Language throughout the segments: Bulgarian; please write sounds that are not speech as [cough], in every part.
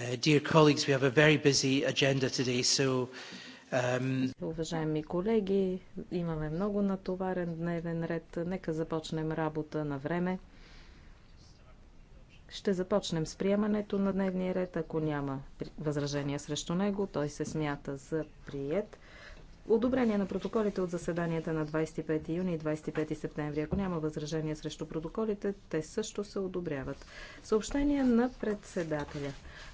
Uh, um, Уважаеми колеги, имаме много натоварен дневен ред. Нека започнем работа на време. Ще започнем с приемането на дневния ред. Ако няма възражения срещу него, той се смята за прият. Одобрение на протоколите от заседанията на 25 юни и 25 септември. Ако няма възражения срещу протоколите, те също се одобряват. Съобщение на председателя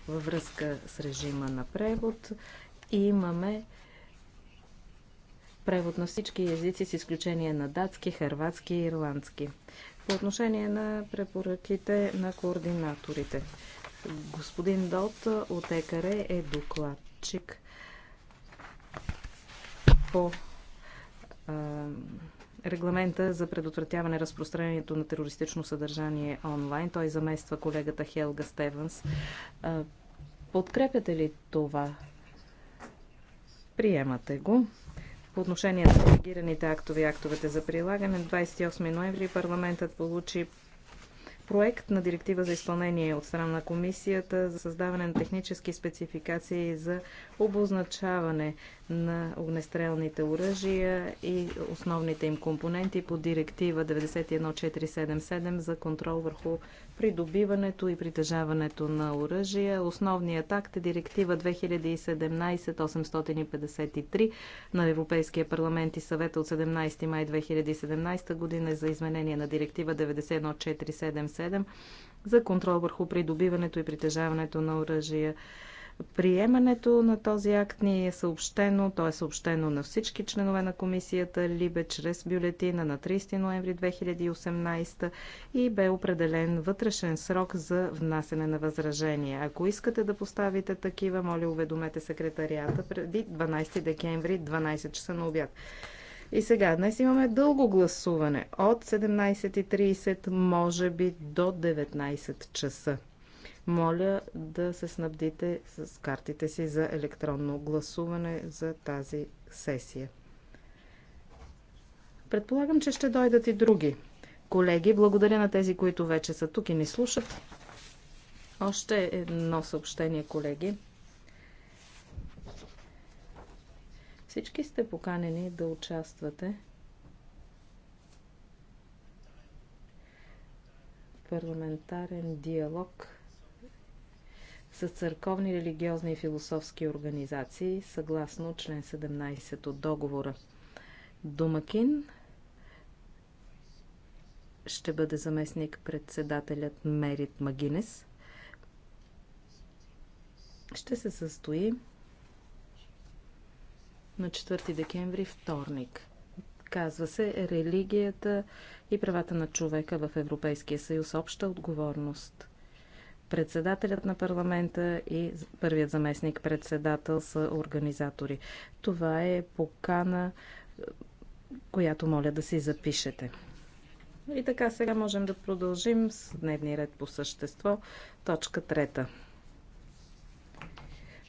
във връзка с режима на превод. Имаме превод на всички езици с изключение на датски, хърватски и ирландски. По отношение на препоръките на координаторите. Господин Дот от ЕКР е докладчик по регламента за предотвратяване разпространението на терористично съдържание онлайн. Той замества колегата Хелга Стевенс. Подкрепяте ли това? Приемате го. По отношение на делегираните актове и актовете за прилагане, 28 ноември парламентът получи проект на директива за изпълнение от страна на комисията за създаване на технически спецификации за обозначаване на огнестрелните оръжия и основните им компоненти по директива 91477 за контрол върху придобиването и притежаването на оръжия. Основният акт е директива 2017-853 на Европейския парламент и съвета от 17 май 2017 година за изменение на директива 91477 за контрол върху придобиването и притежаването на оръжия. Приемането на този акт ни е съобщено, то е съобщено на всички членове на комисията Либе чрез бюлетина на 30 ноември 2018 и бе определен вътрешен срок за внасене на възражения. Ако искате да поставите такива, моля уведомете секретарията преди 12 декември 12 часа на обяд. И сега, днес имаме дълго гласуване от 17.30, може би до 19 часа. Моля да се снабдите с картите си за електронно гласуване за тази сесия. Предполагам, че ще дойдат и други колеги. Благодаря на тези, които вече са тук и ни слушат. Още едно съобщение, колеги. Всички сте поканени да участвате в парламентарен диалог с църковни, религиозни и философски организации, съгласно член 17 от договора. Домакин ще бъде заместник председателят Мерит Магинес. Ще се състои на 4 декември вторник. Казва се Религията и правата на човека в Европейския съюз обща отговорност. Председателят на парламента и първият заместник председател са организатори. Това е покана, която моля да си запишете. И така сега можем да продължим с дневния ред по същество. Точка трета.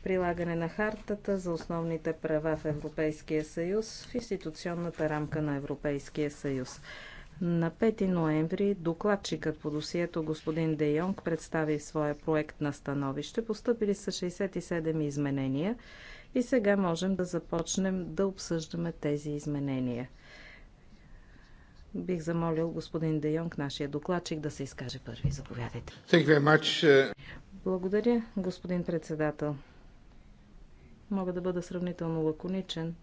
Прилагане на хартата за основните права в Европейския съюз в институционната рамка на Европейския съюз. На 5 ноември докладчикът по досието господин Де Йонг представи своя проект на становище. Поступили са 67 изменения и сега можем да започнем да обсъждаме тези изменения. Бих замолил господин Де Йонг, нашия докладчик, да се изкаже първи. Заповядайте. Uh, Благодаря, господин председател. Мога да бъда сравнително лаконичен.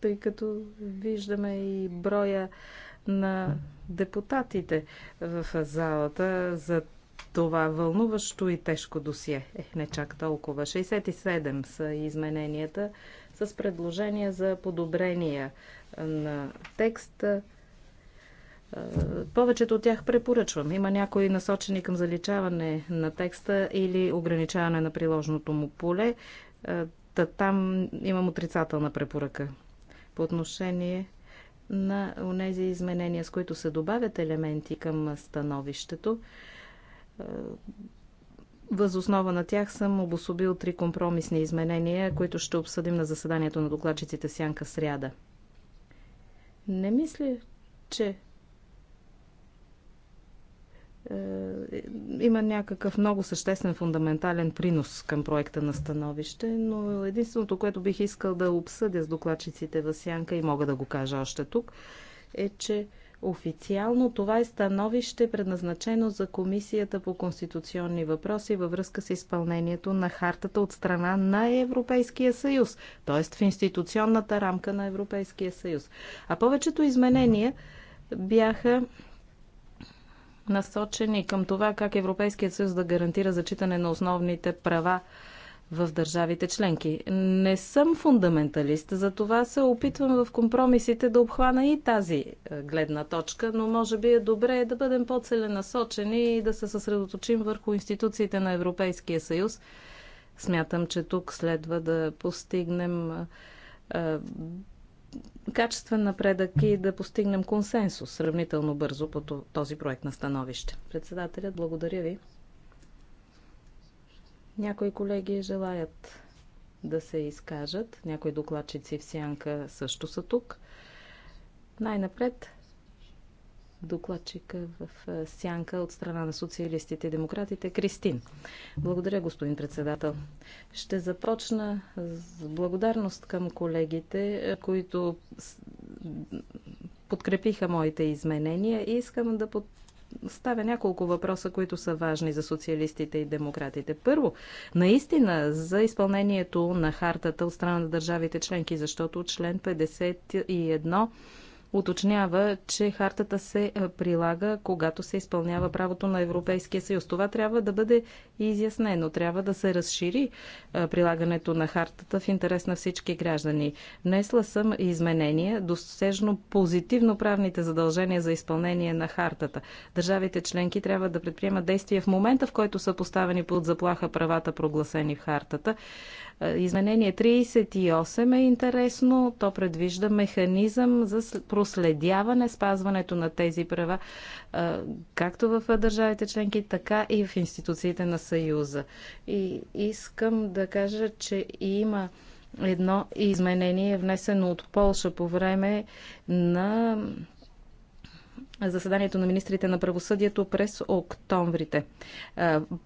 тъй като виждаме и броя на депутатите в залата за това вълнуващо и тежко досие. Е, не чак толкова. 67 са измененията с предложения за подобрения на текста. Повечето от тях препоръчвам. Има някои насочени към заличаване на текста или ограничаване на приложното му поле. Та там имам отрицателна препоръка. По отношение на тези изменения, с които се добавят елементи към становището, е, Възоснова на тях съм обособил три компромисни изменения, които ще обсъдим на заседанието на докладчиците Сянка сряда. Не мисля, че е, има някакъв много съществен фундаментален принос към проекта на становище, но единственото, което бих искал да обсъдя с докладчиците в Сянка и мога да го кажа още тук, е, че официално това е становище предназначено за Комисията по конституционни въпроси във връзка с изпълнението на хартата от страна на Европейския съюз, т.е. в институционната рамка на Европейския съюз. А повечето изменения бяха насочени към това как Европейският съюз да гарантира зачитане на основните права в държавите членки. Не съм фундаменталист, за това се опитвам в компромисите да обхвана и тази е, гледна точка, но може би е добре да бъдем по-целенасочени и да се съсредоточим върху институциите на Европейския съюз. Смятам, че тук следва да постигнем е, е, качествен напредък и да постигнем консенсус сравнително бързо по този проект на становище. Председателят, благодаря ви. Някои колеги желаят да се изкажат. Някои докладчици в сянка също са тук. Най-напред докладчика в сянка от страна на социалистите и демократите Кристин. Благодаря, господин председател. Ще започна с благодарност към колегите, които подкрепиха моите изменения и искам да под ставя няколко въпроса, които са важни за социалистите и демократите. Първо, наистина за изпълнението на хартата от страна на държавите членки, защото член 51 уточнява, че хартата се е, прилага, когато се изпълнява правото на Европейския съюз. Това трябва да бъде изяснено. Трябва да се разшири е, прилагането на хартата в интерес на всички граждани. Внесла съм изменения, досежно позитивно правните задължения за изпълнение на хартата. Държавите членки трябва да предприемат действия в момента, в който са поставени под заплаха правата, прогласени в хартата. Е, изменение 38 е интересно. То предвижда механизъм за проследяване спазването на тези права, е, както в държавите членки, така и в институциите на Съюза. И искам да кажа, че има едно изменение, внесено от Полша по време на заседанието на министрите на правосъдието през октомврите.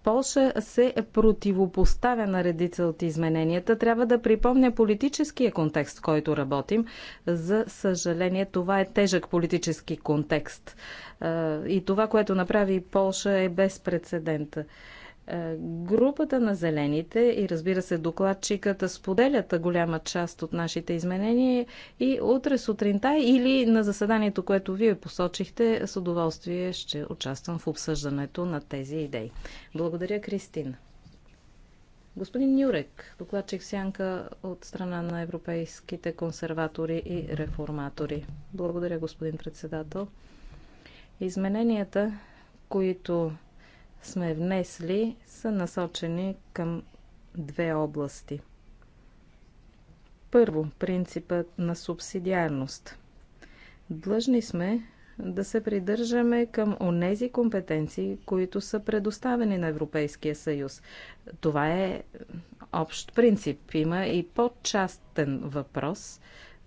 Полша се противопоставя на редица от измененията. Трябва да припомня политическия контекст, в който работим. За съжаление, това е тежък политически контекст. И това, което направи Полша е без прецедента. Е, групата на зелените и разбира се докладчиката споделят голяма част от нашите изменения и утре сутринта или на заседанието, което вие посочихте, с удоволствие ще участвам в обсъждането на тези идеи. Благодаря, Кристина. Господин Нюрек, докладчик Сянка от страна на европейските консерватори и реформатори. Благодаря, господин председател. Измененията, които сме внесли, са насочени към две области. Първо, принципът на субсидиарност. Длъжни сме да се придържаме към онези компетенции, които са предоставени на Европейския съюз. Това е общ принцип. Има и по-частен въпрос.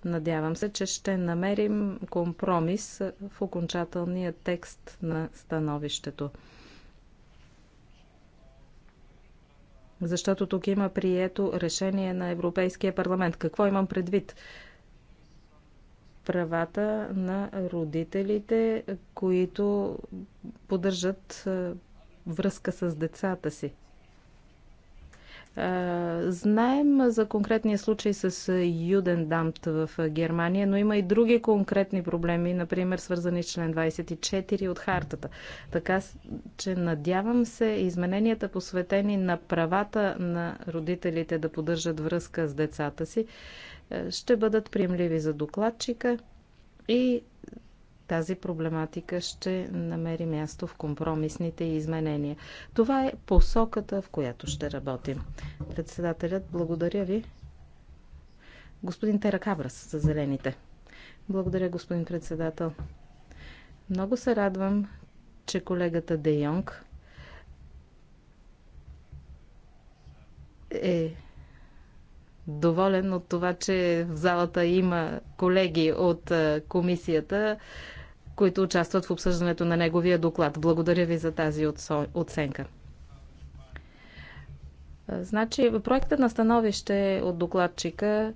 Надявам се, че ще намерим компромис в окончателния текст на становището. защото тук има прието решение на Европейския парламент. Какво имам предвид? Правата на родителите, които поддържат връзка с децата си. Знаем за конкретния случай с Юдендамт в Германия, но има и други конкретни проблеми, например свързани с член 24 от хартата. Така че надявам се измененията посветени на правата на родителите да поддържат връзка с децата си ще бъдат приемливи за докладчика и тази проблематика ще намери място в компромисните изменения. Това е посоката, в която ще работим. Председателят, благодаря ви. Господин Теракабрас за зелените. Благодаря, господин председател. Много се радвам, че колегата Де Йонг е доволен от това, че в залата има колеги от комисията които участват в обсъждането на неговия доклад. Благодаря ви за тази оценка. Значи, проектът на становище от докладчика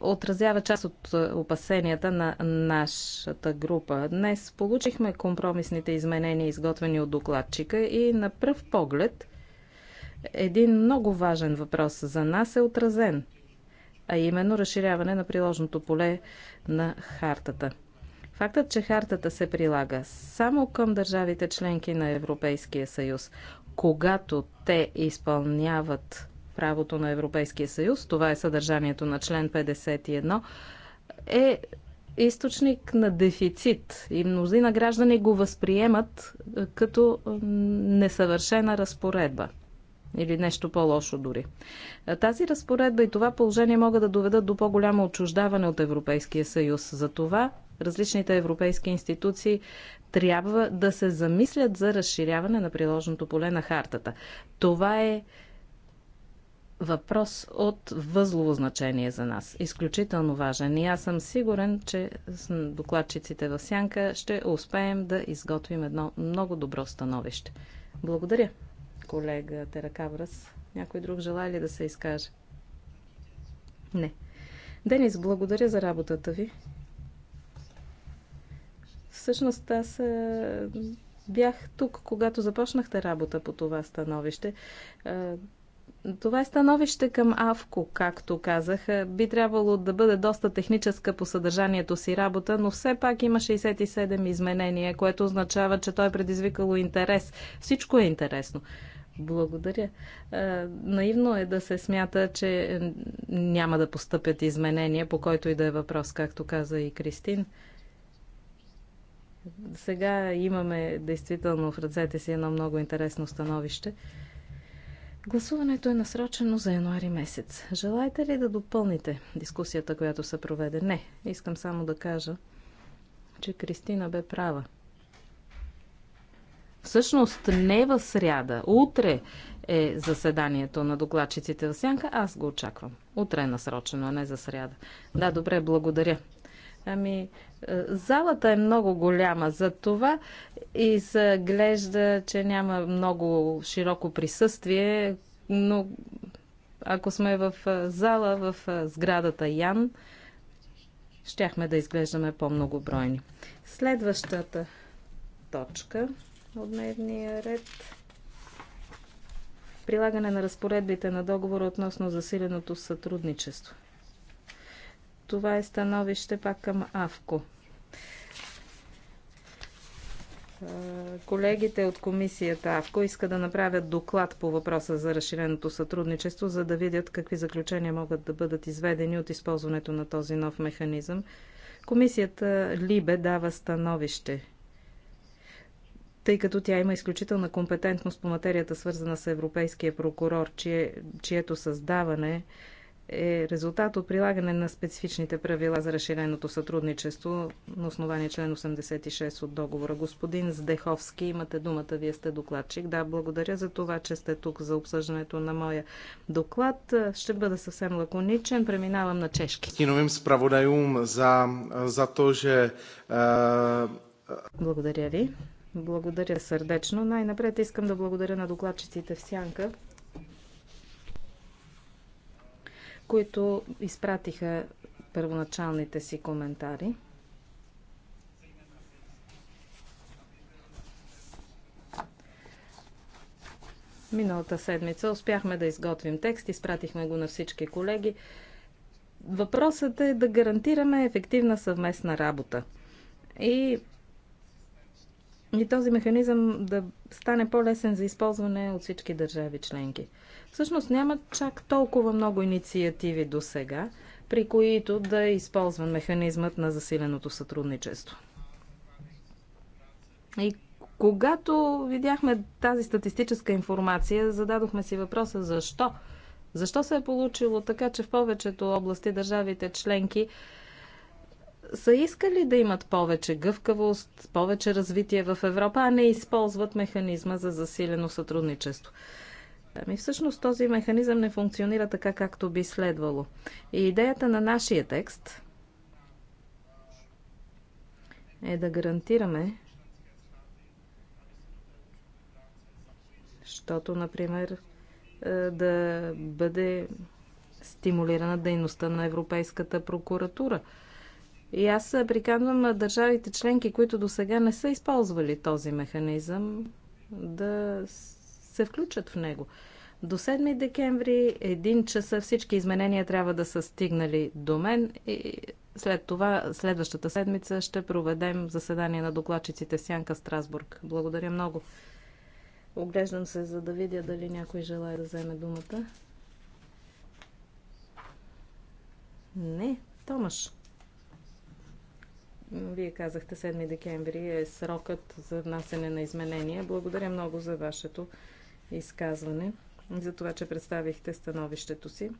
отразява част от опасенията на нашата група. Днес получихме компромисните изменения, изготвени от докладчика и на пръв поглед един много важен въпрос за нас е отразен, а именно разширяване на приложното поле на хартата – Фактът, че хартата се прилага само към държавите членки на Европейския съюз, когато те изпълняват правото на Европейския съюз, това е съдържанието на член 51, е източник на дефицит и мнозина граждани го възприемат е, като е, несъвършена разпоредба или нещо по-лошо дори. Е, тази разпоредба и това положение могат да доведат до по-голямо отчуждаване от Европейския съюз. Затова различните европейски институции трябва да се замислят за разширяване на приложното поле на хартата. Това е въпрос от възлово значение за нас. Изключително важен. И аз съм сигурен, че с докладчиците в Сянка ще успеем да изготвим едно много добро становище. Благодаря, колега Теракавръс. Някой друг желая ли да се изкаже? Не. Денис, благодаря за работата ви. Всъщност аз е, бях тук, когато започнахте работа по това становище. Е, това е становище към АВКО, както казах. Би трябвало да бъде доста техническа по съдържанието си работа, но все пак има 67 изменения, което означава, че той е предизвикало интерес. Всичко е интересно. Благодаря. Е, наивно е да се смята, че няма да постъпят изменения, по който и да е въпрос, както каза и Кристин. Сега имаме действително в ръцете си едно много интересно становище. Гласуването е насрочено за януари месец. Желаете ли да допълните дискусията, която се проведе? Не. Искам само да кажа, че Кристина бе права. Всъщност не в сряда. Утре е заседанието на докладчиците в Сянка. Аз го очаквам. Утре е насрочено, а не за сряда. Да, добре, благодаря. Ами, е, залата е много голяма, за това и изглежда, че няма много широко присъствие, но ако сме в е, зала, в е, сградата Ян, щяхме да изглеждаме по-многобройни. Следващата точка от дневния ред прилагане на разпоредбите на договора относно засиленото сътрудничество. Това е становище пак към АВКО. Колегите от комисията АВКО иска да направят доклад по въпроса за разширеното сътрудничество, за да видят какви заключения могат да бъдат изведени от използването на този нов механизъм. Комисията Либе дава становище тъй като тя има изключителна компетентност по материята, свързана с Европейския прокурор, чие, чието създаване е резултат от прилагане на специфичните правила за разширеното сътрудничество на основание член 86 от договора. Господин Здеховски, имате думата, вие сте докладчик. Да, благодаря за това, че сте тук за обсъждането на моя доклад. Ще бъда съвсем лаконичен, преминавам на чешки. Киновим справодаюм за, за то, че... Благодаря ви. Благодаря сърдечно. Най-напред искам да благодаря на докладчиците в Сянка които изпратиха първоначалните си коментари. Миналата седмица успяхме да изготвим текст, изпратихме го на всички колеги. Въпросът е да гарантираме ефективна съвместна работа. И и този механизъм да стане по-лесен за използване от всички държави членки. Всъщност няма чак толкова много инициативи до сега, при които да е използван механизмът на засиленото сътрудничество. И когато видяхме тази статистическа информация, зададохме си въпроса защо. Защо се е получило така, че в повечето области държавите членки са искали да имат повече гъвкавост, повече развитие в Европа, а не използват механизма за засилено сътрудничество. Ами всъщност този механизъм не функционира така, както би следвало. И идеята на нашия текст е да гарантираме, защото, например, е, да бъде стимулирана дейността на Европейската прокуратура – и аз приканвам държавите членки, които до сега не са използвали този механизъм, да се включат в него. До 7 декември, 1 часа, всички изменения трябва да са стигнали до мен и след това, следващата седмица, ще проведем заседание на докладчиците Сянка Страсбург. Благодаря много. Оглеждам се, за да видя дали някой желая да вземе думата. Не, Томаш. Вие казахте 7 декември е срокът за внасене на изменения. Благодаря много за вашето изказване и за това, че представихте становището си.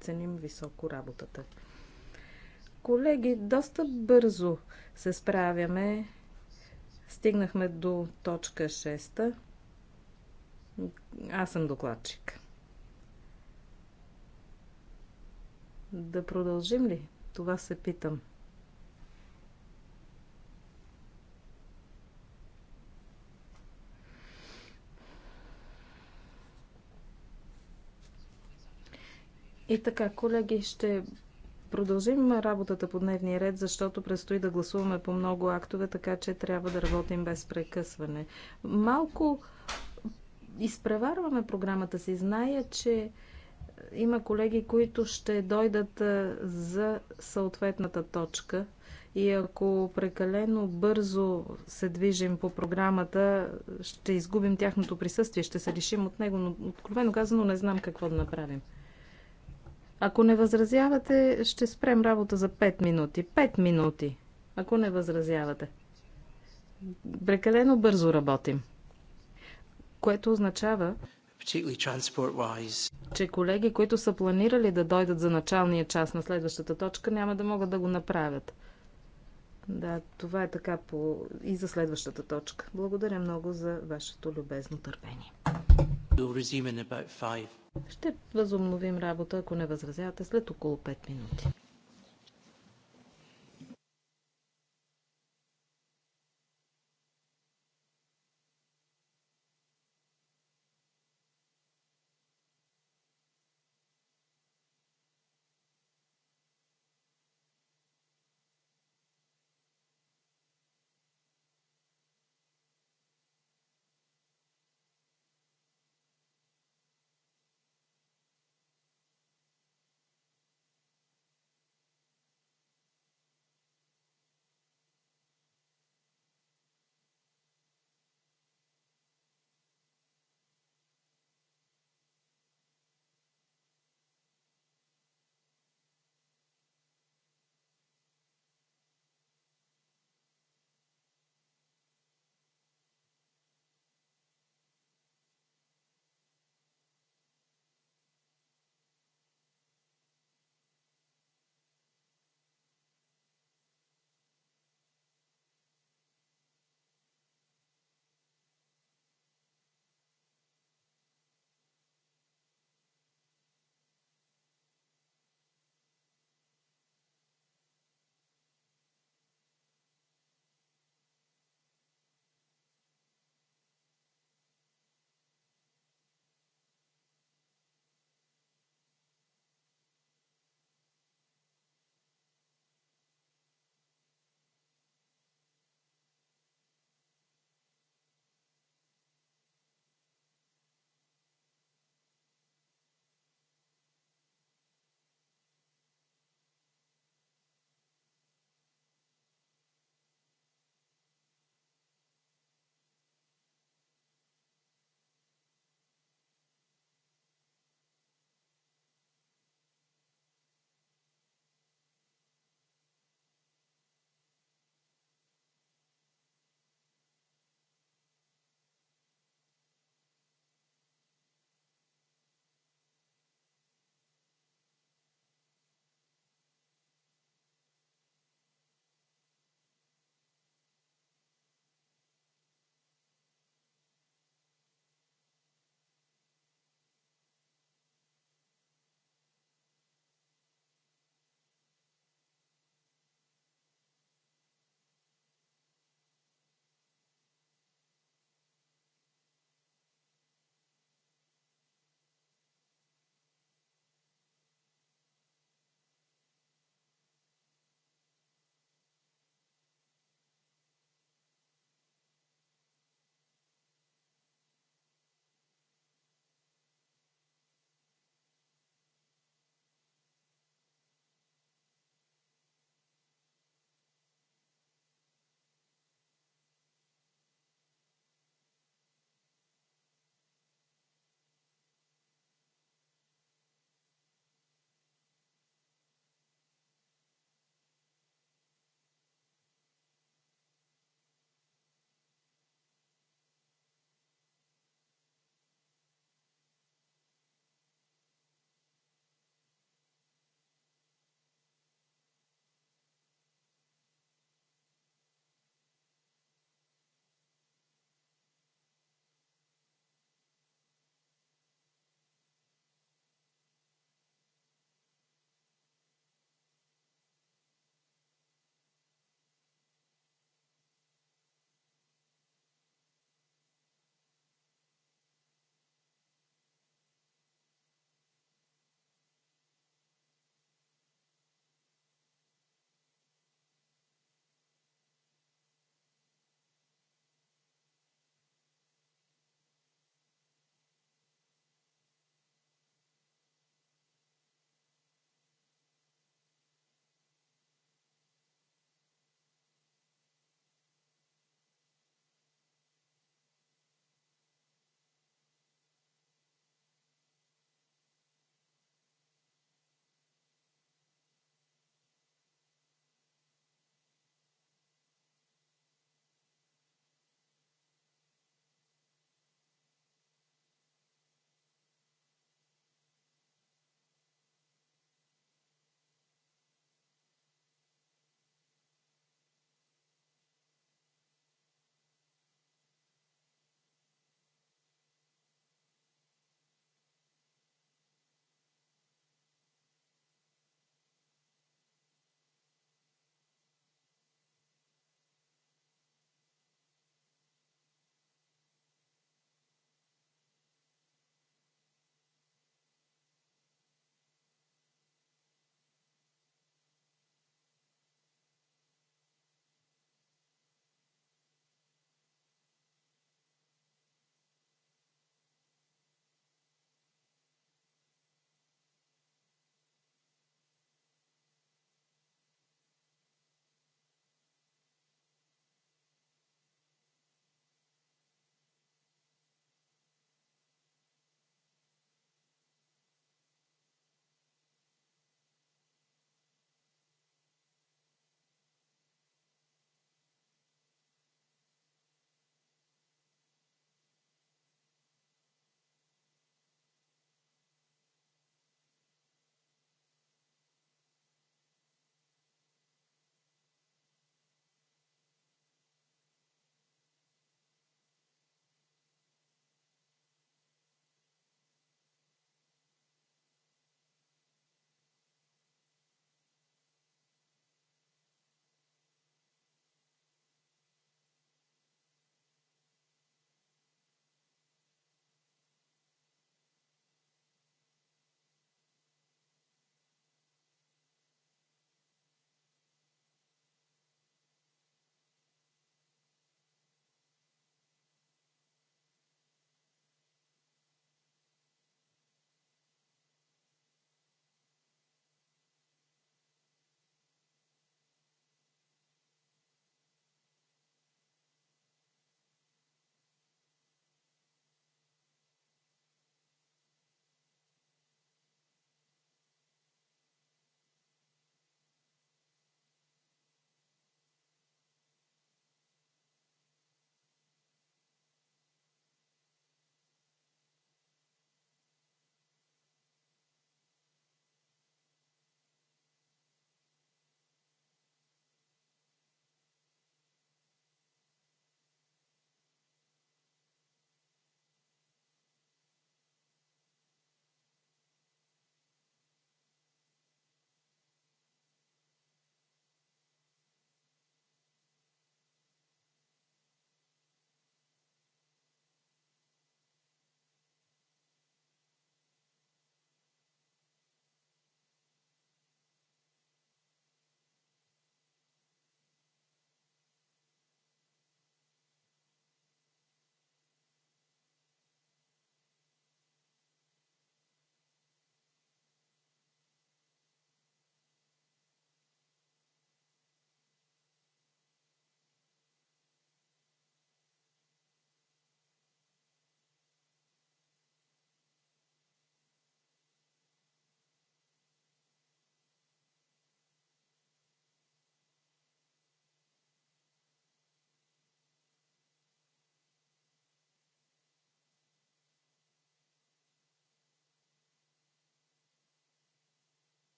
Ценим високо работата. Колеги, доста бързо се справяме. Стигнахме до точка 6. Аз съм докладчик. Да продължим ли? Това се питам. И така, колеги, ще продължим работата по дневния ред, защото предстои да гласуваме по много актове, така че трябва да работим без прекъсване. Малко изпреварваме програмата си. Зная, че има колеги, които ще дойдат за съответната точка. И ако прекалено бързо се движим по програмата, ще изгубим тяхното присъствие, ще се лишим от него. Но откровено казано не знам какво да направим. Ако не възразявате, ще спрем работа за 5 минути. 5 минути, ако не възразявате. Прекалено бързо работим. Което означава, че колеги, които са планирали да дойдат за началния час на следващата точка, няма да могат да го направят. Да, това е така по... и за следващата точка. Благодаря много за вашето любезно търпение. Ще възобновим работа, ако не възразявате, след около 5 минути.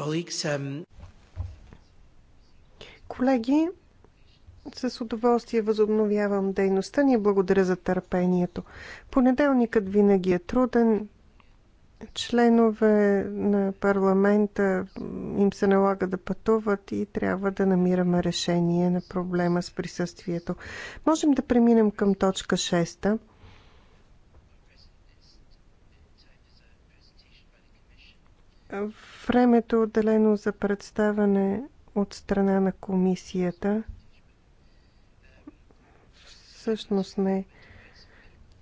Um, Колеги, с удоволствие възобновявам дейността ни. Благодаря за търпението. Понеделникът винаги е труден. Членове на парламента им се налага да пътуват и трябва да намираме решение на проблема с присъствието. Можем да преминем към точка 6. Времето е отделено за представане от страна на комисията всъщност не.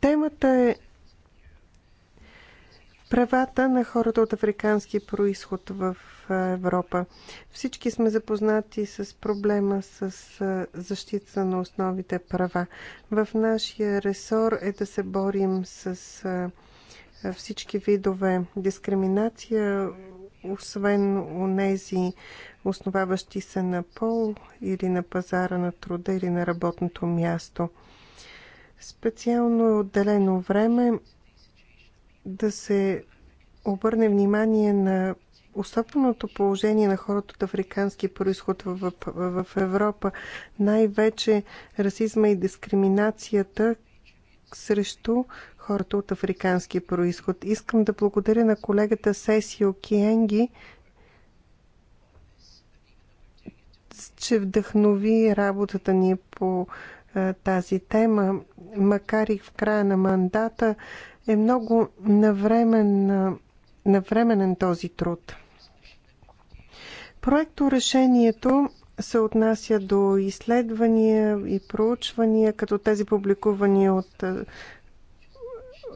Темата е правата на хората от африкански происход в Европа. Всички сме запознати с проблема с защита на основите права. В нашия ресор е да се борим с всички видове дискриминация, освен у нези, основаващи се на пол или на пазара на труда или на работното място. Специално е отделено време да се обърне внимание на особеното положение на хората от африкански происход в, в, в Европа, най-вече расизма и дискриминацията срещу хората от африкански происход. Искам да благодаря на колегата Сесио Киенги, че вдъхнови работата ни по е, тази тема, макар и в края на мандата, е много навремен, е, навременен този труд. Проекто решението се отнася до изследвания и проучвания, като тези публикувани от е,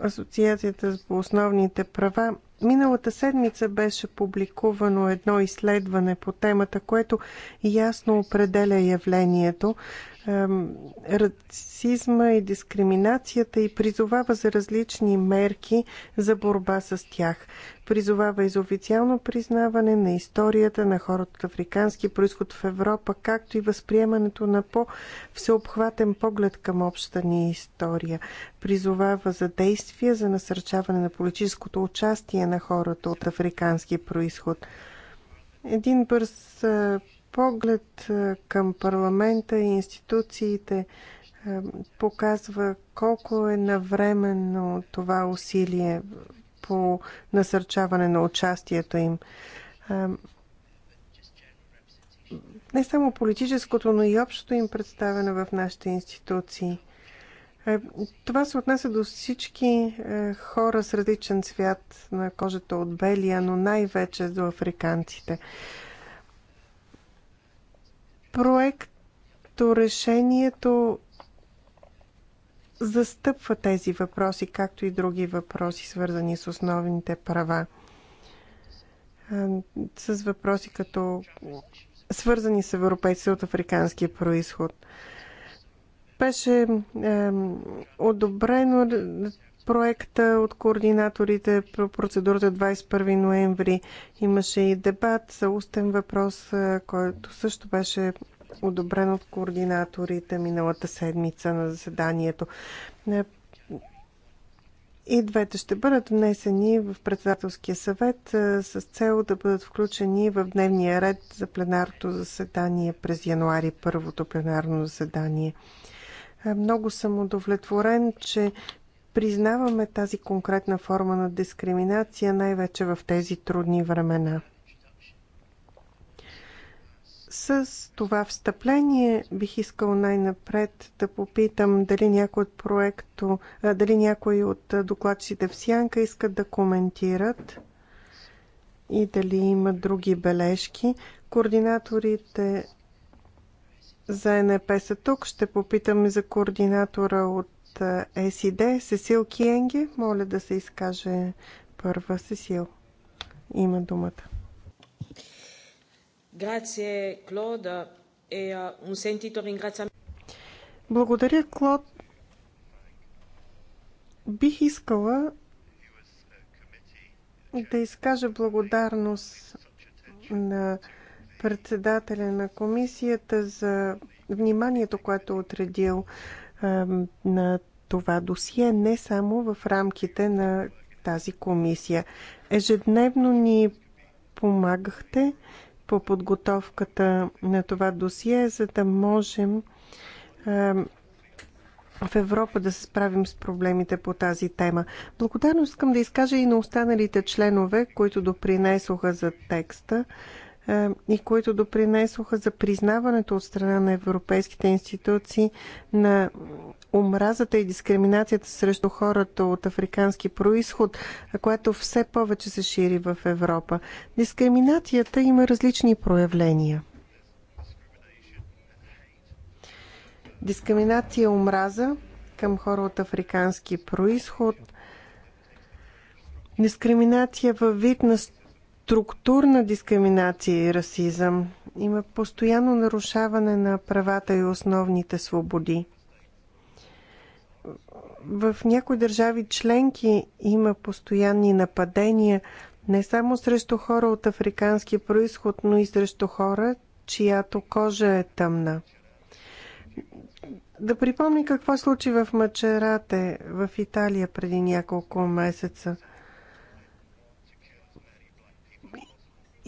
Асоциацията по основните права. Миналата седмица беше публикувано едно изследване по темата, което ясно определя явлението расизма и дискриминацията и призовава за различни мерки за борба с тях. Призовава и за официално признаване на историята на хората от африкански происход в Европа, както и възприемането на по-всеобхватен поглед към общата ни история. Призовава за действия за насърчаване на политическото участие на хората от африкански происход. Един бърз поглед към парламента и институциите показва колко е навременно това усилие по насърчаване на участието им. Не само политическото, но и общото им представяне в нашите институции. Това се отнася до всички хора с различен свят на кожата от белия, но най-вече до африканците. Проекто решението застъпва тези въпроси, както и други въпроси, свързани с основните права. С въпроси като свързани с европейци от Африканския происход. Беше е, одобрено проекта от координаторите по процедурата 21 ноември. Имаше и дебат за устен въпрос, който също беше одобрен от координаторите миналата седмица на заседанието. Е, и двете ще бъдат внесени в председателския съвет е, с цел да бъдат включени в дневния ред за пленарното заседание през януари, първото пленарно заседание. Е, много съм удовлетворен, че признаваме тази конкретна форма на дискриминация, най-вече в тези трудни времена. С това встъпление бих искал най-напред да попитам дали някой от проекто, дали някой от докладчите в Сянка искат да коментират и дали има други бележки. Координаторите за НП са тук. Ще попитам за координатора от от е СИД Сесил Киенге. Моля да се изкаже първа Сесил. Има думата. Грация, Клода. Е, un sentito Благодаря, Клод. Бих искала да изкажа благодарност на председателя на комисията за вниманието, което е отредил на това досие, не само в рамките на тази комисия. Ежедневно ни помагахте по подготовката на това досие, за да можем в Европа да се справим с проблемите по тази тема. Благодарност искам да изкажа и на останалите членове, които допринесоха за текста. Е, и които допринесоха за признаването от страна на европейските институции на омразата и дискриминацията срещу хората от африкански происход, което все повече се шири в Европа. Дискриминацията има различни проявления. Дискриминация омраза към хора от африкански происход – дискриминация във вид на структурна дискриминация и расизъм. Има постоянно нарушаване на правата и основните свободи. В някои държави членки има постоянни нападения не само срещу хора от африкански происход, но и срещу хора, чиято кожа е тъмна. Да припомни какво случи в Мачерате в Италия преди няколко месеца –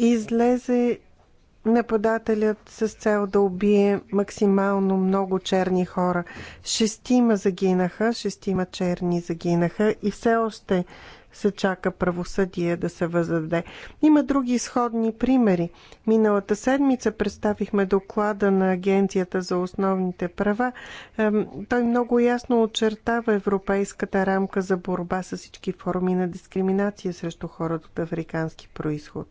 Излезе нападателят с цел да убие максимално много черни хора. Шестима загинаха, шестима черни загинаха и все още се чака правосъдие да се въздаде. Има други изходни примери. Миналата седмица представихме доклада на Агенцията за основните права. Той много ясно очертава европейската рамка за борба с всички форми на дискриминация срещу хората от африкански происход.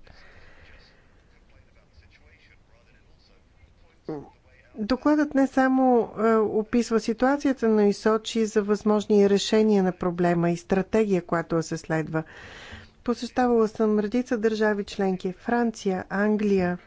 Докладът не само е, описва ситуацията, но и сочи за възможни решения на проблема и стратегия, която се следва. Посещавала съм редица държави членки Франция, Англия.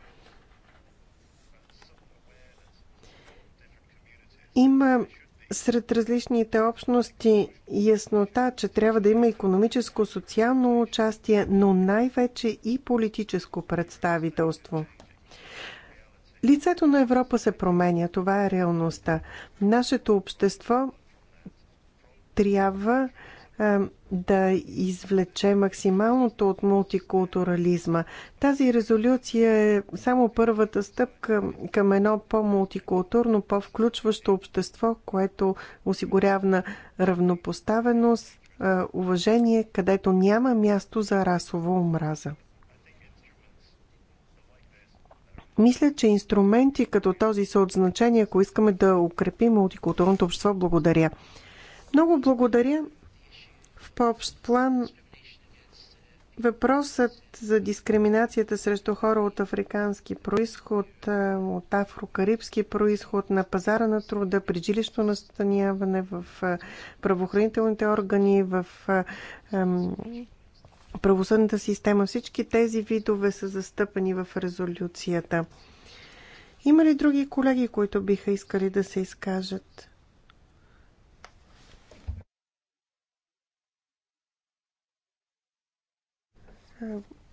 Има сред различните общности яснота, че трябва да има економическо, социално участие, но най-вече и политическо представителство – Лицето на Европа се променя. Това е реалността. Нашето общество трябва е, да извлече максималното от мултикултурализма. Тази резолюция е само първата стъпка към едно по-мултикултурно, по-включващо общество, което осигурява равнопоставеност, е, уважение, където няма място за расова омраза. Мисля, че инструменти като този са от значение, ако искаме да укрепим мултикултурното общество. Благодаря. Много благодаря. В по-общ план въпросът за дискриминацията срещу хора от африкански происход, от афрокарибски происход, на пазара на труда, при жилищно настаняване, в правоохранителните органи, в правосъдната система. Всички тези видове са застъпени в резолюцията. Има ли други колеги, които биха искали да се изкажат?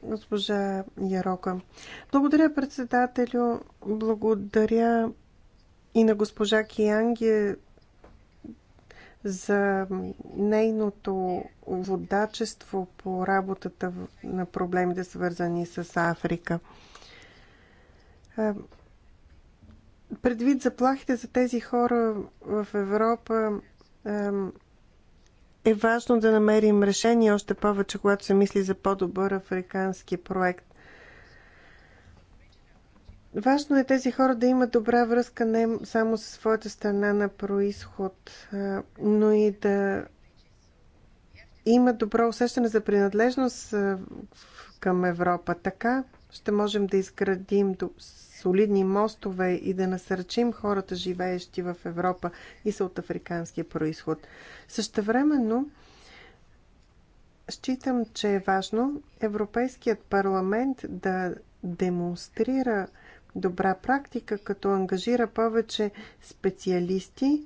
Госпожа Ярока. Благодаря, председателю. Благодаря и на госпожа Кианге за нейното водачество по работата на проблемите, свързани с Африка. Предвид заплахите за тези хора в Европа, е важно да намерим решение, още повече когато се мисли за по-добър африкански проект. Важно е тези хора да имат добра връзка не само със своята страна на происход, но и да имат добро усещане за принадлежност към Европа. Така ще можем да изградим солидни мостове и да насърчим хората, живеещи в Европа и са от африканския происход. Същевременно, считам, че е важно Европейският парламент да демонстрира добра практика, като ангажира повече специалисти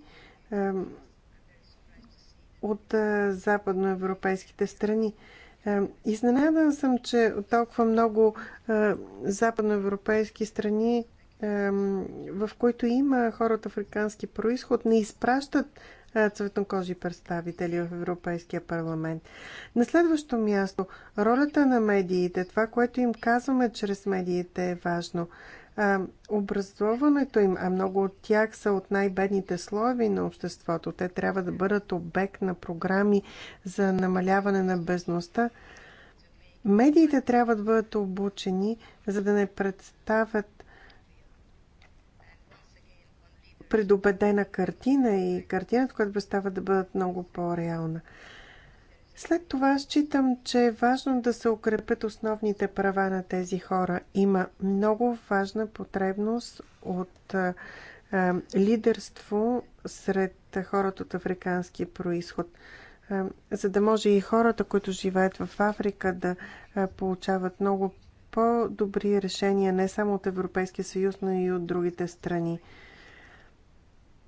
от е, западноевропейските страни. Изненадан съм, че толкова много е, западноевропейски страни, в които има хора от африкански происход, не изпращат е, цветнокожи представители в Европейския парламент. На следващо място, ролята на медиите, това, което им казваме чрез медиите е важно образоването им, а много от тях са от най-бедните слоеви на обществото. Те трябва да бъдат обект на програми за намаляване на безността. Медиите трябва да бъдат обучени, за да не представят предубедена картина и картината, която представят да бъдат много по-реална. След това считам, че е важно да се укрепят основните права на тези хора. Има много важна потребност от е, лидерство сред хората от африкански происход, е, за да може и хората, които живеят в Африка, да е, получават много по-добри решения не само от Европейския съюз, но и от другите страни.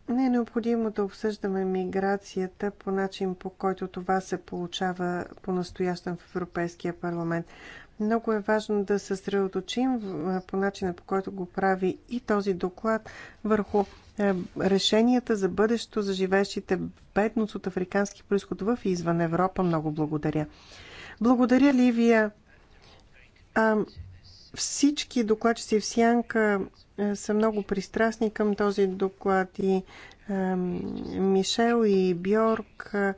Не е необходимо да обсъждаме миграцията по начин, по който това се получава по-настоящен в Европейския парламент. Много е важно да се средоточим по начина, по който го прави и този доклад върху е, решенията за бъдещето за живеещите в бедност от африкански происход в и извън Европа. Много благодаря. Благодаря, Ливия. Всички докладчици в Сянка е, са много пристрастни към този доклад и е, Мишел и Бьорк. Е,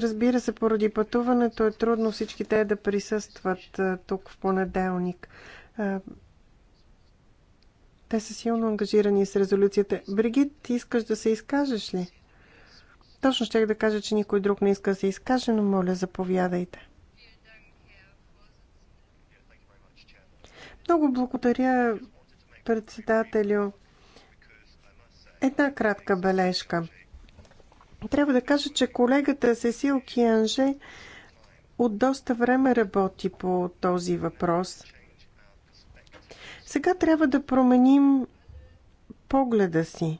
разбира се, поради пътуването е трудно всички те да присъстват е, тук в понеделник. Е, те са силно ангажирани с резолюцията. Бригит, ти искаш да се изкажеш ли? Точно ще да кажа, че никой друг не иска да се изкаже, но моля, заповядайте. Много благодаря, председателю. Една кратка бележка. Трябва да кажа, че колегата Сесил Кианже от доста време работи по този въпрос. Сега трябва да променим погледа си.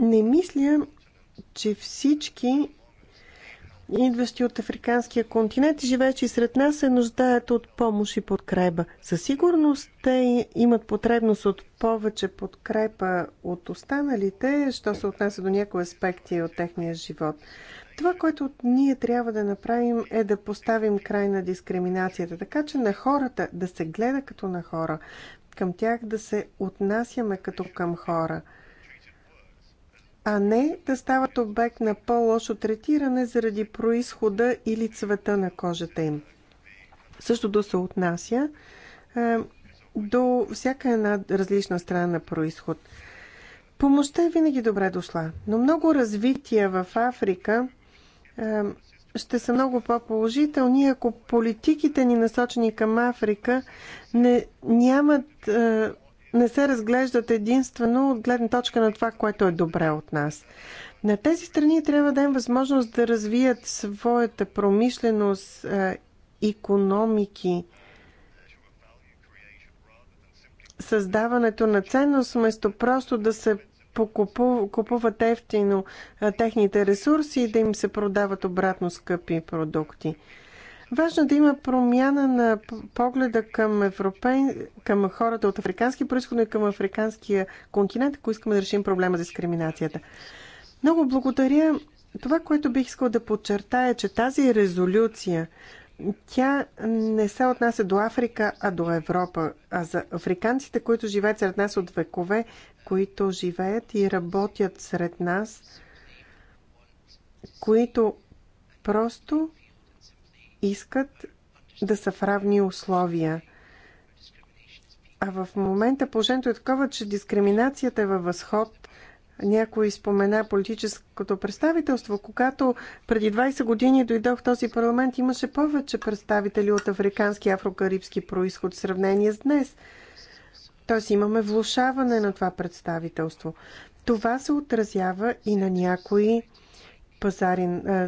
Не мисля, че всички идващи от африканския континент и живеещи сред нас, се нуждаят от помощ и подкрепа. Със сигурност те имат потребност от повече подкрепа от останалите, що се отнася до някои аспекти от техния живот. Това, което ние трябва да направим е да поставим край на дискриминацията, така че на хората да се гледа като на хора, към тях да се отнасяме като към хора – а не да стават обект на по-лошо третиране заради происхода или цвета на кожата им. Същото се отнася е, до всяка една различна страна на происход. Помощта е винаги добре дошла, но много развития в Африка е, ще са много по-положителни, ако политиките ни насочени към Африка не, нямат е, не се разглеждат единствено от гледна точка на това, което е добре от нас. На тези страни трябва да им възможност да развият своята промишленост, економики, създаването на ценност, вместо просто да се купуват ефтино е, техните ресурси и да им се продават обратно скъпи продукти. Важно да има промяна на погледа към, европей... към хората от африкански происход и към африканския континент, ако искаме да решим проблема за дискриминацията. Много благодаря. Това, което бих искал да подчертая, е, че тази резолюция тя не се отнася до Африка, а до Европа. А за африканците, които живеят сред нас от векове, които живеят и работят сред нас, които просто искат да са в равни условия. А в момента положението е такова, че дискриминацията е във възход. Някой спомена политическото представителство. Когато преди 20 години дойдох в този парламент, имаше повече представители от африкански и афрокарибски происход в сравнение с днес. Тоест имаме влушаване на това представителство. Това се отразява и на някои пазари е,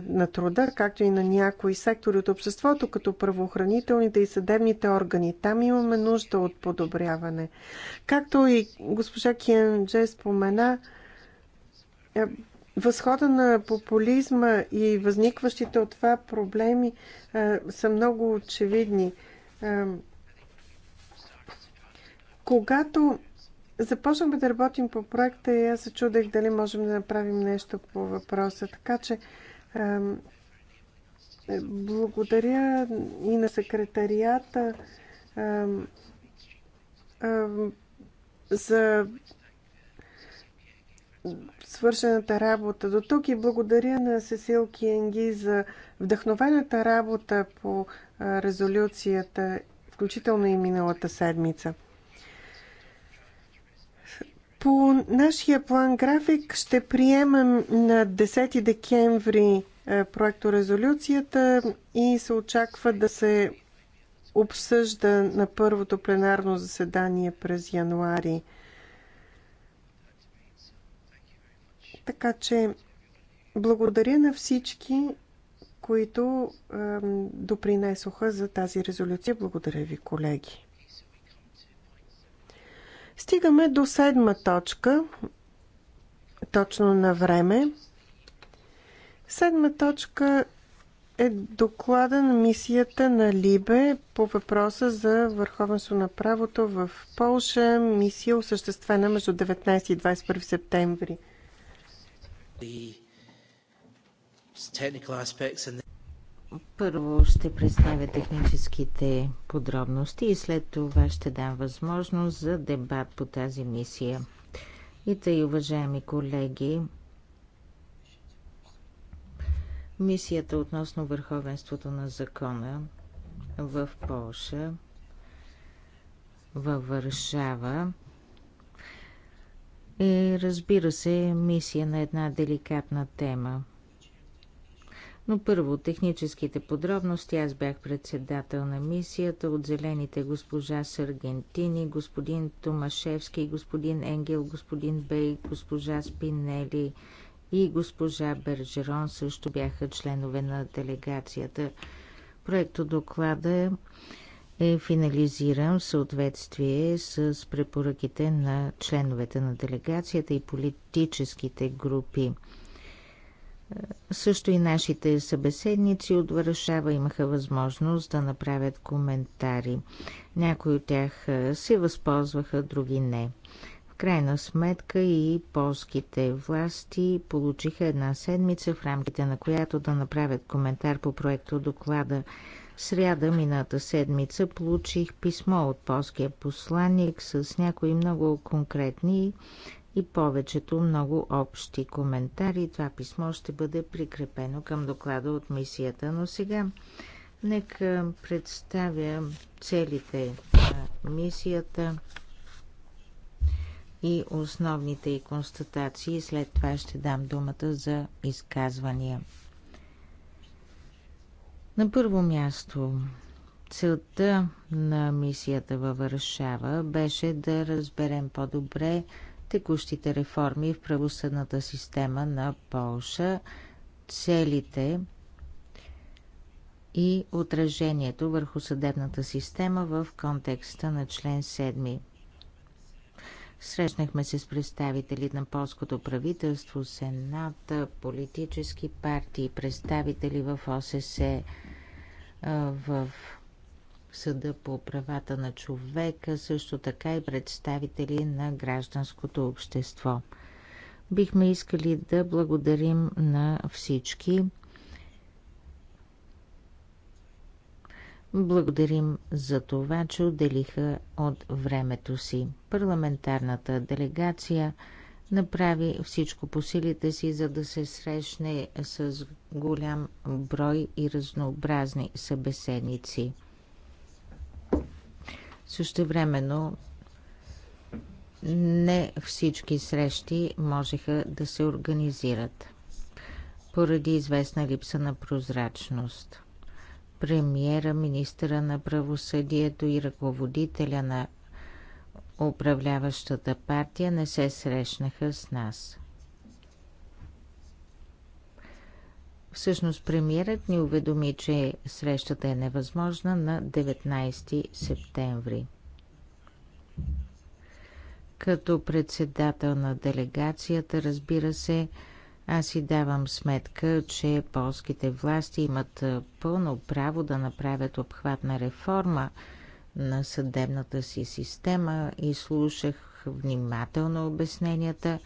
на труда, както и на някои сектори от обществото, като правоохранителните и съдебните органи. Там имаме нужда от подобряване. Както и госпожа Киенже спомена, е, възхода на популизма и възникващите от това проблеми е, са много очевидни. когато Започнахме да работим по проекта и аз се чудех дали можем да направим нещо по въпроса. Така че благодаря и на секретарията за свършената работа до тук и благодаря на Сесил Киенги за вдъхновената работа по резолюцията, включително и миналата седмица. По нашия план график ще приемем на 10 декември е, проекторезолюцията и се очаква да се обсъжда на първото пленарно заседание през януари. Така че благодаря на всички, които е, допринесоха за тази резолюция. Благодаря ви, колеги. Стигаме до седма точка, точно на време. Седма точка е доклада на мисията на Либе по въпроса за върховенство на правото в Полша. Мисия осъществена между 19 и 21 септември. Първо ще представя техническите подробности и след това ще дам възможност за дебат по тази мисия. И тъй, уважаеми колеги, мисията относно върховенството на закона в Полша, във Варшава, е, разбира се, мисия на една деликатна тема – но първо, техническите подробности. Аз бях председател на мисията от зелените госпожа Саргентини, господин Томашевски, господин Енгел, господин Бей, госпожа Спинели и госпожа Бержерон също бяха членове на делегацията. Проекто доклада е финализиран в съответствие с препоръките на членовете на делегацията и политическите групи. Също и нашите събеседници от Варшава имаха възможност да направят коментари. Някои от тях се възползваха, други не. В крайна сметка и полските власти получиха една седмица, в рамките на която да направят коментар по проекто доклада. Сряда мината седмица получих писмо от полския посланник с някои много конкретни и повечето много общи коментари. Това писмо ще бъде прикрепено към доклада от мисията. Но сега нека представя целите на мисията и основните и констатации. След това ще дам думата за изказвания. На първо място, целта на мисията във Варшава беше да разберем по-добре текущите реформи в правосъдната система на Полша, целите и отражението върху съдебната система в контекста на член 7. Срещнахме се с представители на полското правителство, сената, политически партии, представители в ОССЕ, в Съда по правата на човека, също така и представители на гражданското общество. Бихме искали да благодарим на всички. Благодарим за това, че отделиха от времето си. Парламентарната делегация направи всичко по силите си, за да се срещне с голям брой и разнообразни събеседници – Същевременно не всички срещи можеха да се организират поради известна липса на прозрачност. Премиера, министъра на правосъдието и ръководителя на управляващата партия не се срещнаха с нас. Всъщност премиерът ни уведоми, че срещата е невъзможна на 19 септември. Като председател на делегацията, разбира се, аз си давам сметка, че полските власти имат пълно право да направят обхватна реформа на съдебната си система и слушах внимателно обясненията,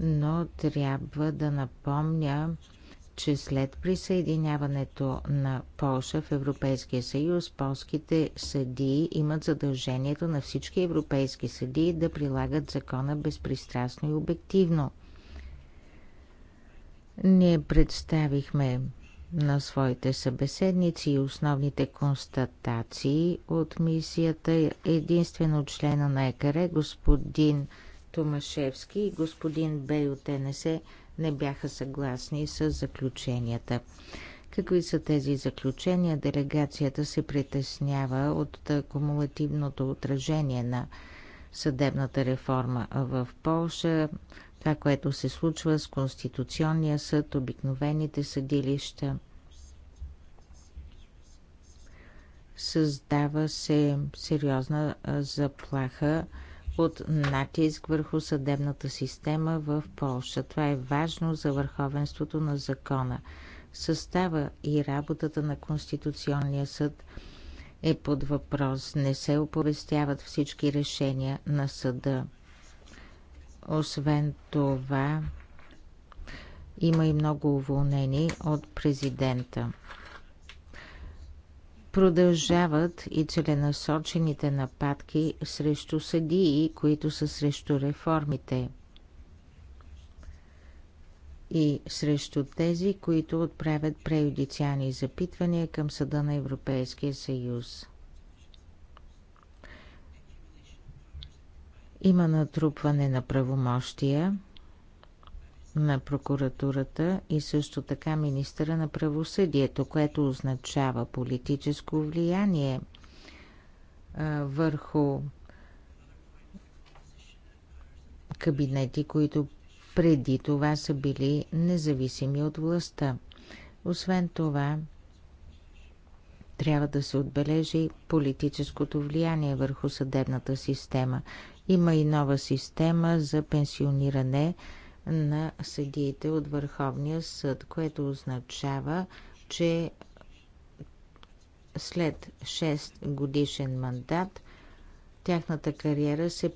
но трябва да напомня, че след присъединяването на Полша в Европейския съюз, полските съдии имат задължението на всички европейски съдии да прилагат закона безпристрастно и обективно. Ние представихме на своите събеседници и основните констатации от мисията единствено члена на ЕКР, господин Томашевски и господин Бей от не бяха съгласни с заключенията. Какви са тези заключения? Делегацията се притеснява от кумулативното отражение на съдебната реформа в Полша, това, което се случва с Конституционния съд, обикновените съдилища. Създава се сериозна заплаха от натиск върху съдебната система в Польша. Това е важно за върховенството на закона. Състава и работата на Конституционния съд е под въпрос. Не се оповестяват всички решения на съда. Освен това, има и много уволнени от президента. Продължават и целенасочените нападки срещу съдии, които са срещу реформите и срещу тези, които отправят преюдициални запитвания към Съда на Европейския съюз. Има натрупване на правомощия на прокуратурата и също така министра на правосъдието, което означава политическо влияние върху кабинети, които преди това са били независими от властта. Освен това, трябва да се отбележи политическото влияние върху съдебната система. Има и нова система за пенсиониране на съдиите от Върховния съд, което означава, че след 6 годишен мандат тяхната кариера се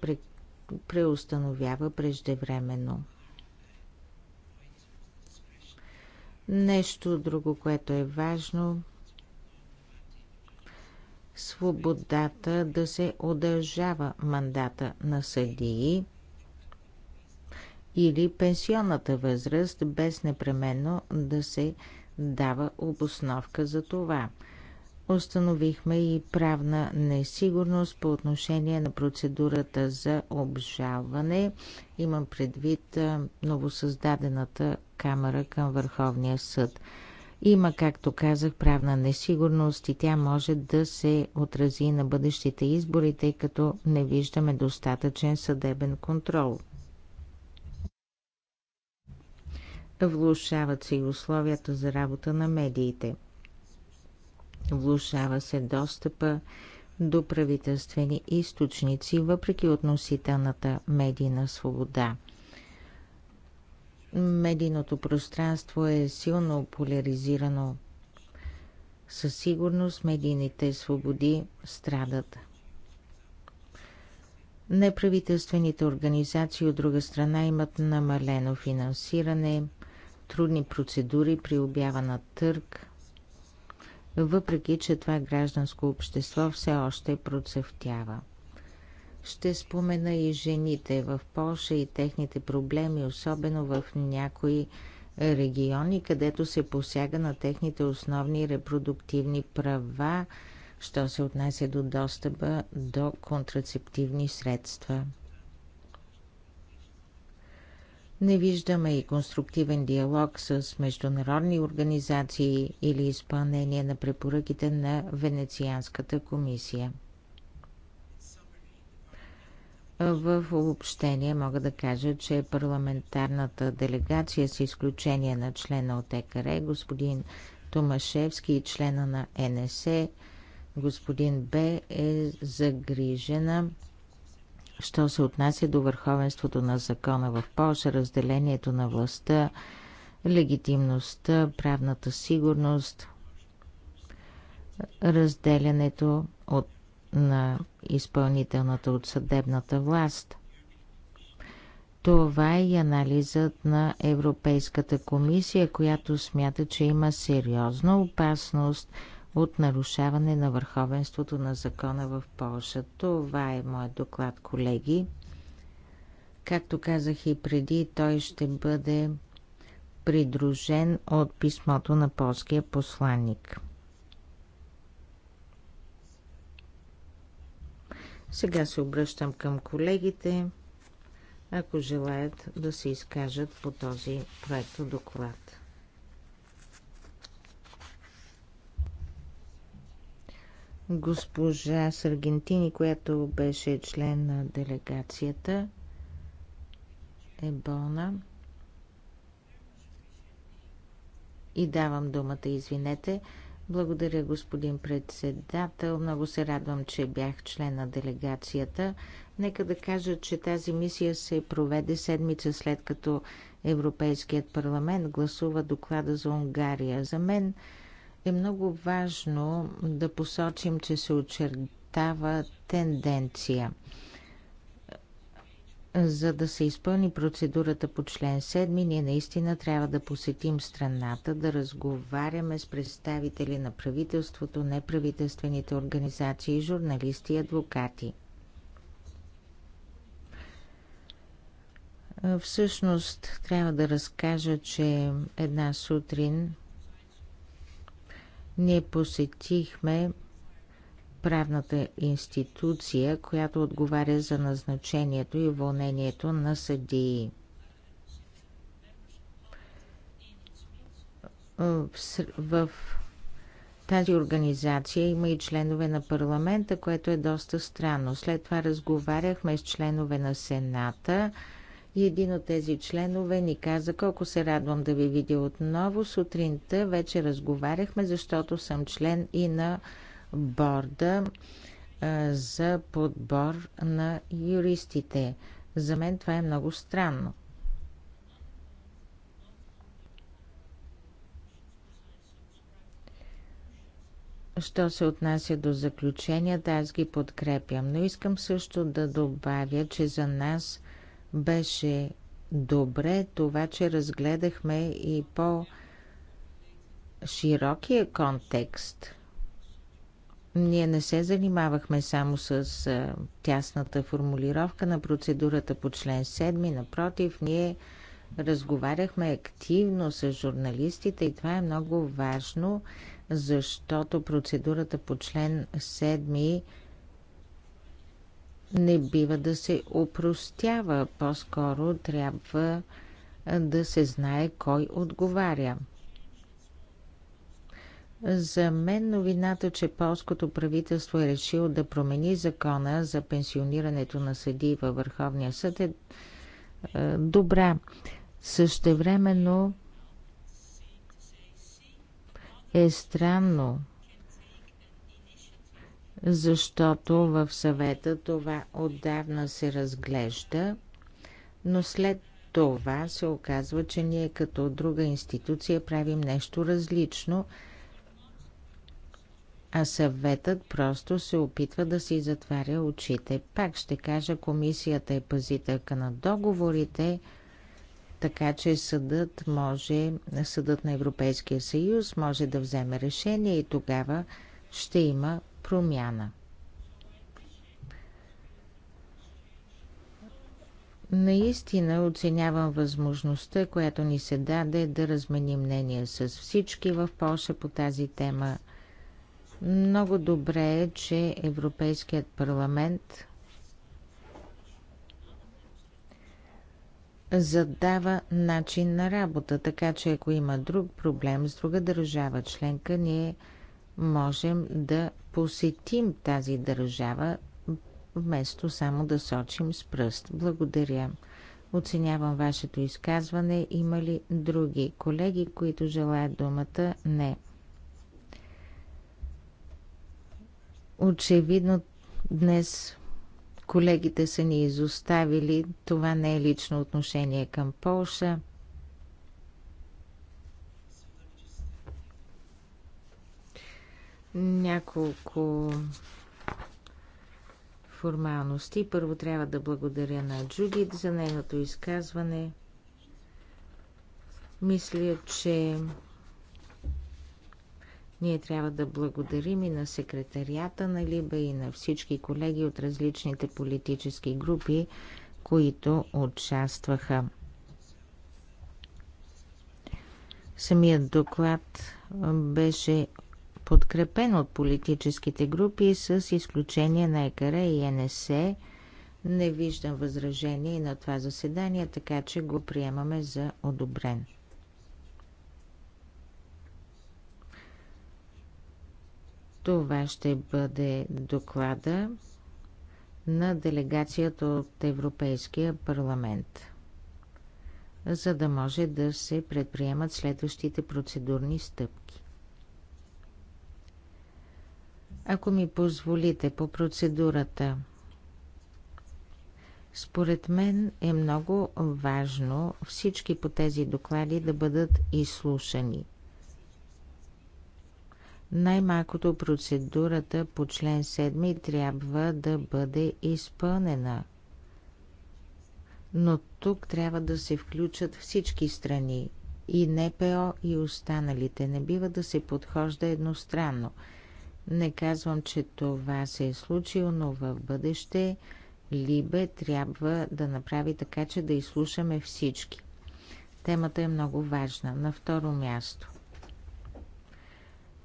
преустановява преждевременно. Нещо друго, което е важно свободата да се удължава мандата на съдии – или пенсионната възраст, без непременно да се дава обосновка за това. Установихме и правна несигурност по отношение на процедурата за обжалване. Имам предвид новосъздадената камера към Върховния съд. Има, както казах, правна несигурност и тя може да се отрази на бъдещите избори, тъй като не виждаме достатъчен съдебен контрол. Влушават се и условията за работа на медиите. Влушава се достъпа до правителствени източници, въпреки относителната медийна свобода. Медийното пространство е силно поляризирано. Със сигурност медийните свободи страдат. Неправителствените организации от друга страна имат намалено финансиране – трудни процедури при обява на търг, въпреки че това гражданско общество все още процъфтява. Ще спомена и жените в Польша и техните проблеми, особено в някои региони, където се посяга на техните основни репродуктивни права, що се отнася до достъпа до контрацептивни средства. Не виждаме и конструктивен диалог с международни организации или изпълнение на препоръките на Венецианската комисия. В обобщение мога да кажа, че парламентарната делегация с изключение на члена от ЕКР, господин Томашевски и члена на НСЕ, господин Б е загрижена Що се отнася до върховенството на закона в Польша, разделението на властта, легитимността, правната сигурност, разделянето от, на изпълнителната от съдебната власт. Това е и анализът на Европейската комисия, която смята, че има сериозна опасност – от нарушаване на върховенството на закона в Польша. Това е моят доклад, колеги. Както казах и преди, той ще бъде придружен от писмото на полския посланник. Сега се обръщам към колегите, ако желаят да се изкажат по този проект доклад. госпожа Саргентини, която беше член на делегацията, е болна. И давам думата, извинете. Благодаря, господин председател. Много се радвам, че бях член на делегацията. Нека да кажа, че тази мисия се проведе седмица след като Европейският парламент гласува доклада за Унгария. За мен е много важно да посочим, че се очертава тенденция. За да се изпълни процедурата по член 7, ние наистина трябва да посетим страната, да разговаряме с представители на правителството, неправителствените организации, журналисти и адвокати. Всъщност трябва да разкажа, че една сутрин ние посетихме правната институция, която отговаря за назначението и уволнението на съдии. В тази организация има и членове на парламента, което е доста странно. След това разговаряхме с членове на Сената, и един от тези членове ни каза колко се радвам да ви видя отново. Сутринта вече разговаряхме, защото съм член и на борда а, за подбор на юристите. За мен това е много странно. Що се отнася до заключенията, аз ги подкрепям, но искам също да добавя, че за нас беше добре това, че разгледахме и по-широкия контекст. Ние не се занимавахме само с тясната формулировка на процедурата по член 7. Напротив, ние разговаряхме активно с журналистите и това е много важно, защото процедурата по член 7 не бива да се опростява, по-скоро трябва да се знае кой отговаря. За мен новината, че полското правителство е решило да промени закона за пенсионирането на съдии във Върховния съд е, е добра. Същевременно е странно, защото в съвета това отдавна се разглежда, но след това се оказва, че ние като друга институция правим нещо различно, а съветът просто се опитва да си затваря очите. Пак ще кажа, комисията е пазителка на договорите, така че съдът може, съдът на Европейския съюз може да вземе решение и тогава ще има промяна. Наистина оценявам възможността, която ни се даде да разменим мнение с всички в Польша по тази тема. Много добре е, че Европейският парламент задава начин на работа, така че ако има друг проблем с друга държава членка, ние можем да посетим тази държава, вместо само да сочим с пръст. Благодаря. Оценявам вашето изказване. Има ли други колеги, които желаят думата? Не. Очевидно днес колегите са ни изоставили. Това не е лично отношение към Полша. Няколко формалности. Първо трябва да благодаря на Джудит за нейното изказване. Мисля, че ние трябва да благодарим и на секретарията на Либа и на всички колеги от различните политически групи, които участваха. Самият доклад беше подкрепен от политическите групи, с изключение на ЕКР и НСЕ. Не виждам възражение на това заседание, така че го приемаме за одобрен. Това ще бъде доклада на делегацията от Европейския парламент, за да може да се предприемат следващите процедурни стъпки. Ако ми позволите по процедурата, според мен е много важно всички по тези доклади да бъдат изслушани. Най-малкото процедурата по член 7 трябва да бъде изпълнена. Но тук трябва да се включат всички страни и НПО и останалите. Не бива да се подхожда едностранно – не казвам, че това се е случило, но в бъдеще Либе трябва да направи така, че да изслушаме всички. Темата е много важна. На второ място.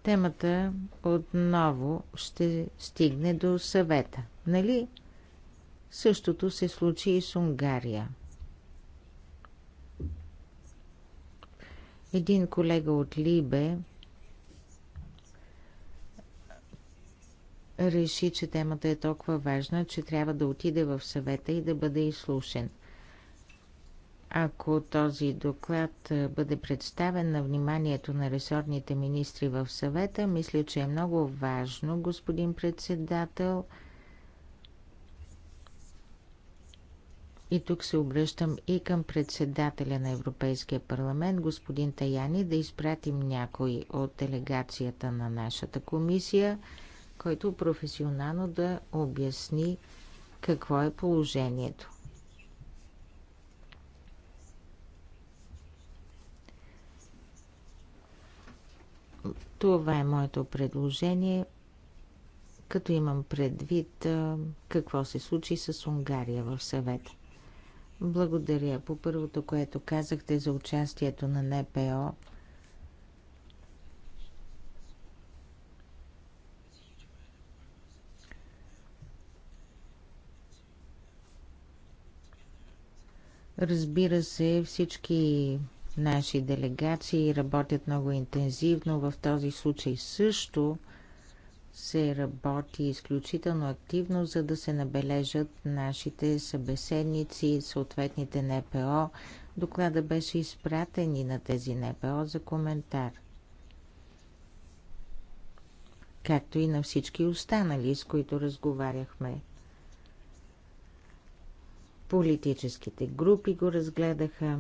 Темата отново ще стигне до съвета. Нали? Същото се случи и с Унгария. Един колега от Либе реши, че темата е толкова важна, че трябва да отиде в съвета и да бъде изслушен. Ако този доклад бъде представен на вниманието на ресорните министри в съвета, мисля, че е много важно, господин председател. И тук се обръщам и към председателя на Европейския парламент, господин Таяни, да изпратим някой от делегацията на нашата комисия – който професионално да обясни какво е положението. Това е моето предложение, като имам предвид какво се случи с Унгария в съвет. Благодаря по първото, което казахте за участието на НПО Разбира се, всички наши делегации работят много интензивно. В този случай също се работи изключително активно, за да се набележат нашите събеседници, съответните НПО. Доклада беше изпратен и на тези НПО за коментар. Както и на всички останали, с които разговаряхме. Политическите групи го разгледаха.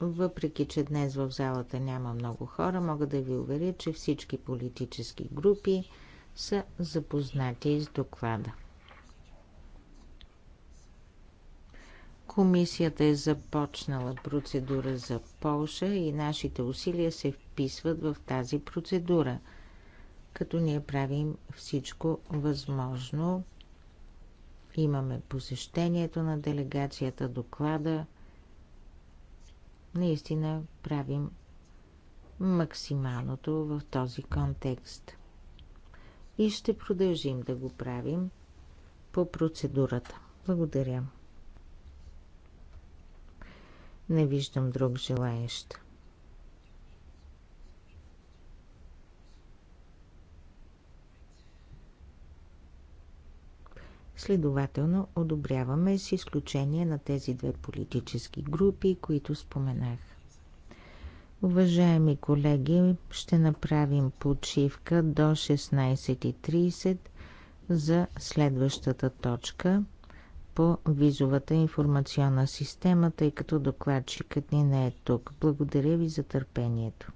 Въпреки, че днес в залата няма много хора, мога да ви уверя, че всички политически групи са запознати с доклада. Комисията е започнала процедура за Полша и нашите усилия се вписват в тази процедура като ние правим всичко възможно. Имаме посещението на делегацията, доклада. Наистина правим максималното в този контекст. И ще продължим да го правим по процедурата. Благодаря. Не виждам друг желаещ. Следователно одобряваме с изключение на тези две политически групи, които споменах. Уважаеми колеги, ще направим почивка до 16.30 за следващата точка по визовата информационна система, тъй като докладчикът ни не е тук. Благодаря ви за търпението.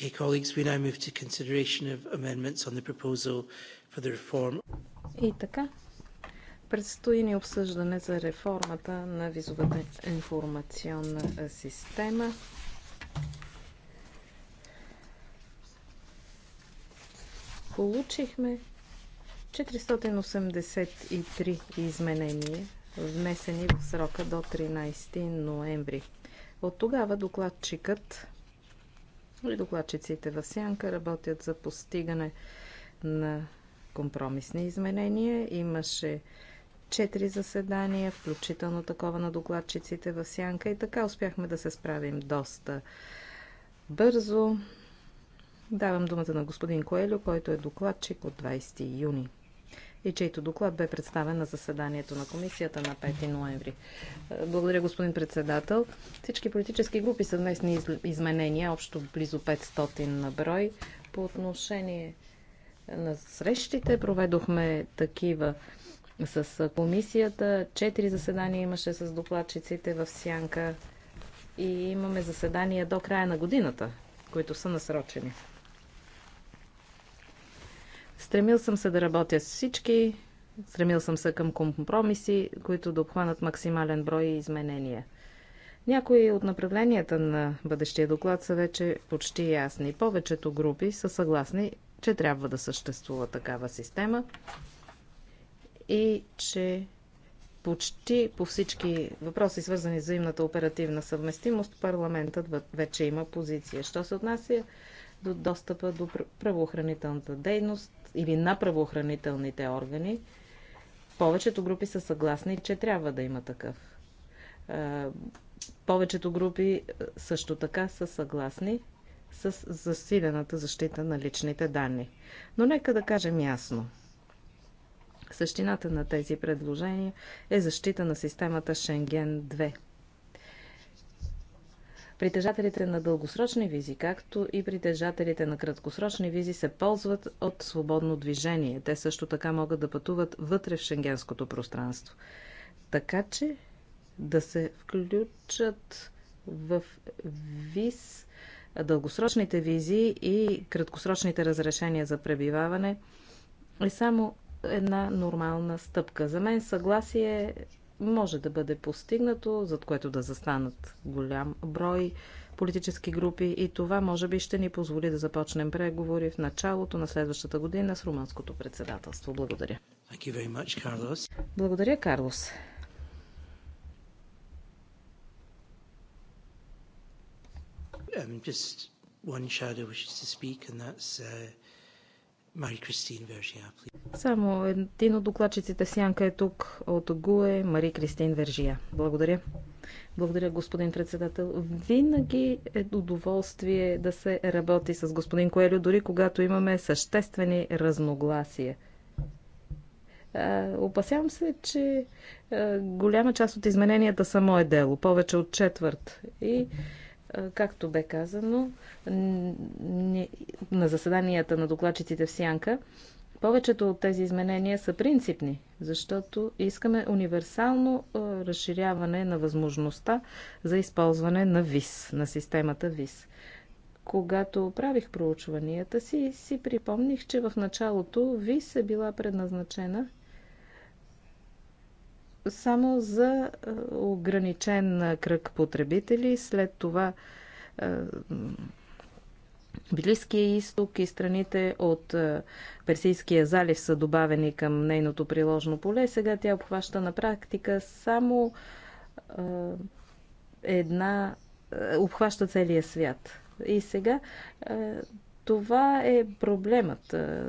Okay, colleagues, we now move to consideration of amendments on the proposal for the reform. И така, предстои ни обсъждане за реформата на визовата информационна система. Получихме 483 изменения, внесени в срока до 13 ноември. От тогава докладчикът и докладчиците в Сянка работят за постигане на компромисни изменения. Имаше четири заседания, включително такова на докладчиците в Сянка и така успяхме да се справим доста бързо. Давам думата на господин Коелю, който е докладчик от 20 юни и чийто доклад бе представен на заседанието на комисията на 5 ноември. Е, благодаря, господин председател. Всички политически групи са внесни изменения, общо близо 500 на брой. По отношение на срещите проведохме такива с комисията. Четири заседания имаше с докладчиците в Сянка и имаме заседания до края на годината, които са насрочени. Стремил съм се да работя с всички, стремил съм се към компромиси, които да обхванат максимален брой и изменения. Някои от направленията на бъдещия доклад са вече почти ясни. Повечето групи са съгласни, че трябва да съществува такава система и че почти по всички въпроси, свързани с взаимната оперативна съвместимост, парламентът вече има позиция. Що се отнася до достъпа до правоохранителната дейност, или на правоохранителните органи, повечето групи са съгласни, че трябва да има такъв. Повечето групи също така са съгласни с засилената защита на личните данни. Но нека да кажем ясно. Същината на тези предложения е защита на системата Шенген 2 Притежателите на дългосрочни визи, както и притежателите на краткосрочни визи, се ползват от свободно движение. Те също така могат да пътуват вътре в шенгенското пространство. Така че да се включат в виз дългосрочните визи и краткосрочните разрешения за пребиваване е само една нормална стъпка. За мен съгласие може да бъде постигнато, зад което да застанат голям брой политически групи и това може би ще ни позволи да започнем преговори в началото на следващата година с румънското председателство. Благодаря. Much, Carlos. Благодаря, Карлос. Um, just one shadow wishes to speak, and that's uh, Вержия, Само един от докладчиците Сянка е тук от ГУЕ, Мари Кристин Вержия. Благодаря. Благодаря, господин председател. Винаги е удоволствие да се работи с господин Коелю, дори когато имаме съществени разногласия. Опасявам се, че голяма част от измененията са мое дело, повече от четвърт. И Както бе казано, на заседанията на докладчиците в Сянка, повечето от тези изменения са принципни, защото искаме универсално разширяване на възможността за използване на ВИС, на системата ВИС. Когато правих проучванията си, си припомних, че в началото ВИС е била предназначена само за е, ограничен е, кръг потребители. След това е, Близкия изток и страните от Персийския залив са добавени към нейното приложно поле. Сега тя обхваща на практика само една. обхваща целия свят. И сега това е проблемът. Е,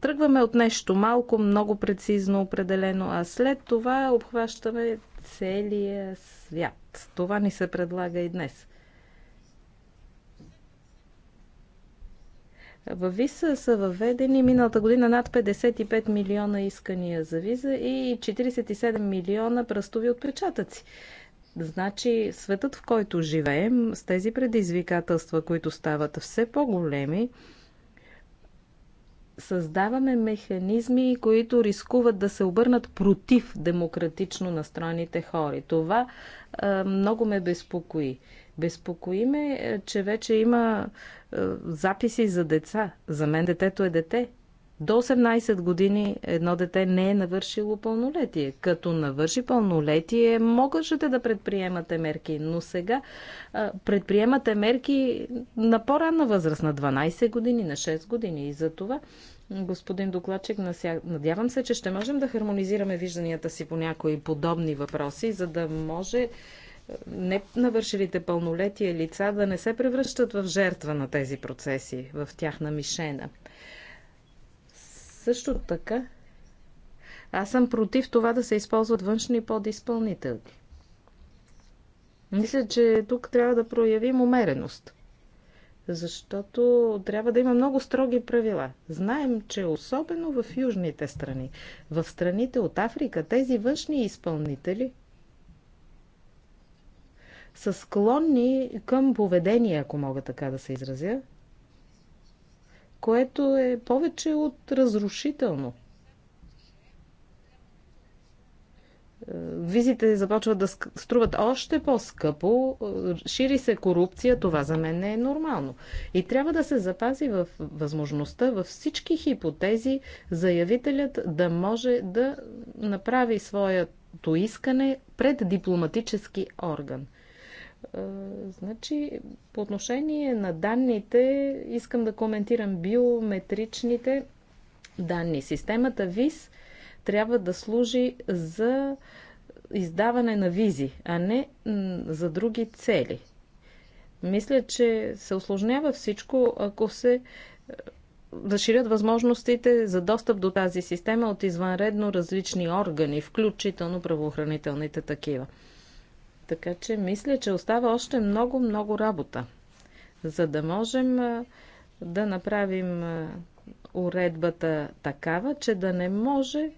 тръгваме от нещо малко, много прецизно определено, а след това обхващаме целия свят. Това ни се предлага и днес. В виса са въведени миналата година над 55 милиона искания за виза и 47 милиона пръстови отпечатъци. Значи, светът, в който живеем, с тези предизвикателства, които стават все по-големи, създаваме механизми, които рискуват да се обърнат против демократично настроените хори. Това а, много ме безпокои. Безпокои ме, че вече има а, записи за деца. За мен детето е дете. До 18 години едно дете не е навършило пълнолетие. Като навърши пълнолетие, можете да предприемате мерки, но сега а, предприемате мерки на по-ранна възраст, на 12 години, на 6 години. И за това, господин докладчик, надявам се, че ще можем да хармонизираме вижданията си по някои подобни въпроси, за да може не навършилите пълнолетие лица да не се превръщат в жертва на тези процеси, в тяхна мишена. Също така, аз съм против това да се използват външни подизпълнителки. Мисля, че тук трябва да проявим умереност. Защото трябва да има много строги правила. Знаем, че особено в южните страни, в страните от Африка, тези външни изпълнители са склонни към поведение, ако мога така да се изразя, което е повече от разрушително. Визите започват да струват още по-скъпо, шири се корупция, това за мен не е нормално. И трябва да се запази в възможността във всички хипотези заявителят да може да направи своето искане пред дипломатически орган. Значи, по отношение на данните, искам да коментирам биометричните данни. Системата ВИС трябва да служи за издаване на визи, а не за други цели. Мисля, че се осложнява всичко, ако се разширят възможностите за достъп до тази система от извънредно различни органи, включително правоохранителните такива. Така че мисля, че остава още много-много работа, за да можем да направим уредбата такава, че да не може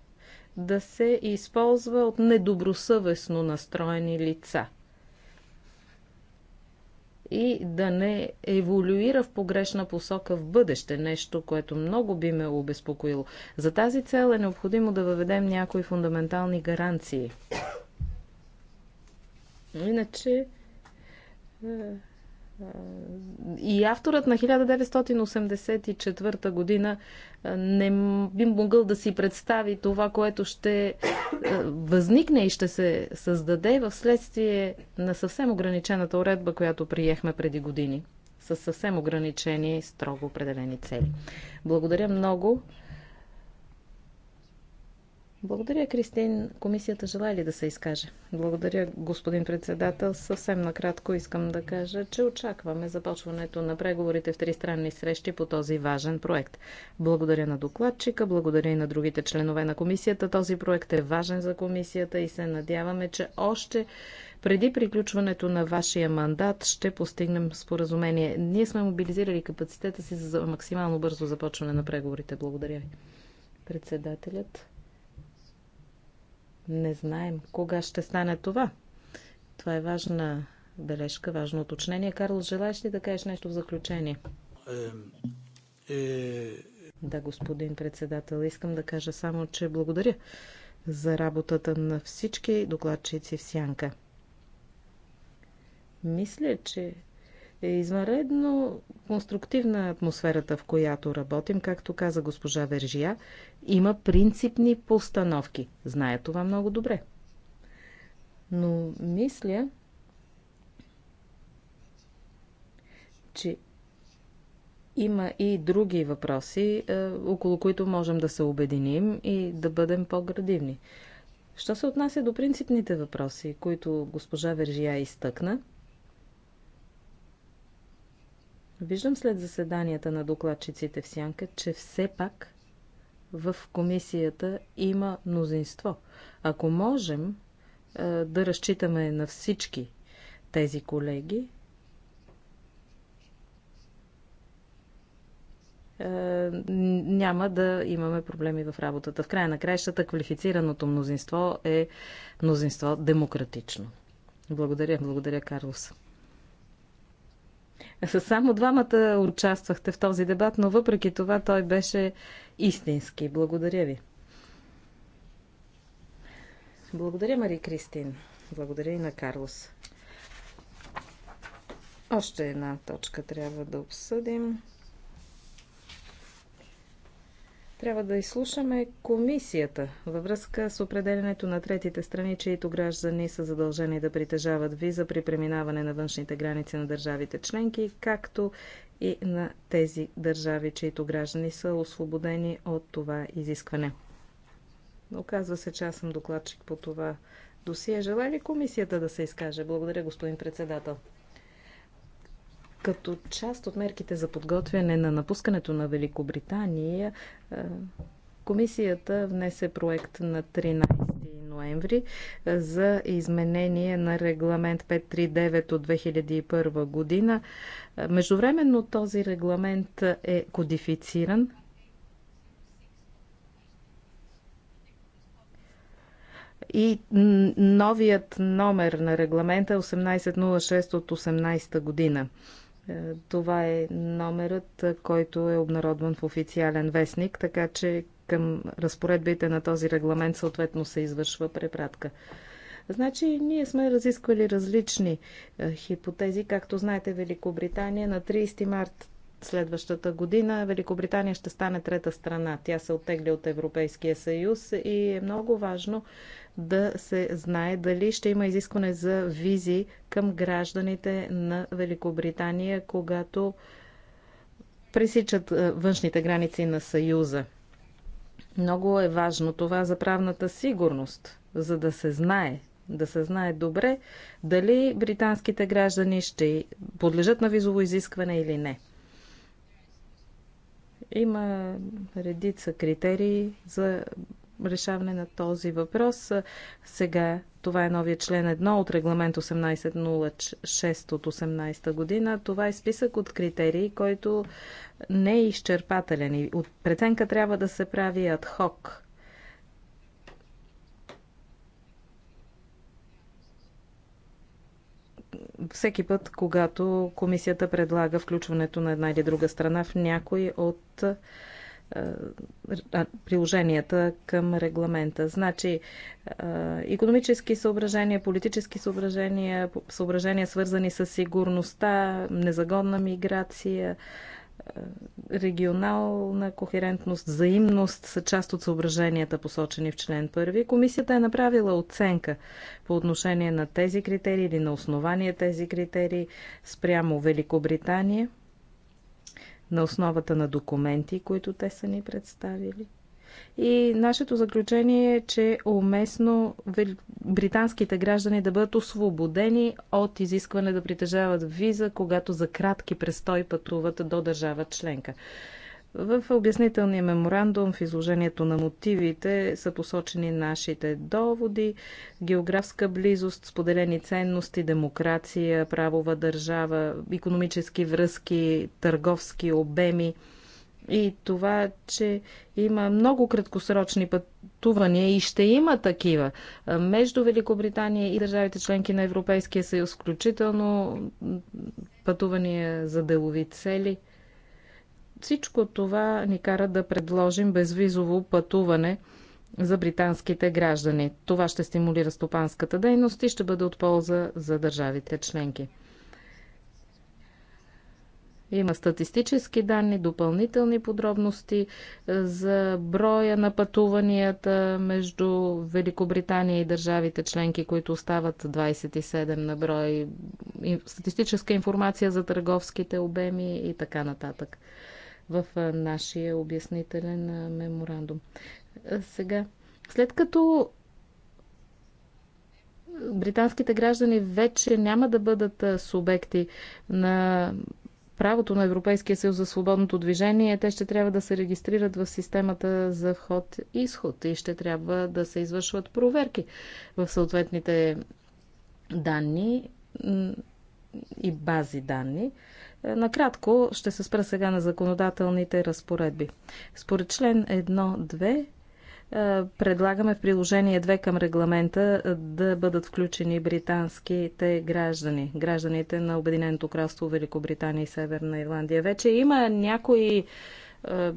да се използва от недобросъвестно настроени лица и да не еволюира в погрешна посока в бъдеще, нещо, което много би ме обезпокоило. За тази цел е необходимо да въведем някои фундаментални гаранции Иначе е, е, и авторът на 1984 година е, не би могъл да си представи това, което ще възникне и ще се създаде в следствие на съвсем ограничената уредба, която приехме преди години. С съвсем ограничени, строго определени цели. Благодаря много. Благодаря, Кристин. Комисията желая ли да се изкаже? Благодаря, господин председател. Съвсем накратко искам да кажа, че очакваме започването на преговорите в тристранни срещи по този важен проект. Благодаря на докладчика, благодаря и на другите членове на комисията. Този проект е важен за комисията и се надяваме, че още преди приключването на вашия мандат ще постигнем споразумение. Ние сме мобилизирали капацитета си за максимално бързо започване на преговорите. Благодаря ви. Председателят. Не знаем кога ще стане това. Това е важна бележка, важно уточнение. Карл, желаеш ли да кажеш нещо в заключение? Е, е... Да, господин председател, искам да кажа само, че благодаря за работата на всички докладчици в Сянка. Мисля, че е извънредно конструктивна атмосферата, в която работим, както каза госпожа Вержия има принципни постановки. Зная това много добре. Но мисля, че има и други въпроси, е, около които можем да се обединим и да бъдем по-градивни. Що се отнася до принципните въпроси, които госпожа Вержия изтъкна, виждам след заседанията на докладчиците в Сянка, че все пак в комисията има мнозинство. Ако можем е, да разчитаме на всички тези колеги, е, няма да имаме проблеми в работата. В края на краищата квалифицираното мнозинство е мнозинство демократично. Благодаря, благодаря, Карлос. Само двамата участвахте в този дебат, но въпреки това той беше истински. Благодаря ви. Благодаря, Мари Кристин. Благодаря и на Карлос. Още една точка трябва да обсъдим. Трябва да изслушаме комисията във връзка с определенето на третите страни, чието граждани са задължени да притежават виза при преминаване на външните граници на държавите членки, както и на тези държави, чието граждани са освободени от това изискване. Оказва се, че аз съм докладчик по това досие. Желая ли комисията да се изкаже? Благодаря, господин председател. Като част от мерките за подготвяне на напускането на Великобритания, комисията внесе проект на 13 ноември е, за изменение на регламент 539 от 2001 година. Е, междувременно този регламент е кодифициран. И новият номер на регламента е 1806 от 18 година. Е, това е номерът, който е обнародван в официален вестник, така че към разпоредбите на този регламент съответно се извършва препратка. Значи, ние сме разисквали различни е, хипотези. Както знаете, Великобритания на 30 март следващата година Великобритания ще стане трета страна. Тя се оттегля от Европейския съюз и е много важно да се знае дали ще има изискване за визи към гражданите на Великобритания, когато пресичат е, външните граници на Съюза. Много е важно това за правната сигурност, за да се знае, да се знае добре дали британските граждани ще подлежат на визово изискване или не. Има редица критерии за решаване на този въпрос. Сега това е новия член 1 от регламент 1806 от 18 година. Това е списък от критерии, който не е изчерпателен от преценка трябва да се прави адхок. всеки път, когато комисията предлага включването на една или друга страна в някой от приложенията към регламента. Значи, економически съображения, политически съображения, съображения свързани с сигурността, незагодна миграция, регионална кохерентност, взаимност са част от съображенията, посочени в член 1. Комисията е направила оценка по отношение на тези критерии или на основание тези критерии спрямо Великобритания – на основата на документи, които те са ни представили. И нашето заключение е, че е уместно британските граждани да бъдат освободени от изискване да притежават виза, когато за кратки престой пътуват до държава членка. В обяснителния меморандум в изложението на мотивите са посочени нашите доводи, географска близост, споделени ценности, демокрация, правова държава, економически връзки, търговски обеми и това, че има много краткосрочни пътувания и ще има такива между Великобритания и държавите членки на Европейския съюз, включително пътувания за делови цели – всичко това ни кара да предложим безвизово пътуване за британските граждани. Това ще стимулира стопанската дейност и ще бъде от полза за държавите членки. Има статистически данни, допълнителни подробности е, за броя на пътуванията между Великобритания и държавите членки, които остават 27 на брой, статистическа информация за търговските обеми и така нататък в нашия обяснителен меморандум. Сега, след като британските граждани вече няма да бъдат субекти на правото на Европейския съюз за свободното движение, те ще трябва да се регистрират в системата за ход изход и ще трябва да се извършват проверки в съответните данни и бази данни. Е, накратко ще се спра сега на законодателните разпоредби. Според член 2, е, предлагаме в приложение 2 към регламента е, да бъдат включени британските граждани, гражданите на Обединеното кралство Великобритания и Северна Ирландия. Вече има някои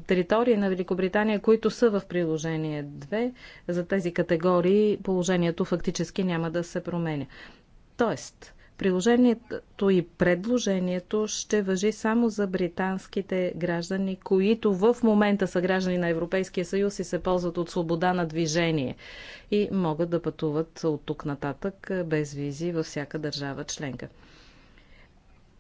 територии на Великобритания, които са в приложение 2. За тези категории положението фактически няма да се променя. Тоест, Приложението и предложението ще въжи само за британските граждани, които в момента са граждани на Европейския съюз и се ползват от свобода на движение и могат да пътуват от тук нататък без визи във всяка държава членка.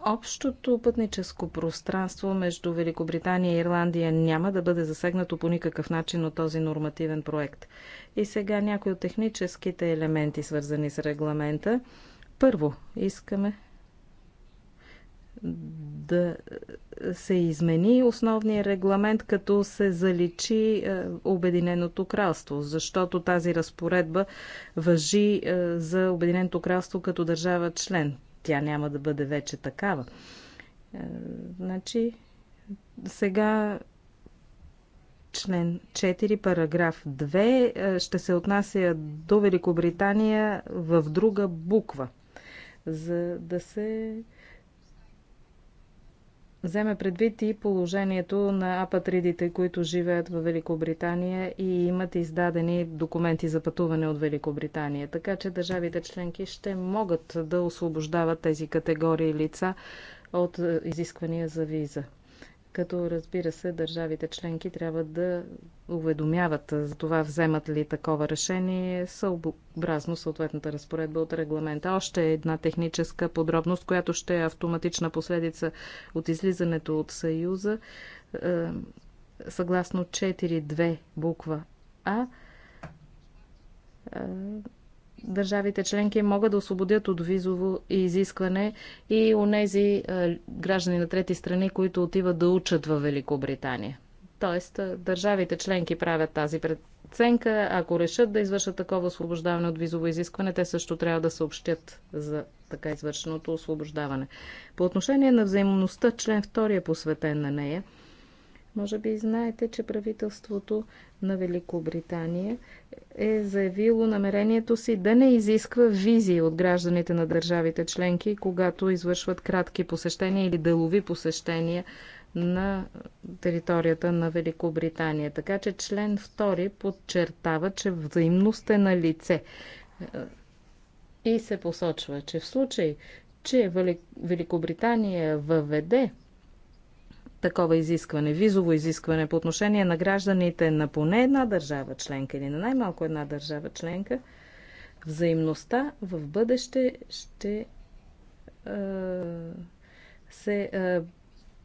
Общото пътническо пространство между Великобритания и Ирландия няма да бъде засегнато по никакъв начин от този нормативен проект. И сега някои от техническите елементи, свързани с регламента. Първо, искаме да се измени основния регламент, като се заличи е, Обединеното кралство, защото тази разпоредба въжи е, за Обединеното кралство като държава член. Тя няма да бъде вече такава. Е, значи, сега член 4, параграф 2 ще се отнася до Великобритания в друга буква – за да се вземе предвид и положението на апатридите, които живеят в Великобритания и имат издадени документи за пътуване от Великобритания. Така че държавите членки ще могат да освобождават тези категории лица от е, изисквания за виза като разбира се държавите членки трябва да уведомяват за това вземат ли такова решение съобразно съответната разпоредба от регламента. Още една техническа подробност, която ще е автоматична последица от излизането от Съюза. Съгласно 4.2 буква А, държавите членки могат да освободят от визово изискване и у нези граждани на трети страни, които отиват да учат в Великобритания. Тоест, държавите членки правят тази преценка. Ако решат да извършат такова освобождаване от визово изискване, те също трябва да съобщят за така извършеното освобождаване. По отношение на взаимността, член 2 е посветен на нея – може би знаете, че правителството на Великобритания е заявило намерението си да не изисква визии от гражданите на държавите членки, когато извършват кратки посещения или делови посещения на територията на Великобритания. Така че член 2 подчертава, че взаимност е на лице. И се посочва, че в случай, че Великобритания въведе такова изискване, визово изискване по отношение на гражданите на поне една държава членка или на най-малко една държава членка, взаимността в бъдеще ще е, се е,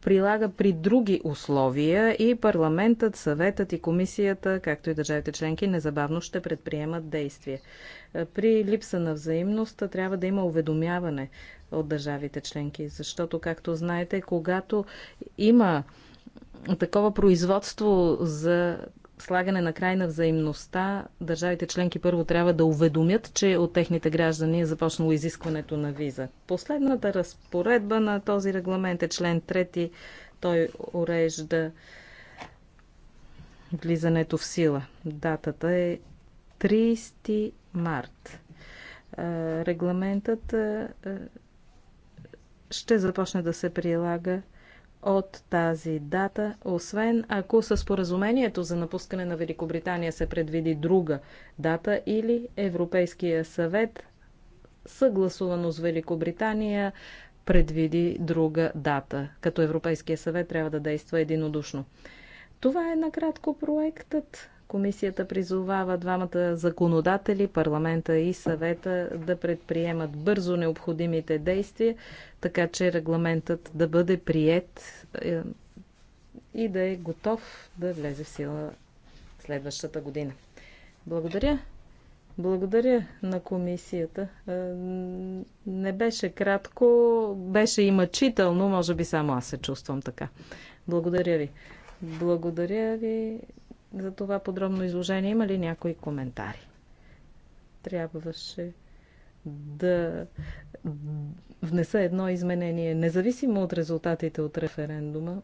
прилага при други условия и парламентът, съветът и комисията, както и държавите членки, незабавно ще предприемат действия. При липса на взаимност трябва да има уведомяване от държавите членки. Защото, както знаете, когато има такова производство за слагане на край на взаимността, държавите членки първо трябва да уведомят, че от техните граждани е започнало изискването на виза. Последната разпоредба на този регламент е член 3. Той урежда влизането в сила. Датата е 30 март. Регламентът ще започне да се прилага от тази дата, освен ако със споразумението за напускане на Великобритания се предвиди друга дата или Европейския съвет, съгласувано с Великобритания, предвиди друга дата, като Европейския съвет трябва да действа единодушно. Това е накратко проектът. Комисията призовава двамата законодатели, парламента и съвета, да предприемат бързо необходимите действия, така че регламентът да бъде прият е, и да е готов да влезе в сила следващата година. Благодаря. Благодаря на комисията. Е, не беше кратко, беше и мъчително, може би само аз се чувствам така. Благодаря ви. Благодаря ви за това подробно изложение. Има ли някои коментари? Трябваше да внеса едно изменение, независимо от резултатите от референдума.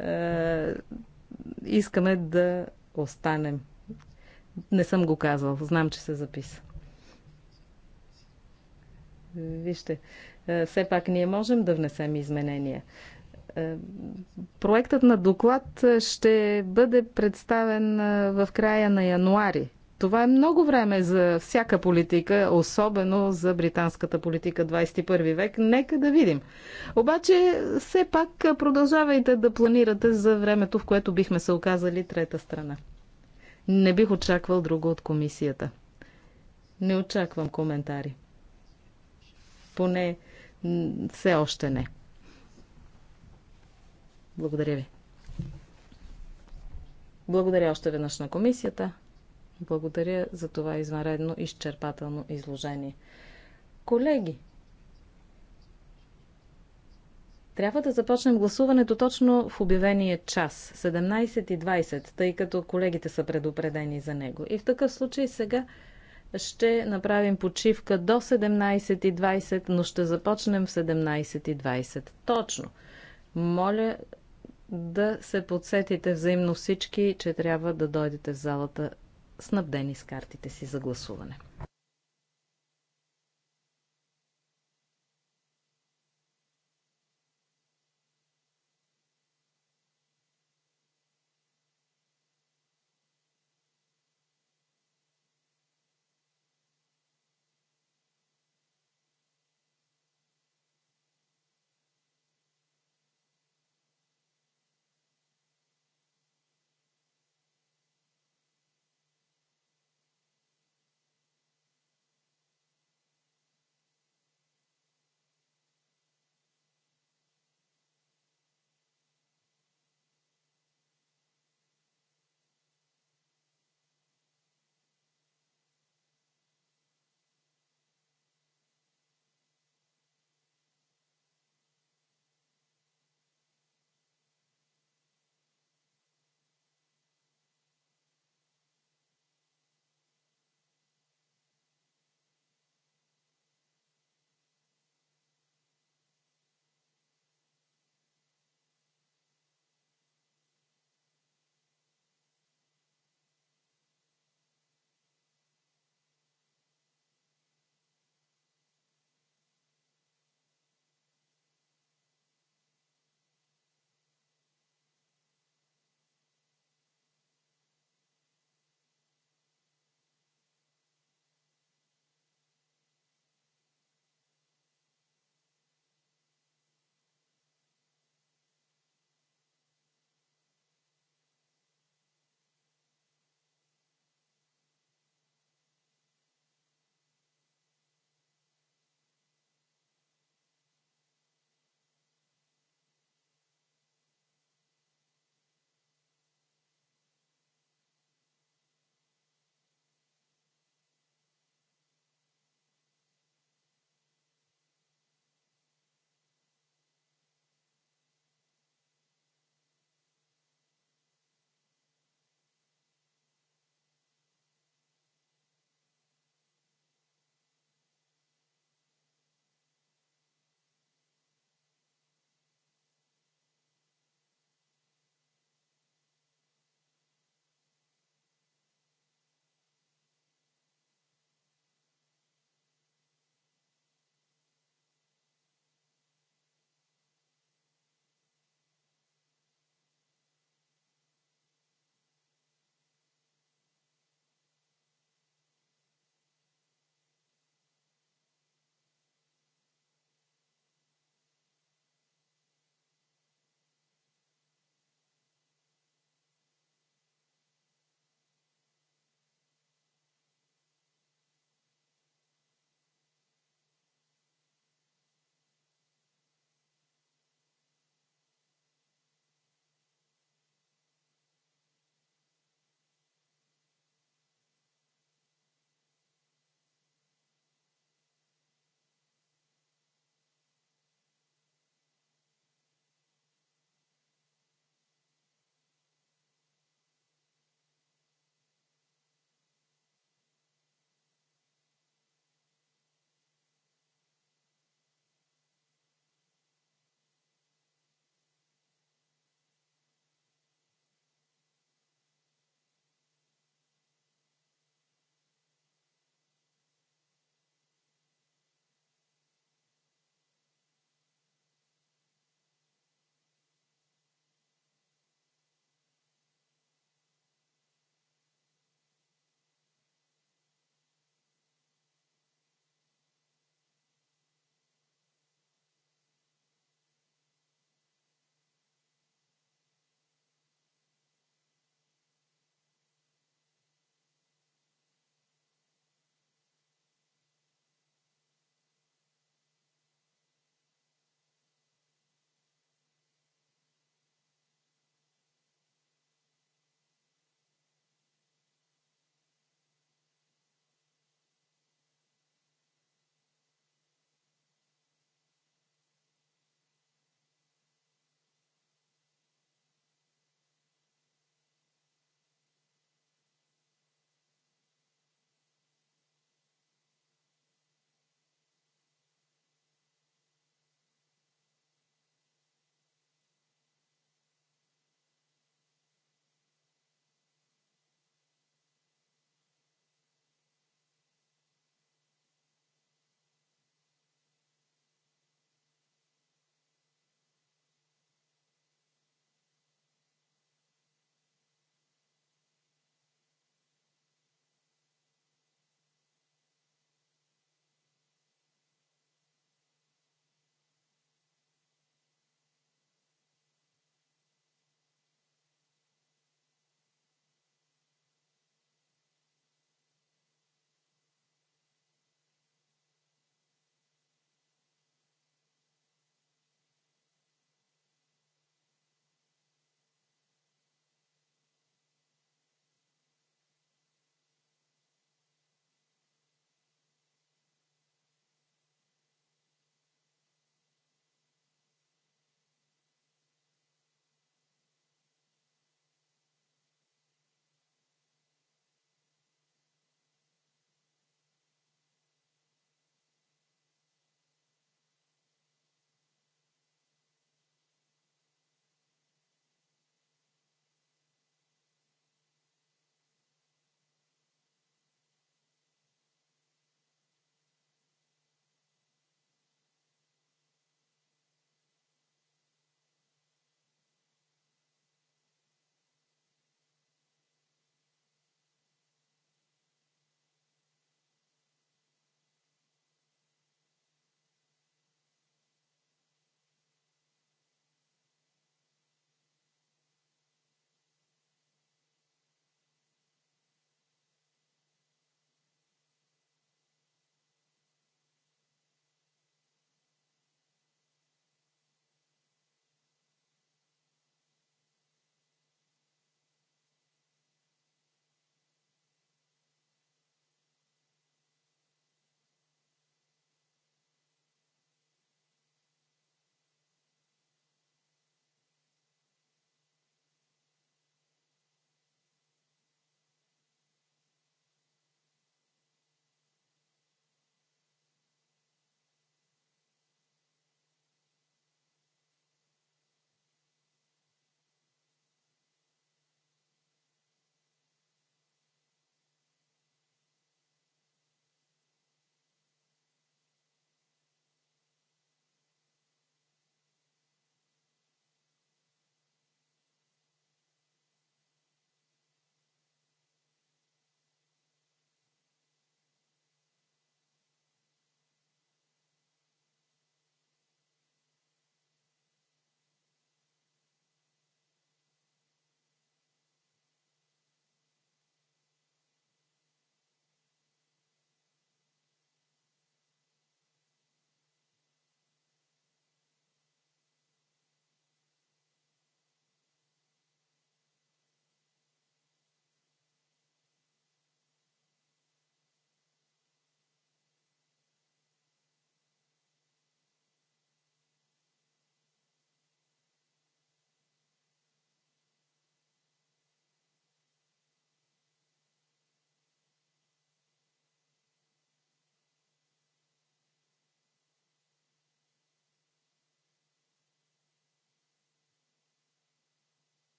Е, искаме да останем. Не съм го казвал, знам, че се записа. Вижте, е, все пак ние можем да внесем изменения. Е, проектът на доклад е, ще бъде представен е, в края на януари. Това е много време за всяка политика, особено за британската политика 21 век. Нека да видим. Обаче, все пак продължавайте да планирате за времето, в което бихме се оказали трета страна. Не бих очаквал друго от комисията. Не очаквам коментари. Поне все още не. Благодаря ви. Благодаря още веднъж на комисията. Благодаря за това извънредно изчерпателно изложение. Колеги, трябва да започнем гласуването точно в обявение час 17.20, тъй като колегите са предупредени за него. И в такъв случай сега ще направим почивка до 17.20, но ще започнем в 17.20. Точно. Моля да се подсетите взаимно всички, че трябва да дойдете в залата снабдени с картите си за гласуване.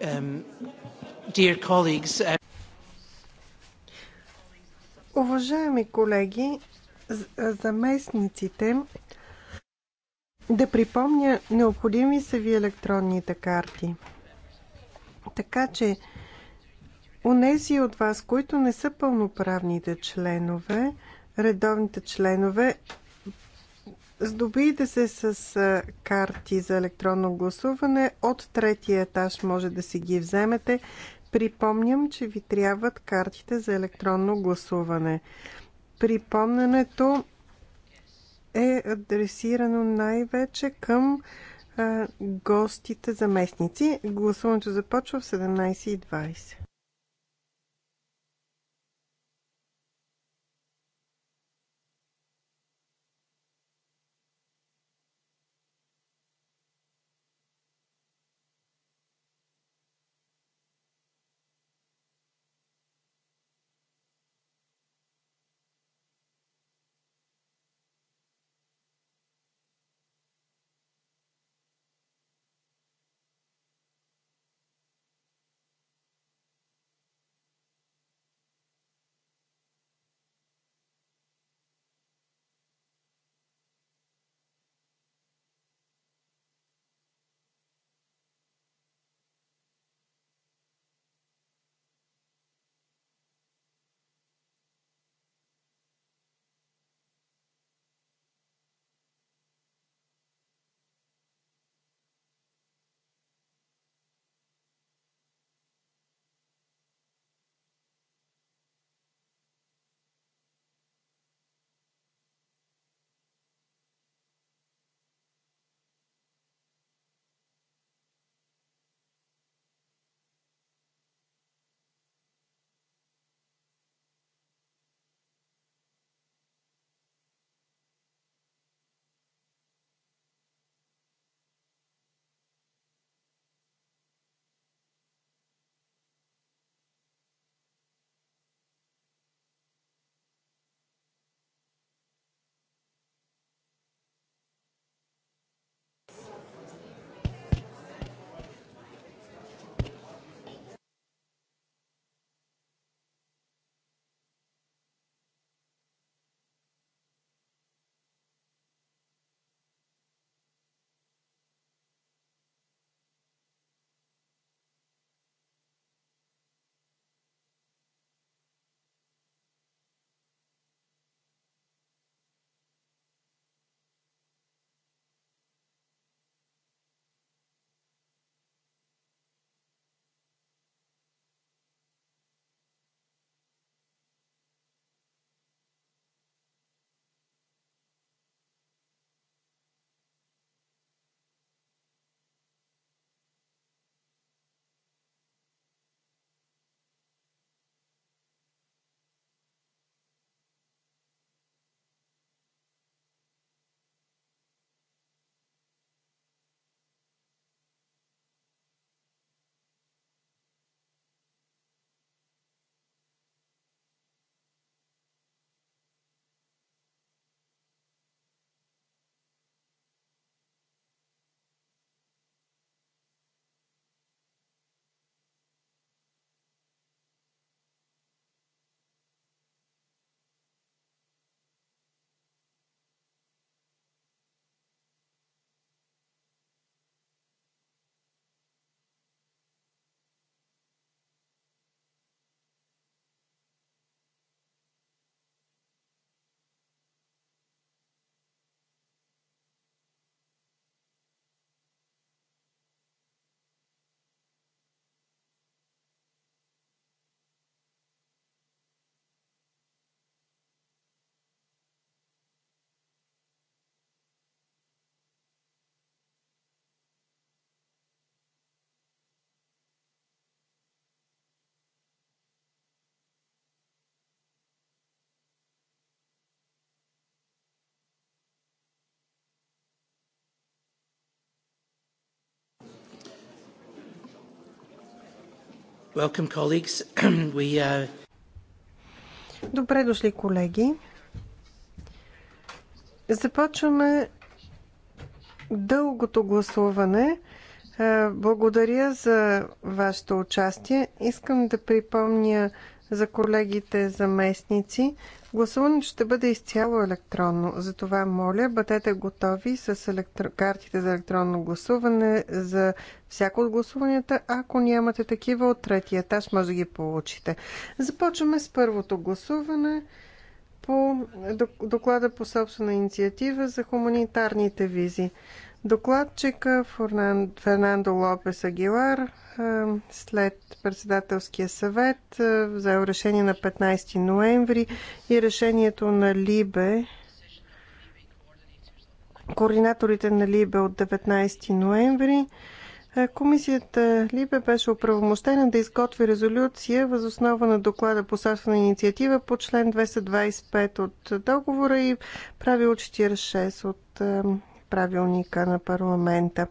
Um, dear colleagues, uh, Уважаеми колеги, заместниците, да припомня, необходими са ви електронните карти. Така че, унези от вас, които не са пълноправните членове, редовните членове, Здобийте се с карти за електронно гласуване. От третия етаж може да си ги вземете. Припомням, че ви трябват картите за електронно гласуване. Припомненето е адресирано най-вече към гостите заместници. Гласуването започва в 17.20. Welcome, colleagues. [clears throat] We, uh... Добре дошли, колеги. Започваме дългото гласуване. Е, благодаря за вашето участие. Искам да припомня за колегите заместници. Гласуването ще бъде изцяло електронно. Затова моля, бъдете готови с електро... картите за електронно гласуване за всяко от гласуванията. Ако нямате такива от третия етаж, може да ги получите. Започваме с първото гласуване по доклада по собствена инициатива за хуманитарните визи докладчика Фернандо Лопес Агилар е, след председателския съвет е, взел решение на 15 ноември и решението на Либе координаторите на Либе от 19 ноември е, Комисията Либе беше оправомощена да изготви резолюция въз основа на доклада по собствена инициатива по член 225 от договора и правил 46 от правилника на парламента.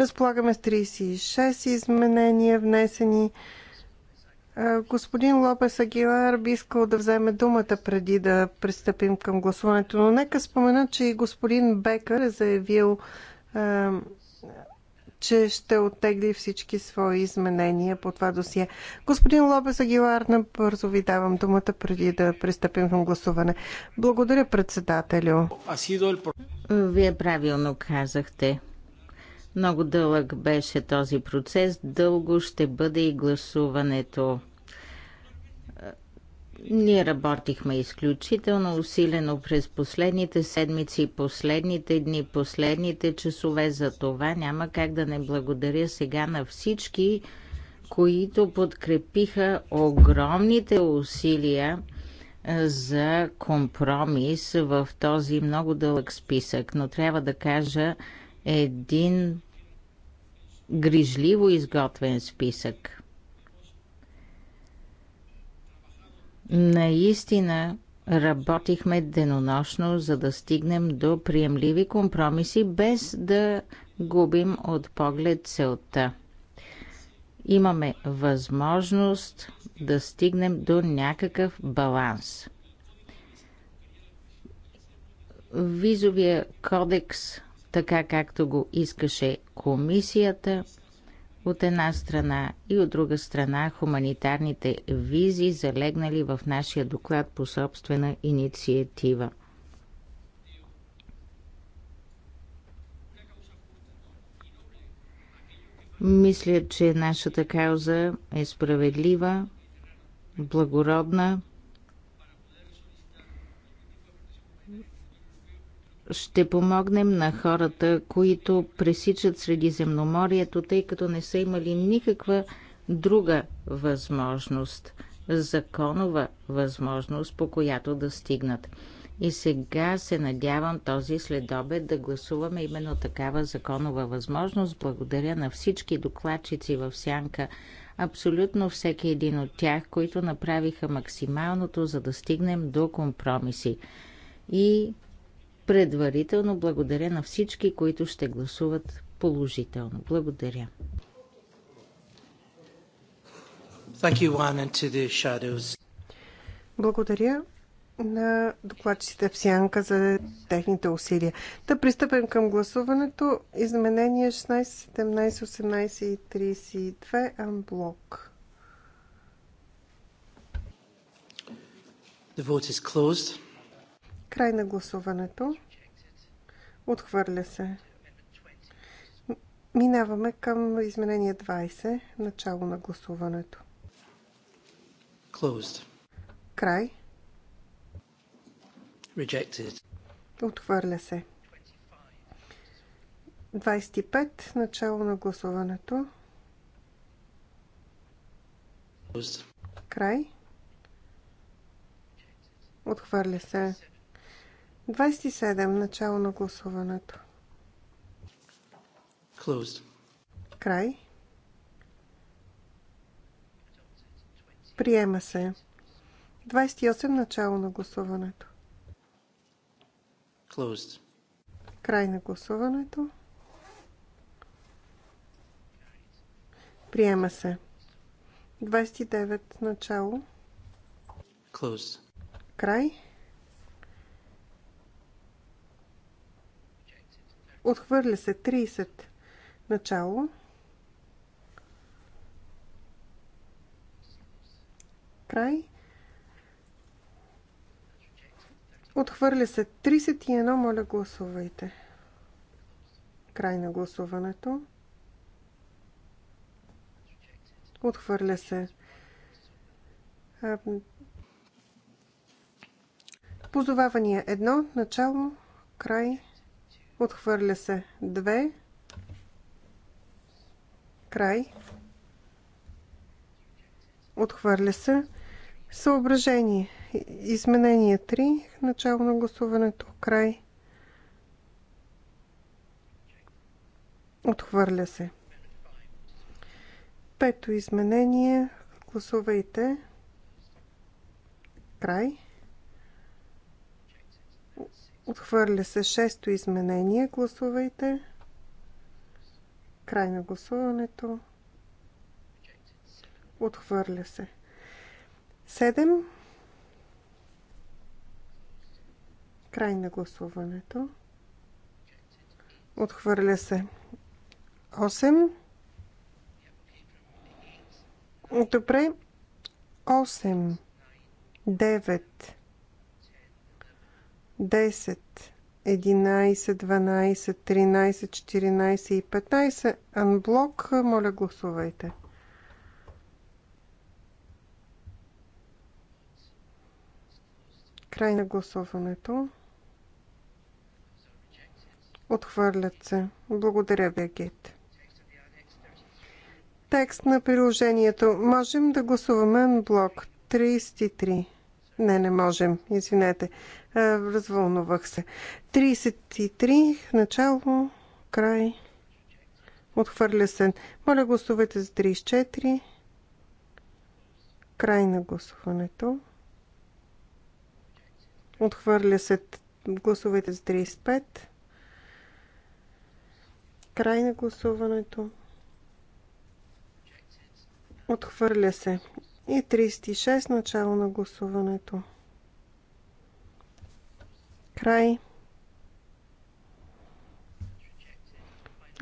Разполагаме с 36 изменения внесени. Господин Лопес Агилар би искал да вземе думата преди да пристъпим към гласуването, но нека спомена, че и господин Бекър е заявил, че ще оттегли всички свои изменения по това досие. Господин Лопес Агилар, набързо ви давам думата преди да пристъпим към гласуване. Благодаря, председателю. Вие правилно казахте. Много дълъг беше този процес, дълго ще бъде и гласуването. Ние работихме изключително усилено през последните седмици, последните дни, последните часове. За това няма как да не благодаря сега на всички, които подкрепиха огромните усилия за компромис в този много дълъг списък, но трябва да кажа един грижливо изготвен списък. Наистина работихме денонощно, за да стигнем до приемливи компромиси, без да губим от поглед целта. Имаме възможност да стигнем до някакъв баланс. Визовия кодекс, така както го искаше комисията, от една страна и от друга страна хуманитарните визи, залегнали в нашия доклад по собствена инициатива. Мисля, че нашата кауза е справедлива благородна. Ще помогнем на хората, които пресичат Средиземноморието, тъй като не са имали никаква друга възможност, законова възможност, по която да стигнат. И сега се надявам този следобед да гласуваме именно такава законова възможност. Благодаря на всички докладчици в Сянка абсолютно всеки един от тях, които направиха максималното, за да стигнем до компромиси. И предварително благодаря на всички, които ще гласуват положително. Благодаря. Благодаря на докладчиците в Сянка за техните усилия. Да пристъпим към гласуването. Изменения 16, 17, 18 и 32 амблок. The vote is closed. Край на гласуването. Отхвърля се. Минаваме към изменение 20, начало на гласуването. Closed. Край. Отхвърля се. 25. Начало на гласуването. Край. Отхвърля се. 27. Начало на гласуването. Closed. Край. Приема се. 28. Начало на гласуването. Closed. Край на гласуването. Приема се. 29 начало. Closed. Край. Отхвърля се 30 начало. Край. Отхвърля се 31. Моля, гласувайте. Край на гласуването. Отхвърля се. Позовавания 1. Начало. Край. Отхвърля се 2. Край. Отхвърля се. Съображение Изменение 3. Начало на гласуването. Край. Отхвърля се. Пето изменение. Гласувайте. Край. Отхвърля се шесто изменение. Гласувайте. Край на гласуването. Отхвърля се. Седем. Край на гласуването. Отхвърля се. 8. Добре. 8. 9. 10. 11, 12, 13, 14 и 15. Анблок, моля гласувайте. Край на гласуването. Отхвърлят се. Благодаря, Бергит. Текст на приложението. Можем да гласуваме блок 33. Не, не можем. Извинете. Развълнувах се. 33. Начало. Край. Отхвърля се. Моля, гласувайте за 34. Край на гласуването. Отхвърля се. Гласувайте за 35. Край на гласуването. Отхвърля се. И 36 начало на гласуването. Край.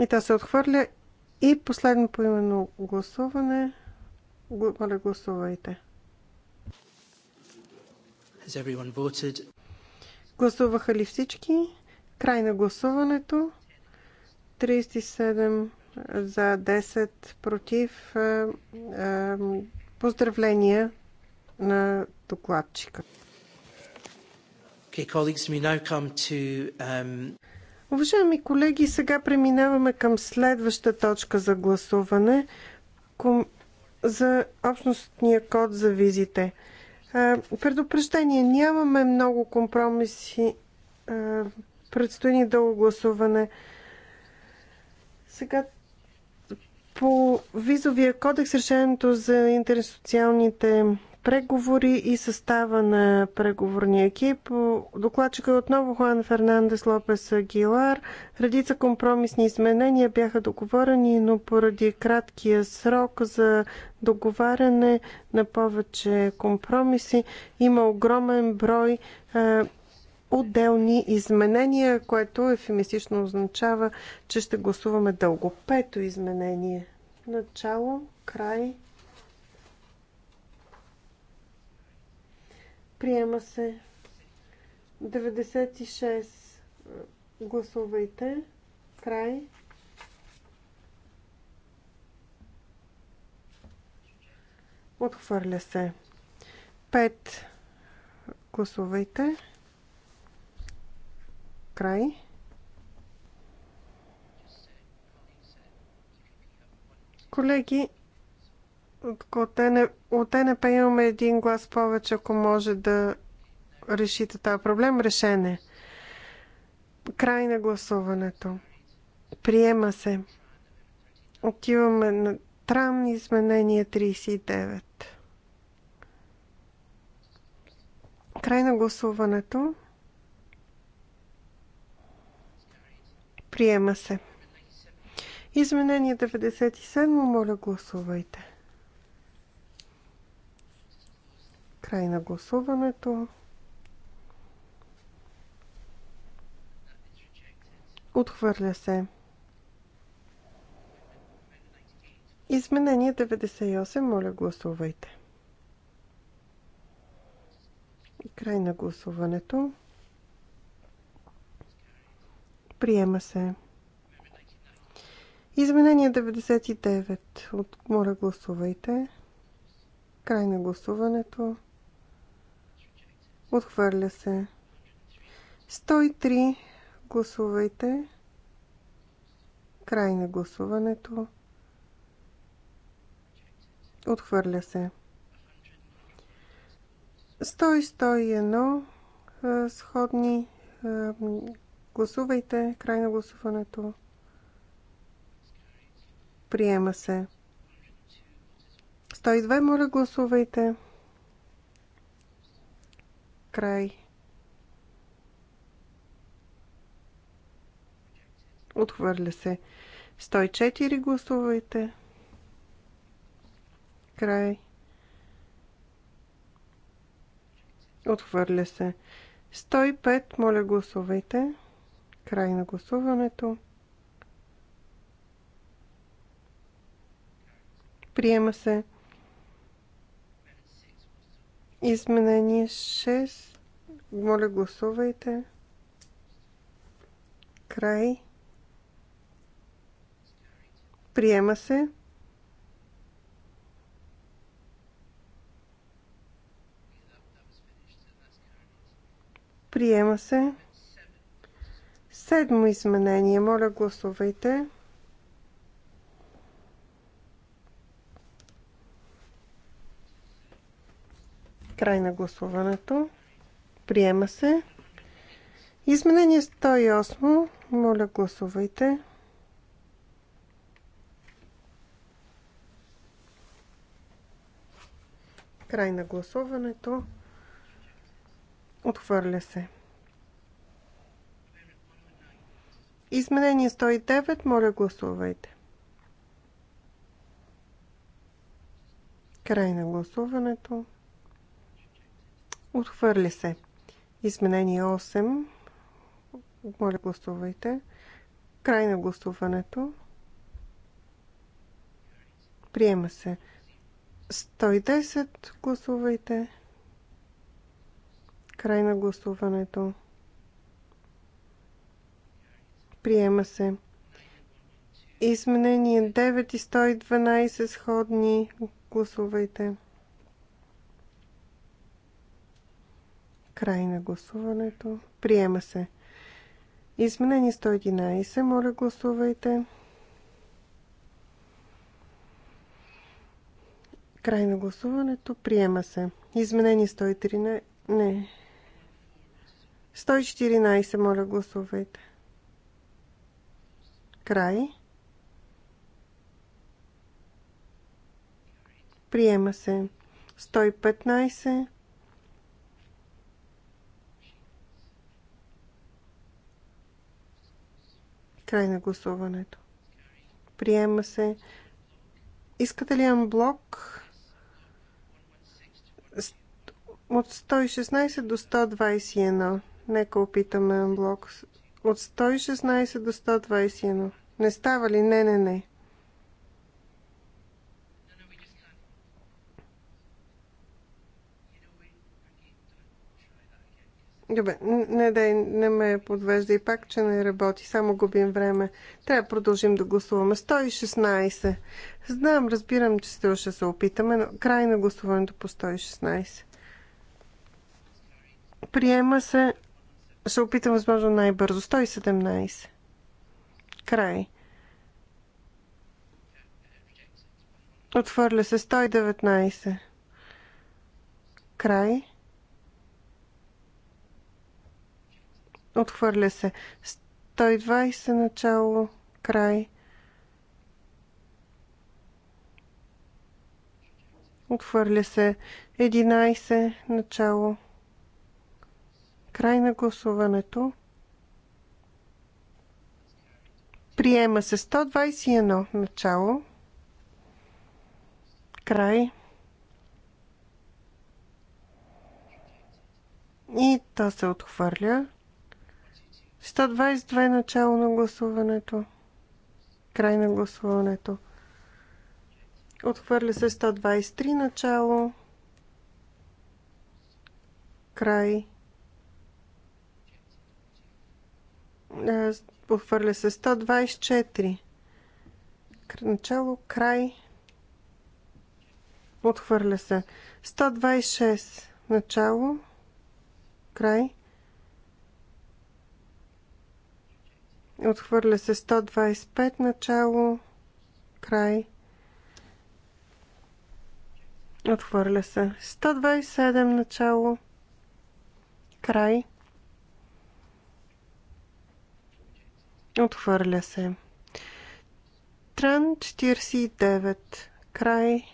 И тя се отхвърля. И последно поименно гласуване. Моля, гласувайте. Гласуваха ли всички? Край на гласуването. 37 за 10 против. Е, е, поздравления на докладчика. Okay, colleagues, we now come to, um... Уважаеми колеги, сега преминаваме към следваща точка за гласуване ком... за общностния код за визите. Е, предупреждение, нямаме много компромиси. предстои ни дълго гласуване. Сега по визовия кодекс решението за интерсоциалните преговори и състава на преговорния екип. Докладчика е отново Хуан Фернандес Лопес Агилар. Редица компромисни изменения бяха договорени, но поради краткия срок за договаряне на повече компромиси има огромен брой е, отделни изменения, което ефемистично означава, че ще гласуваме дълго. Пето изменение. Начало, край. Приема се. 96. Гласувайте. Край. Отхвърля се. 5. Гласувайте край. Колеги, от НП имаме един глас повече, ако може да решите това проблем. Решен е. Край на гласуването. Приема се. Отиваме на Тран изменение 39. Край на гласуването. Приема се. Изменение 97. Моля, гласувайте. Край на гласуването. Отхвърля се. Изменение 98. Моля, гласувайте. Край на гласуването. Приема се. Изменение 99. От... Моля, гласувайте. Край на гласуването. Отхвърля се. 103. Гласувайте. Край на гласуването. Отхвърля се. 100 и 101 сходни Гласувайте. Край на гласуването. Приема се. 102, моля, гласувайте. Край. Отхвърля се. 104, гласувайте. Край. Отхвърля се. 105, моля, гласувайте. Край на гласуването. Приема се. Изменение 6. Моля, гласувайте. Край. Приема се. Приема се. Седмо изменение. Моля, гласувайте. Край на гласуването. Приема се. Изменение 108. Моля, гласувайте. Край на гласуването. Отхвърля се. Изменение 109, моля гласувайте. Край на гласуването. Отхвърли се. Изменение 8. Моля гласувайте. Край на гласуването. Приема се. 110 гласувайте. Край на гласуването. Приема се. Изменение 9 и 112 сходни. Гласувайте. Край на гласуването. Приема се. Изменение 111. Моля, гласувайте. Край на гласуването. Приема се. Изменение 113. Не. 114. Моля, гласувайте. Край. Приема се. 115. Край на гласуването. Приема се. Искате ли блок? От 116 до 121. Нека опитаме блок. От 116 до 121. Не става ли? Не, не, не. Добре, не дай, не ме подвежда и пак, че не работи, само губим време. Трябва да продължим да гласуваме. 116. Знам, разбирам, че сте ще се опитаме, но край на гласуването по 116. Приема се ще опитам възможно най-бързо. 117. Край. Отвърля се 119. Край. Отхвърля се 120 начало, край. Отхвърля се 11 начало, край. Край на гласуването. Приема се 121 начало. Край. И то се отхвърля. 122 начало на гласуването. Край на гласуването. Отхвърля се 123 начало. Край. Похвърля се 124. Начало, край. Отхвърля се. 126. Начало. Край. Отхвърля се 125. Начало. Край. Отхвърля се. 127. Начало. Край. Отхвърля се. Тран 49. Край.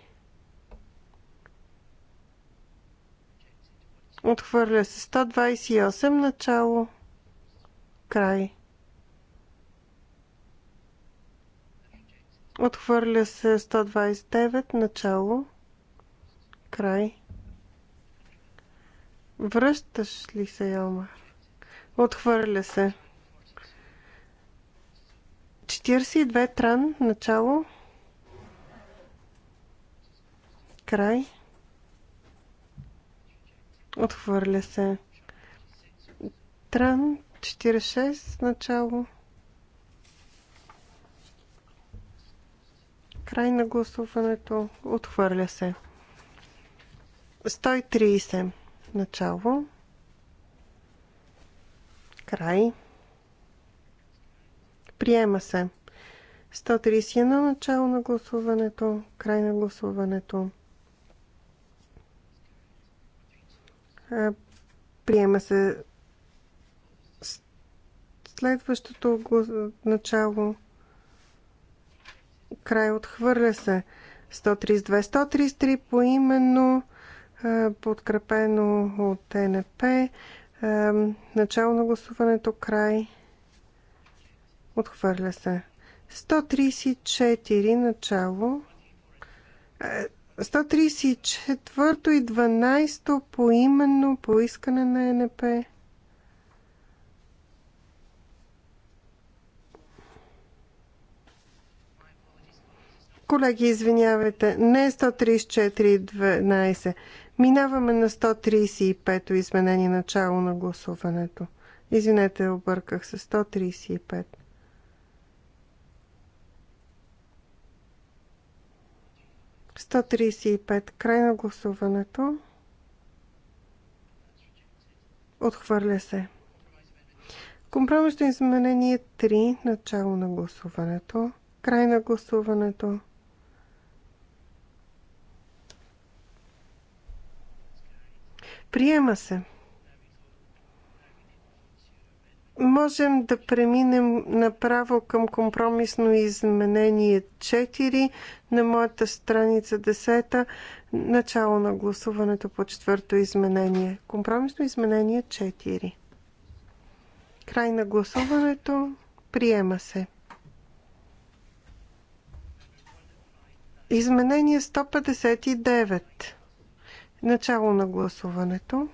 Отхвърля се. 128. Начало. Край. Отхвърля се 129, начало, край. Връщаш ли се, Елмар? Отхвърля се. 42 тран, начало. Край. Отхвърля се. Тран 46, начало. Край на гласуването. Отхвърля се. 130. Начало. Край. Приема се. 131 начало на гласуването, край на гласуването. Приема се следващото начало. Край отхвърля се. 132, 133 по именно, подкрепено от ТНП. Начало на гласуването, край. Отхвърля се. 134 начало. 134 е, и 12 по именно по искане на НП. Колеги, извинявайте, не 134 и 12. Минаваме на 135-то изменение начало на гласуването. Извинете, обърках се. 135. 135. Край на гласуването. Отхвърля се. Компромисно изменение 3. Начало на гласуването. Край на гласуването. Приема се. Можем да преминем направо към компромисно изменение 4 на моята страница 10, начало на гласуването по четвърто изменение. Компромисно изменение 4. Край на гласуването. Приема се. Изменение 159. Начало на гласуването.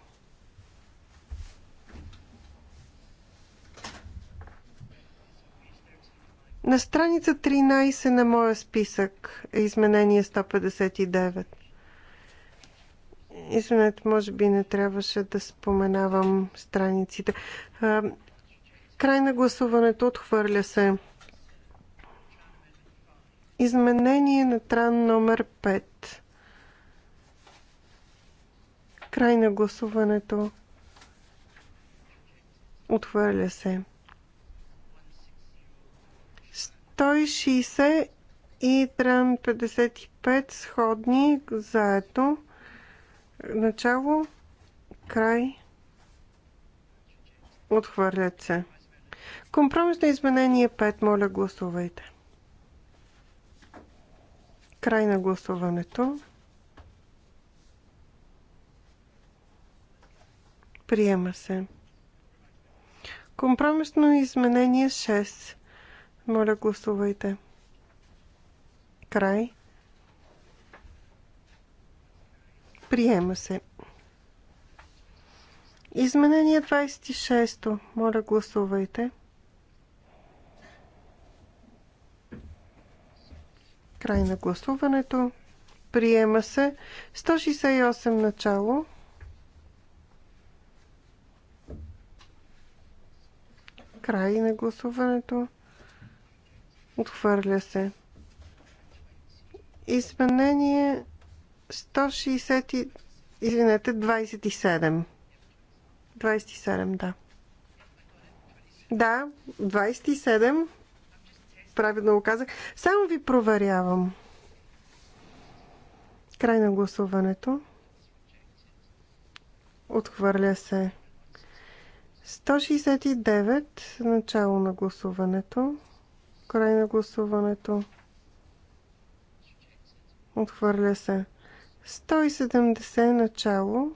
На страница 13 на моя списък е изменение 159. Извинете, може би не трябваше да споменавам страниците. Край на гласуването отхвърля се. Изменение на тран номер 5. Край на гласуването. Отхвърля се. 160 и трън 55 сходни заето. Начало, край, отхвърлят се. Компромисно изменение 5, моля гласувайте. Край на гласуването. Приема се. Компромисно изменение 6. Моля, гласувайте. Край. Приема се. Изменение 26. Моля, гласувайте. Край на гласуването. Приема се. 168 начало. Край на гласуването. Отхвърля се. Изменение 160. Извинете, 27. 27, да. Да, 27. Правилно го казах. Само ви проверявам. Край на гласуването. Отхвърля се. 169. Начало на гласуването. Край на гласуването. Отхвърля се. 170 начало.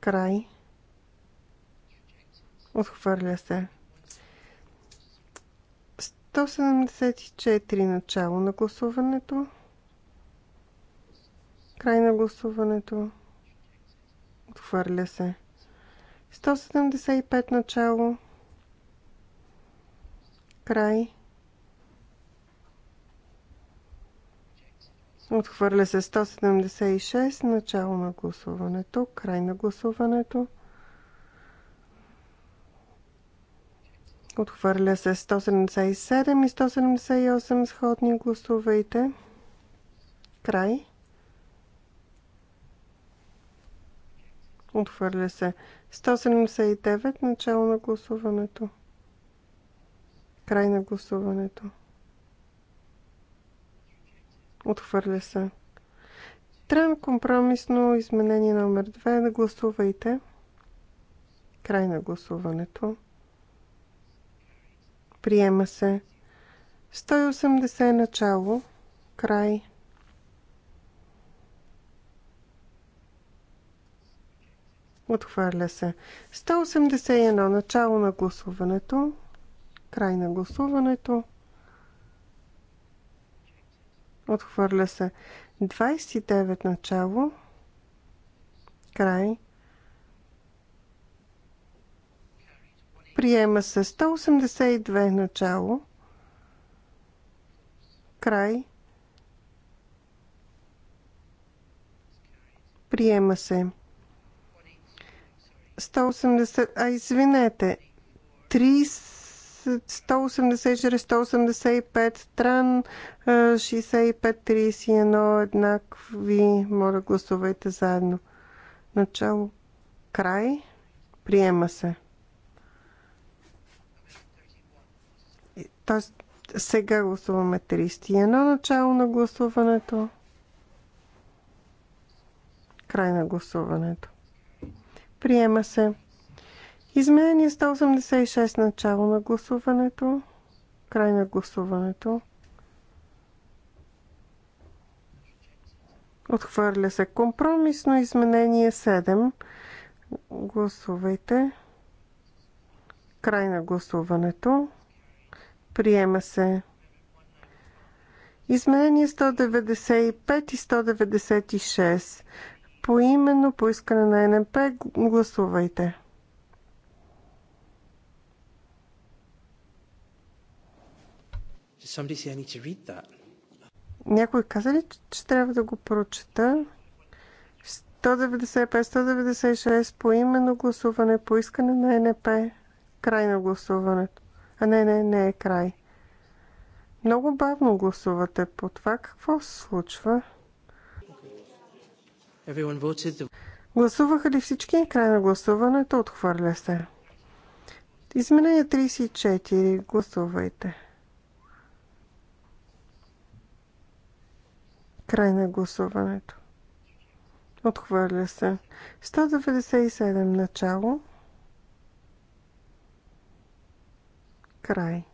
Край. Отхвърля се. 174 начало на гласуването. Край на гласуването. Отхвърля се. 175 начало. Край. Отхвърля се 176. Начало на гласуването. Край на гласуването. Отхвърля се 177 и 178 сходни гласувайте. Край. Отхвърля се 179 начало на гласуването. Край на гласуването. Отхвърля се. Трен компромисно изменение номер 2. Да гласувайте. Край на гласуването. Приема се. 180 начало. Край. Отхвърля се. 181 начало на гласуването. Край на гласуването. Отхвърля се 29 начало. Край. Приема се 182 начало. Край. Приема се 180. А извинете. 30. 180 чрез 185, Тран 65-31 еднакви. Моля, гласувайте заедно. Начало, край, приема се. Тоест, сега гласуваме 31 начало на гласуването. Край на гласуването. Приема се. Изменение 186 начало на гласуването, край на гласуването. Отхвърля се компромисно изменение 7. Гласувайте. Край на гласуването. Приема се. Изменение 195 и 196. По именно поискане на НМП гласувайте. Somebody say I need to read that. Някой каза ли, че трябва да го прочета? 195-196 по именно гласуване, по искане на НП. Край на гласуването. А не, не, не е край. Много бавно гласувате по това. Какво се случва? Гласуваха ли всички? Край на гласуването отхвърля се. Изменение 34. Гласувайте. Край на гласуването. Отхвърля се. 197 начало. Край.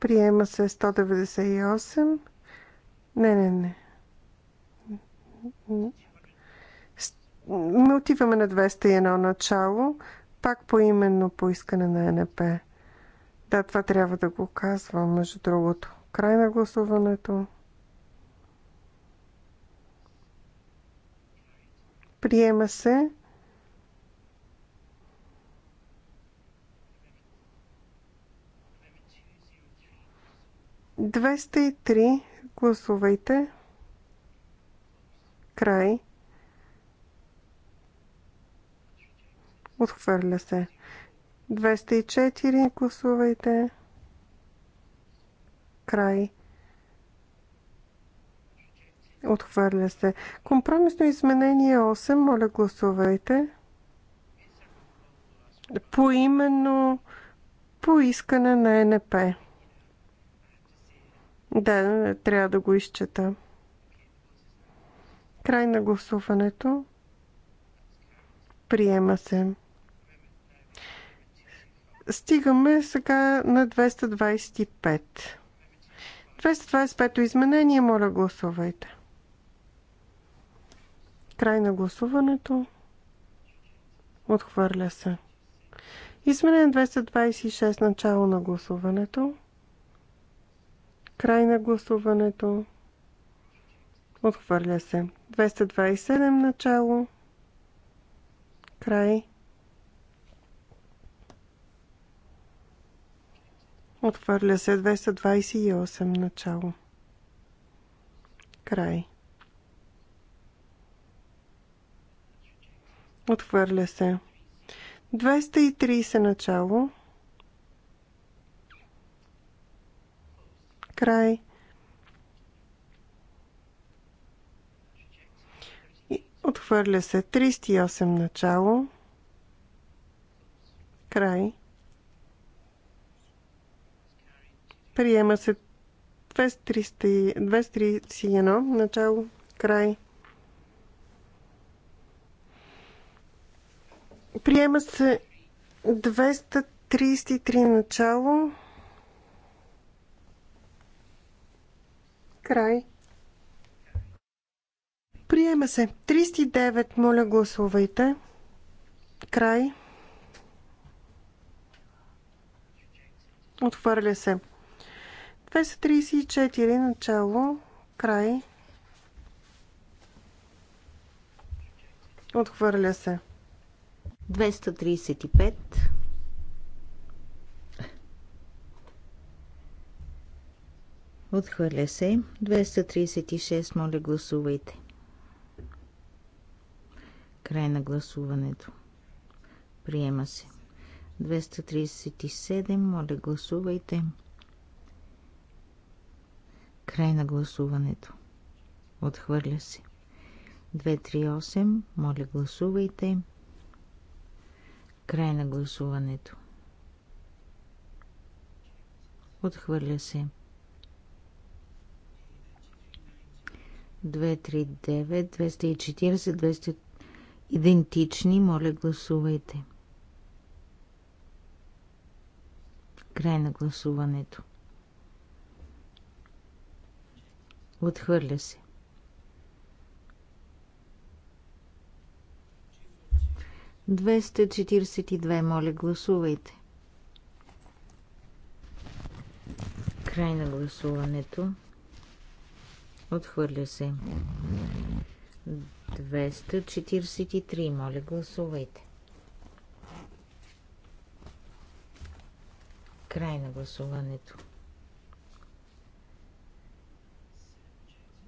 Приема се 198. Не, не, не. Не отиваме на 201 начало, пак по именно поискане на НП. Да, това трябва да го казвам, между другото. Край на гласуването. Приема се. Двеста и три. Гласувайте. Край. Отхвърля се. 204. Гласувайте край. Отхвърля се. Компромисно изменение 8. Моля, гласувайте. По именно по искане на НП. Да, трябва да го изчета. Край на гласуването. Приема се. Стигаме сега на 225. 225-то изменение, моля гласувайте. Край на гласуването. Отхвърля се. Изменен 226 начало на гласуването. Край на гласуването. Отхвърля се. 227 начало. Край. Отхвърля се 228 начало. Край. Отхвърля се. 230 начало. Край. И Отхвърля се 308 начало. Край. Приема се 231. Начало. Край. Приема се 233 начало. Край. Приема се 39. Моля, гласувайте. Край. Отхвърля се. 234 начало, край. Отхвърля се. 235. Отхвърля се. 236. Моля, гласувайте. Край на гласуването. Приема се. 237. Моля, гласувайте. Край на гласуването. Отхвърля се. 238. Моля, гласувайте. Край на гласуването. Отхвърля се. 239, 240, 200 идентични. Моля, гласувайте. Край на гласуването. Отхвърля се. Двеста четиридесет и две, моля, гласувайте. Край на гласуването. Отхвърля се. 243. Моля, гласувайте. Край на гласуването.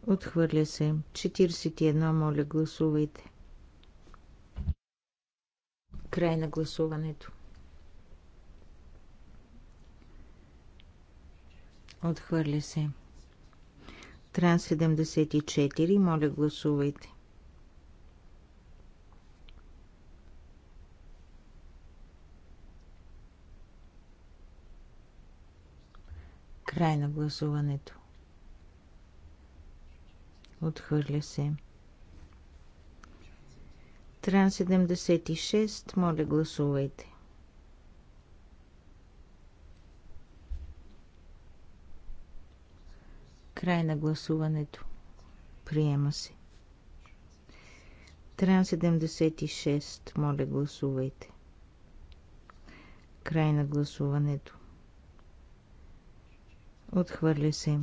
Отхвърля се. 41. Моля, гласувайте. Край на гласуването. Отхвърля се. Тран 74. Моля, гласувайте. Край на гласуването. Отхвърля се. Тран 76. Моля, гласувайте. Край на гласуването. Приема се. Тран 76. Моля, гласувайте. Край на гласуването. Отхвърля се.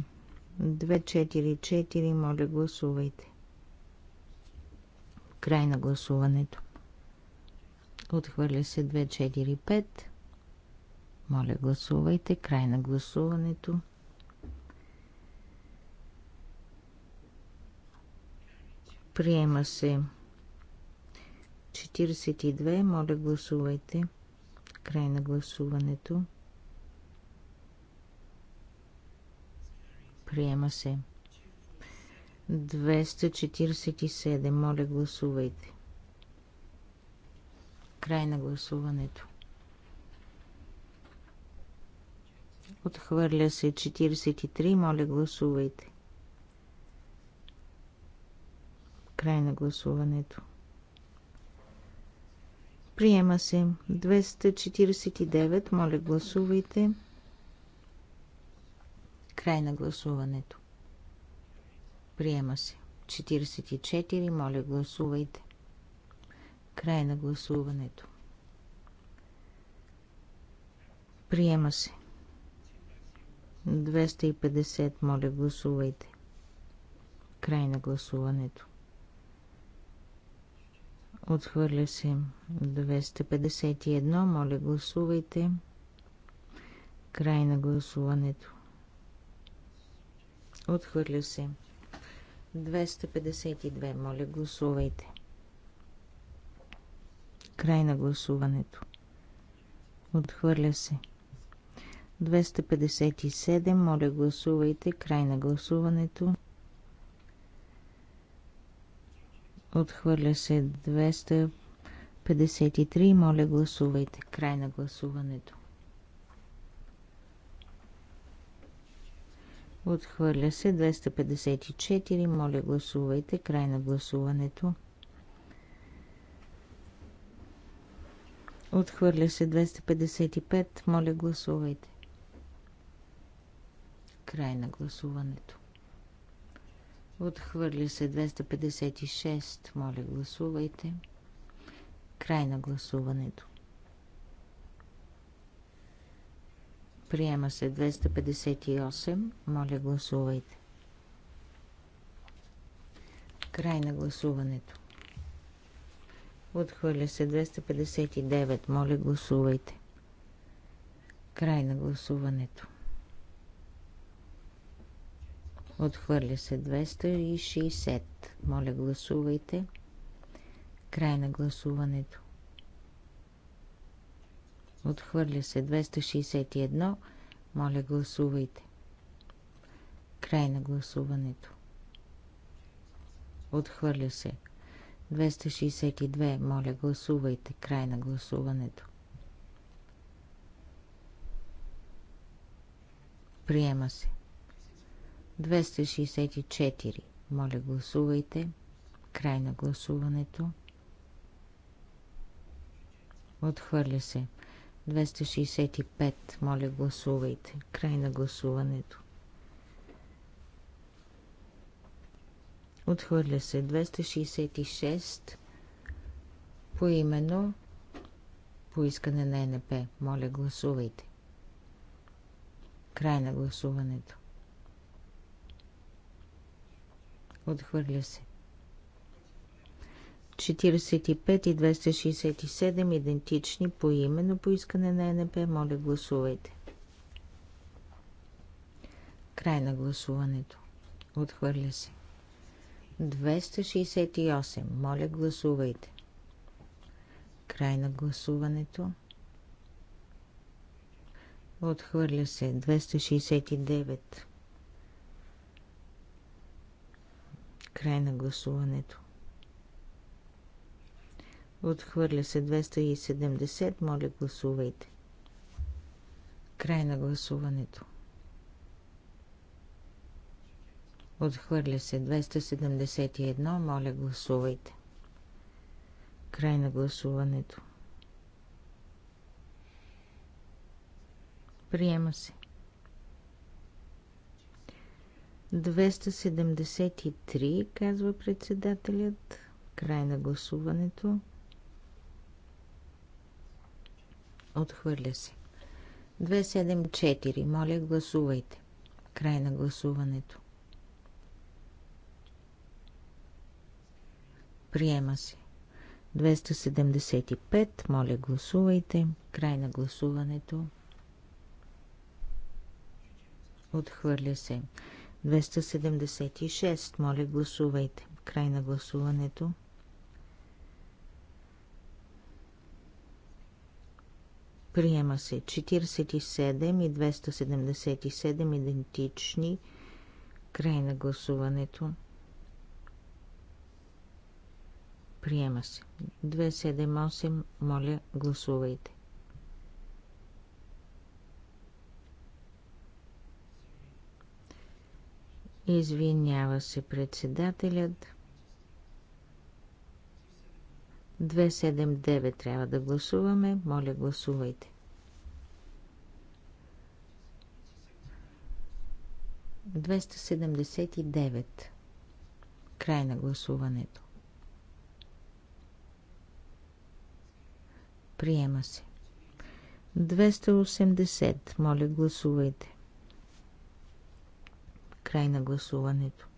244, моля гласувайте. Край на гласуването. Отхвърля се 245. Моля гласувайте. Край на гласуването. Приема се 42. Моля гласувайте. Край на гласуването. Приема се. 247. Моля, гласувайте. Край на гласуването. Отхвърля се 43. Моля, гласувайте. Край на гласуването. Приема се 249. Моля, гласувайте. Край на гласуването. Приема се. 44. Моля, гласувайте. Край на гласуването. Приема се. 250. Моля, гласувайте. Край на гласуването. Отхвърля се 251. Моля, гласувайте. Край на гласуването. Отхвърля се. 252. Моля, гласувайте. Край на гласуването. Отхвърля се. 257. Моля, гласувайте. Край на гласуването. Отхвърля се 253. Моля, гласувайте. Край на гласуването. Отхвърля се 254. Моля гласувайте. Край на гласуването. Отхвърля се 255. Моля гласувайте. Край на гласуването. Отхвърля се 256. Моля гласувайте. Край на гласуването. Приема се 258. Моля, гласувайте. Край на гласуването. Отхвърля се 259. Моля, гласувайте. Край на гласуването. Отхвърля се 260. Моля, гласувайте. Край на гласуването. Отхвърля се 261. Моля, гласувайте. Край на гласуването. Отхвърля се 262. Моля, гласувайте. Край на гласуването. Приема се. 264. Моля, гласувайте. Край на гласуването. Отхвърля се. 265. 265. Моля, гласувайте. Край на гласуването. Отхвърля се 266 по именно по искане на НП. Моля, гласувайте. Край на гласуването. Отхвърля се. 45 и 267 идентични по именно по искане на НП. Моля, гласувайте. Край на гласуването. Отхвърля се. 268. Моля, гласувайте. Край на гласуването. Отхвърля се. 269. Край на гласуването. Отхвърля се 270. Моля, гласувайте. Край на гласуването. Отхвърля се 271. Моля, гласувайте. Край на гласуването. Приема се. 273, казва председателят. Край на гласуването. Отхвърля се. 274. Моля, гласувайте. Край на гласуването. Приема се. 275. Моля, гласувайте. Край на гласуването. Отхвърля се. 276. Моля, гласувайте. Край на гласуването. Приема се 47 и 277 идентични. Край на гласуването. Приема се. 278. Моля, гласувайте. Извинява се председателят. 279 трябва да гласуваме. Моля, гласувайте. 279. Край на гласуването. Приема се. 280. Моля, гласувайте. Край на гласуването.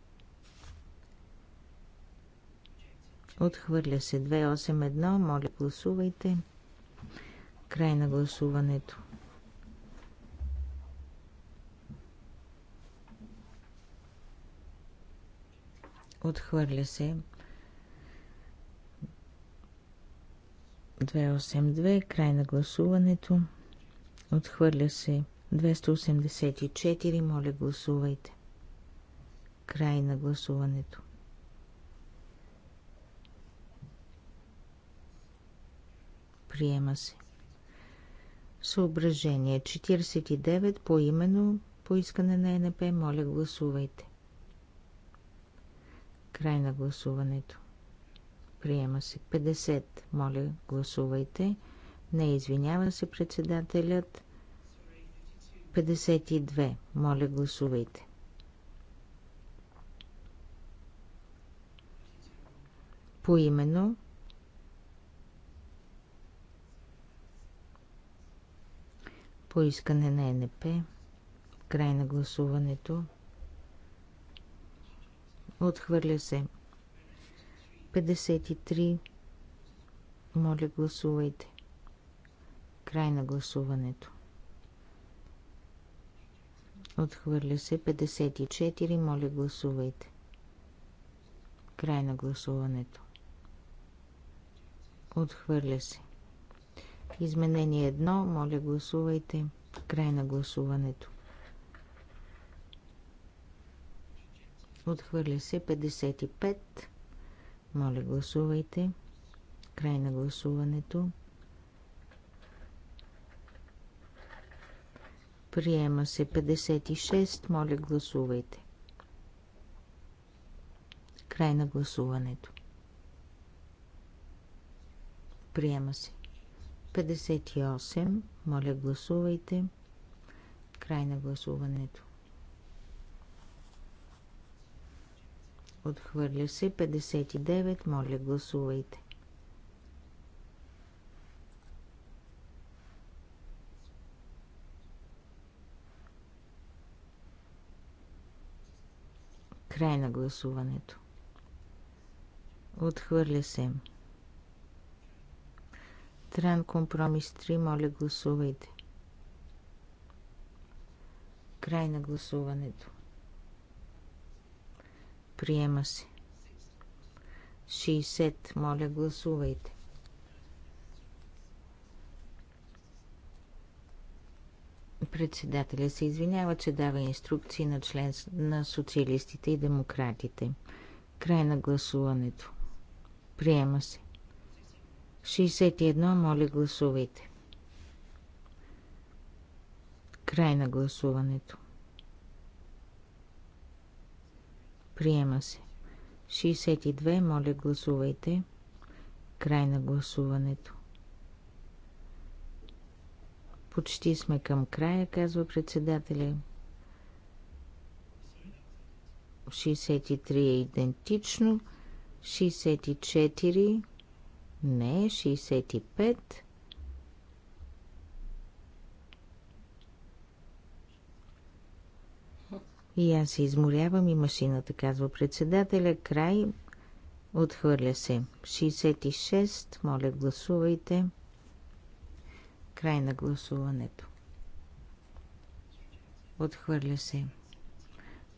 Отхвърля се 281. Моля, гласувайте. Край на гласуването. Отхвърля се 282. Край на гласуването. Отхвърля се 284. Моля, гласувайте. Край на гласуването. Приема се. Съображение 49 по именно по искане на ЕНП. Моля, гласувайте. Край на гласуването. Приема се 50. Моля, гласувайте. Не извинява се председателят. 52. Моля, гласувайте. Поименно по искане на НП. Край на гласуването. Отхвърля се. 53. Моля, гласувайте. Край на гласуването. Отхвърля се. 54. Моля, гласувайте. Край на гласуването. Отхвърля се. Изменение 1. Моля, гласувайте. Край на гласуването. Отхвърля се 55. Моля, гласувайте. Край на гласуването. Приема се 56. Моля, гласувайте. Край на гласуването. Приема се. 58. Моля, гласувайте. Край на гласуването. Отхвърля се 59. Моля, гласувайте. Край на гласуването. Отхвърля се Тран компромис 3, моля гласувайте. Край на гласуването. Приема се. 60, моля гласувайте. Председателя се извинява, че дава инструкции на член на социалистите и демократите. Край на гласуването. Приема се. 61, моля гласувайте. Край на гласуването. Приема се. 62, моля гласувайте. Край на гласуването. Почти сме към края, казва председателя. 63 е идентично. 64 не, 65. И аз се изморявам и машината, казва председателя. Край. Отхвърля се. 66. Моля, гласувайте. Край на гласуването. Отхвърля се.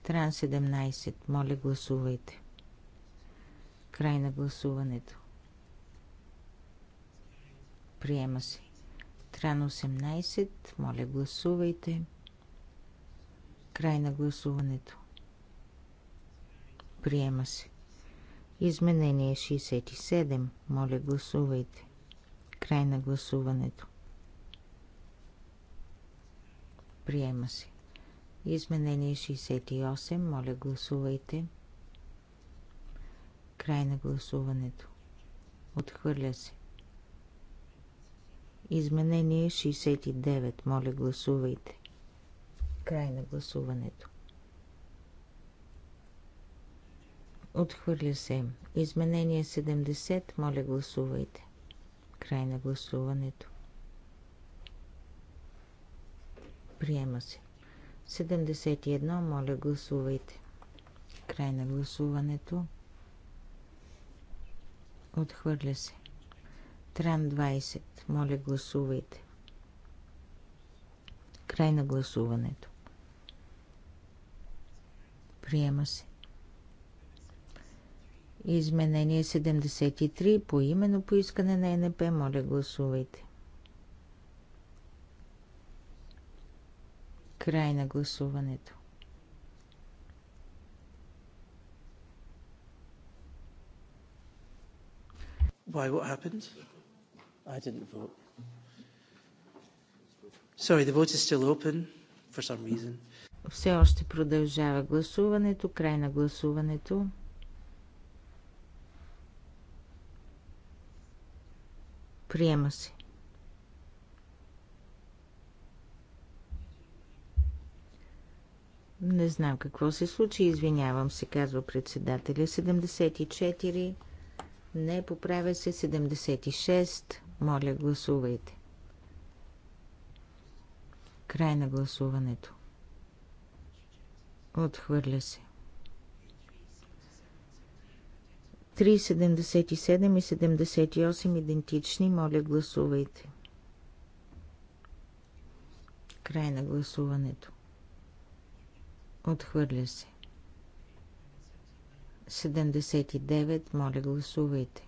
Тран 17. Моля, гласувайте. Край на гласуването. Приема се. Тран 18. Моля, гласувайте. Край на гласуването. Приема се. Изменение 67. Моля, гласувайте. Край на гласуването. Приема се. Изменение 68. Моля, гласувайте. Край на гласуването. Отхвърля се. Изменение 69. Моля, гласувайте. Край на гласуването. Отхвърля се. Изменение 70. Моля, гласувайте. Край на гласуването. Приема се. 71. Моля, гласувайте. Край на гласуването. Отхвърля се. Тран 20. Моля, гласувайте. Край на гласуването. Приема се. Изменение 73 по именно поискане на НП. Моля, гласувайте. Край на гласуването. Why, what happened? I didn't vote. Sorry, the vote is still open for some reason. Все още продължава гласуването, край на гласуването. Приема се. Не знам какво се случи, извинявам се, казва председателя. 74, не, поправя се, 76. Моля, гласувайте. Край на гласуването. Отхвърля се. 3,77 и 78 идентични. Моля, гласувайте. Край на гласуването. Отхвърля се. 79. Моля, гласувайте.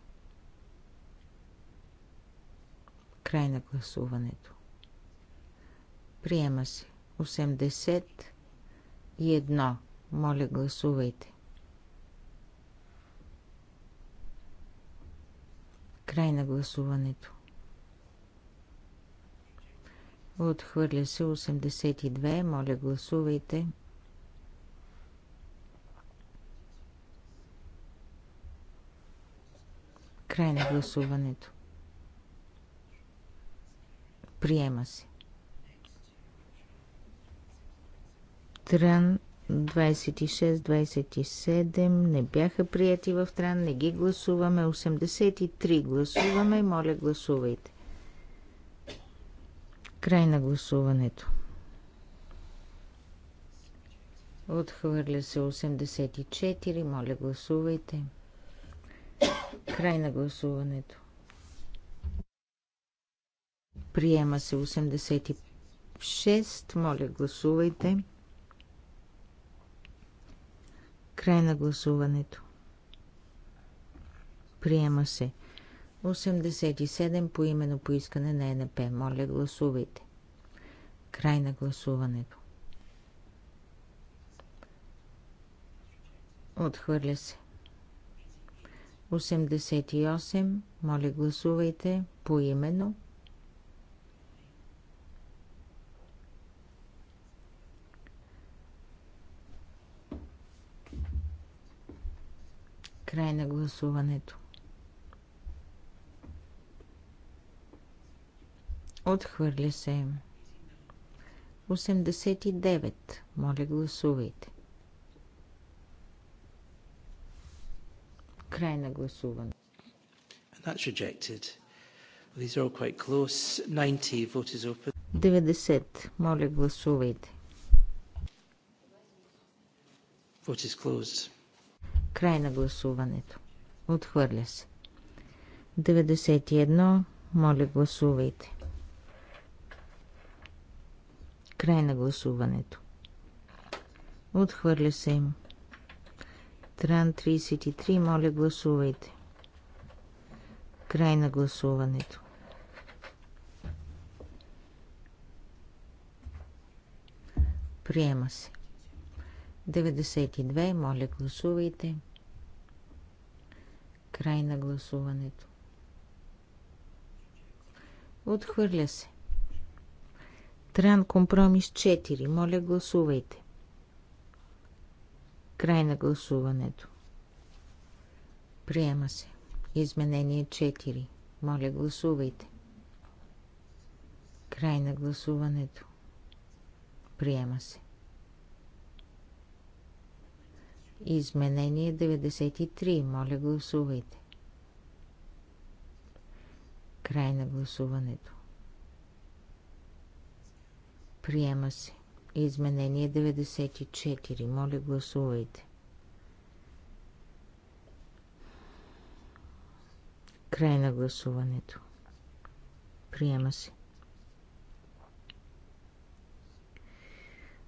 Край на гласуването. Приема се. 80 и 1. Моля, гласувайте. Край на гласуването. Отхвърля се 82. Моля, гласувайте. Край на гласуването. Приема се. Тран 26-27 не бяха прияти в Тран, не ги гласуваме. 83 гласуваме. Моля, гласувайте. Край на гласуването. Отхвърля се 84. Моля, гласувайте. Край на гласуването. Приема се 86. Моля, гласувайте. Край на гласуването. Приема се 87 по именно поискане на ЕНП. Моля, гласувайте. Край на гласуването. Отхвърля се. 88. Моля, гласувайте поименно. Край на гласуването. Отхвърля се. 89. Моля, гласувайте. Край на гласуване. That's rejected. These are all quite close. 90. Vote is open. 90. Моля, гласувайте. Vote is closed. Край на гласуването. Отхвърля се. 91. Моля, гласувайте. Край на гласуването. Отхвърля се им. Тран 33. Моля, гласувайте. Край на гласуването. Приема се. 92. Моля, гласувайте. Край на гласуването. Отхвърля се. Тран компромис 4. Моля, гласувайте. Край на гласуването. Приема се. Изменение 4. Моля, гласувайте. Край на гласуването. Приема се. Изменение 93. Моля гласувайте. Край на гласуването. Приема се. Изменение 94. Моля гласувайте. Край на гласуването. Приема се.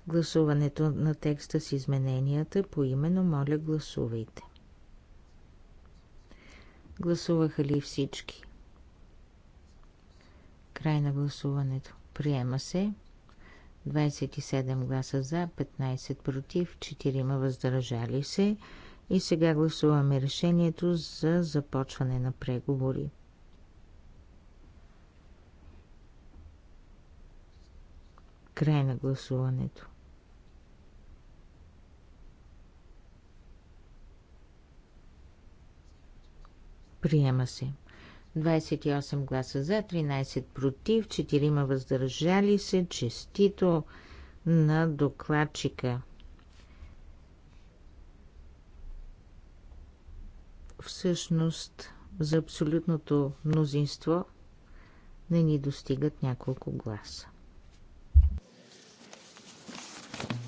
гласуването на текста с измененията по именно моля гласувайте. Гласуваха ли всички? Край на гласуването. Приема се. 27 гласа за, 15 против, 4 въздържали се. И сега гласуваме решението за започване на преговори. Край на гласуването. Приема се. 28 гласа за, 13 против, 4 въздържали се. Честито на докладчика. Всъщност, за абсолютното мнозинство не ни достигат няколко гласа.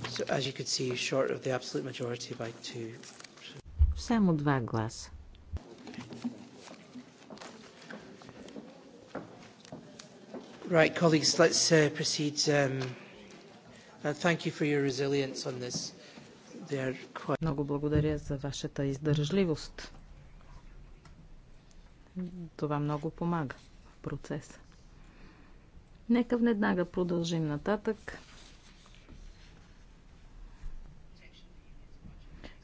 So, see, Само два гласа. Right, colleagues, let's uh, proceed. Um, and uh, thank you for your resilience on this. Quite... Много благодаря за вашата издържливост. Това много помага в процеса. Нека веднага продължим нататък.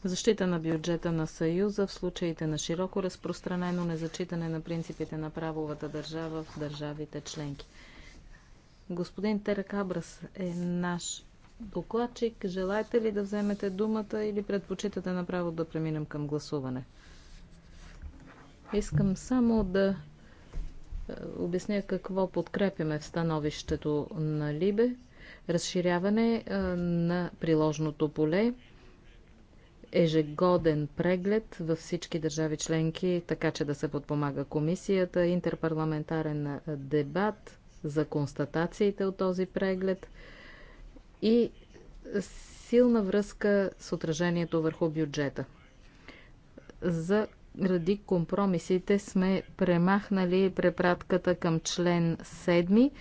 Защита на бюджета на Съюза в случаите на широко разпространено незачитане на принципите на правовата държава в държавите членки. Господин Теракабрас е наш докладчик. Желаете ли да вземете думата или предпочитате направо да преминем към гласуване? Искам само да е, обясня какво подкрепяме в становището на Либе. Разширяване е, на приложното поле, ежегоден преглед във всички държави членки, така че да се подпомага комисията, интерпарламентарен е, дебат, за констатациите от този преглед и силна връзка с отражението върху бюджета. Заради компромисите сме премахнали препратката към член 7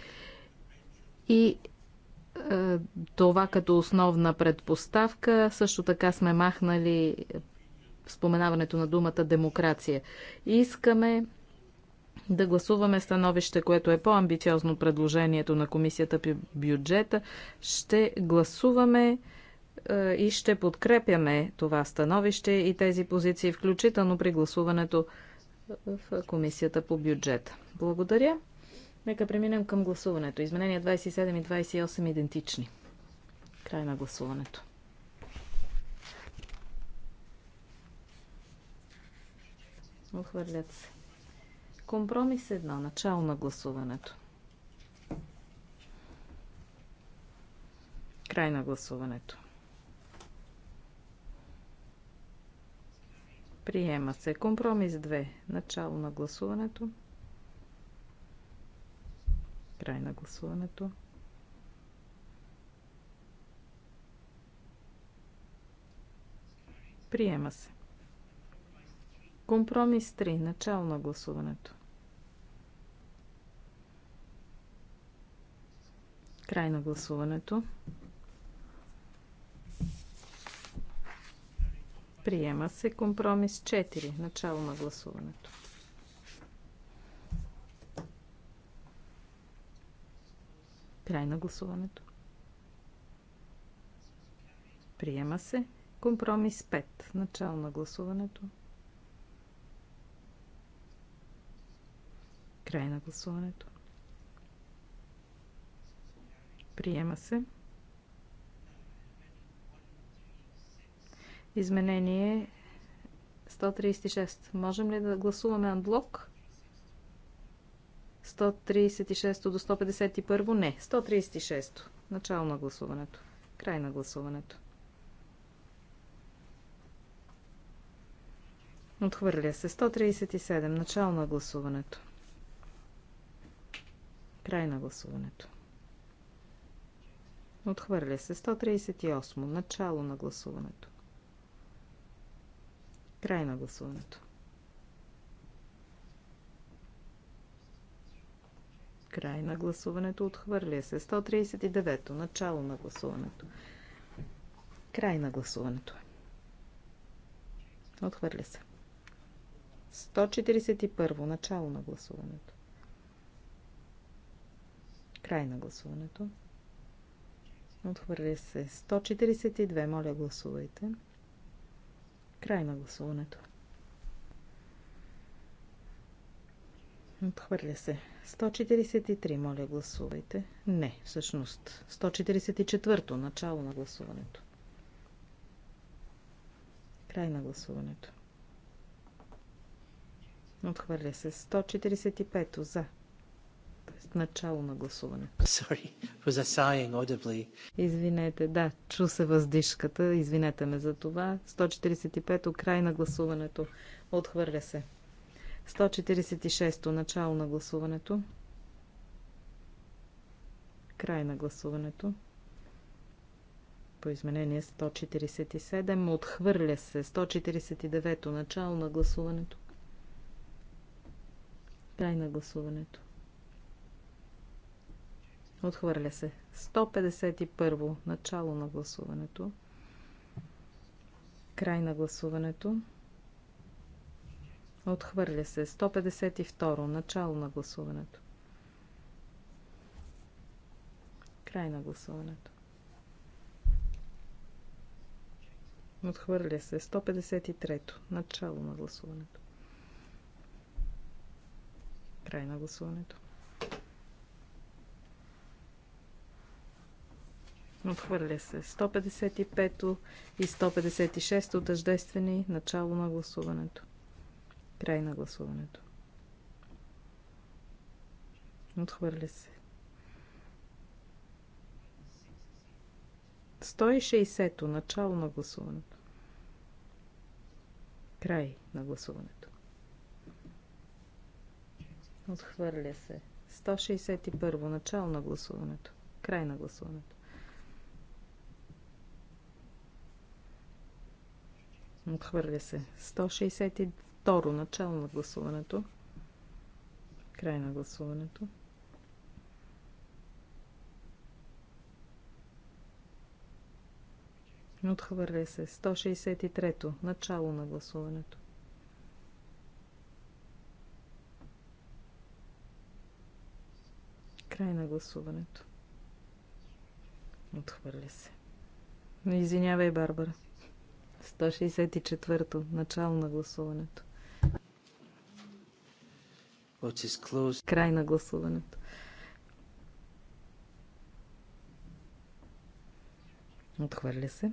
и е, това като основна предпоставка. Също така сме махнали споменаването на думата демокрация. Искаме да гласуваме становище, което е по-амбициозно предложението на Комисията по бюджета. Ще гласуваме е, и ще подкрепяме това становище и тези позиции, включително при гласуването е, в Комисията по бюджет. Благодаря. Нека преминем към гласуването. Изменения 27 и 28 идентични. Край на гласуването. Отхвърлят се. Компромис 1. Начало на гласуването. Край на гласуването. Приема се. Компромис 2. Начало на гласуването. Край на гласуването. Приема се. Компромис 3. Начало на гласуването. Край на гласуването. Приема се компромис 4. Начало на гласуването. Край на гласуването. Приема се компромис 5. Начало на гласуването. Край на гласуването. Приема се. Изменение 136. Можем ли да гласуваме анблок? 136 до 151? Не. 136. Начало на гласуването. Край на гласуването. Отхвърля се. 137. Начало на гласуването. Край на гласуването. Отхвърля се 138. Начало на гласуването. Край на гласуването. Край на гласуването. Отхвърля се 139. Начало на гласуването. Край на гласуването. Отхвърля се. 141. Начало на гласуването. Край на гласуването. Отхвърля се 142. Моля, гласувайте. Край на гласуването. Отхвърля се. 143. Моля, гласувайте. Не, всъщност. 144. Начало на гласуването. Край на гласуването. Отхвърля се. 145. За. Начало на гласуване. Sorry, was sighing audibly. Извинете, да, чу се въздишката. Извинете ме за това. 145-то край на гласуването. Отхвърля се. 146-то начало на гласуването. Край на гласуването. По изменение 147 отхвърля се. 149-то начало на гласуването. Край на гласуването. Отхвърля се. 151. Начало на гласуването. Край на гласуването. Отхвърля се. 152. Начало на гласуването. Край на гласуването. Отхвърля се. 153. Начало на гласуването. Край на гласуването. Отхвърля се. 155 и 156 отъждествени. Начало на гласуването. Край на гласуването. Отхвърля се. 160 начало на гласуването. Край на гласуването. Отхвърля се. 161 начало на гласуването. Край на гласуването. Отхвърля се. 162 начало на гласуването. Край на гласуването. Отхвърля се. 163 начало на гласуването. Край на гласуването. Отхвърля се. Извинявай, Барбара. 164-то. Начало на гласуването. Край на гласуването. Отхвърля се.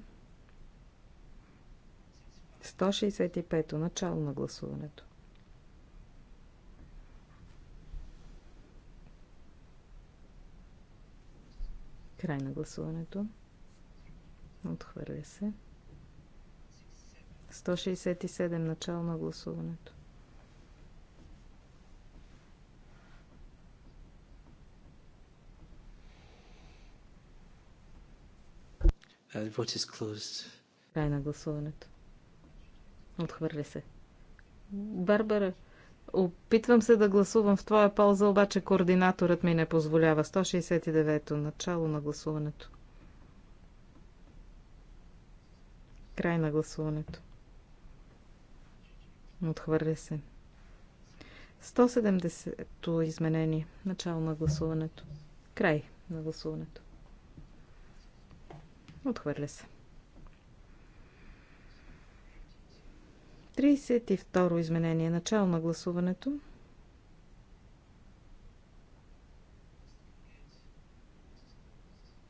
165-то. Начало на гласуването. Край на гласуването. Отхвърля се. 167 начало на гласуването. Uh, Край на гласуването. Отхвърля се. Барбара, опитвам се да гласувам в твоя полза, обаче координаторът ми не позволява. 169-то начало на гласуването. Край на гласуването. Отхвърля се. 170-то изменение. Начало на гласуването. Край на гласуването. Отхвърля се. 32-ро изменение. Начало на гласуването.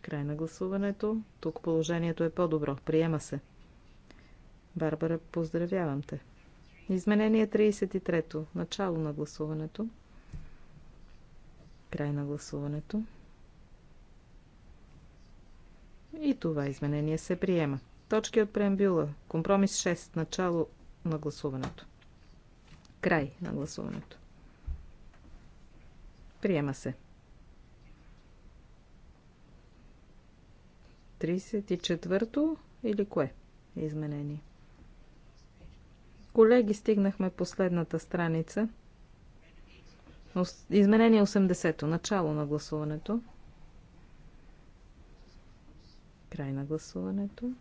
Край на гласуването. Тук положението е по-добро. Приема се. Барбара, поздравявам те. Изменение 33-то. Начало на гласуването. Край на гласуването. И това изменение се приема. Точки от преамбюла. Компромис 6. Начало на гласуването. Край на гласуването. Приема се. 34-то или кое изменение? Колеги, стигнахме последната страница. Изменение 80-то. Начало на гласуването. Край на гласуването.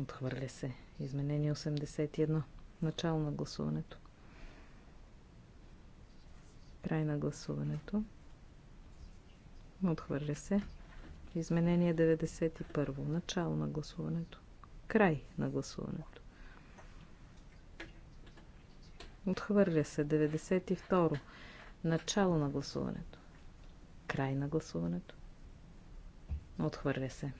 Отхвърля се. Изменение 81. Начало на гласуването. Край на гласуването. Отхвърля се. Изменение 91. Начало на гласуването. Край на гласуването. Отхвърля се. 92. Начало на гласуването. Край на гласуването. Отхвърля се.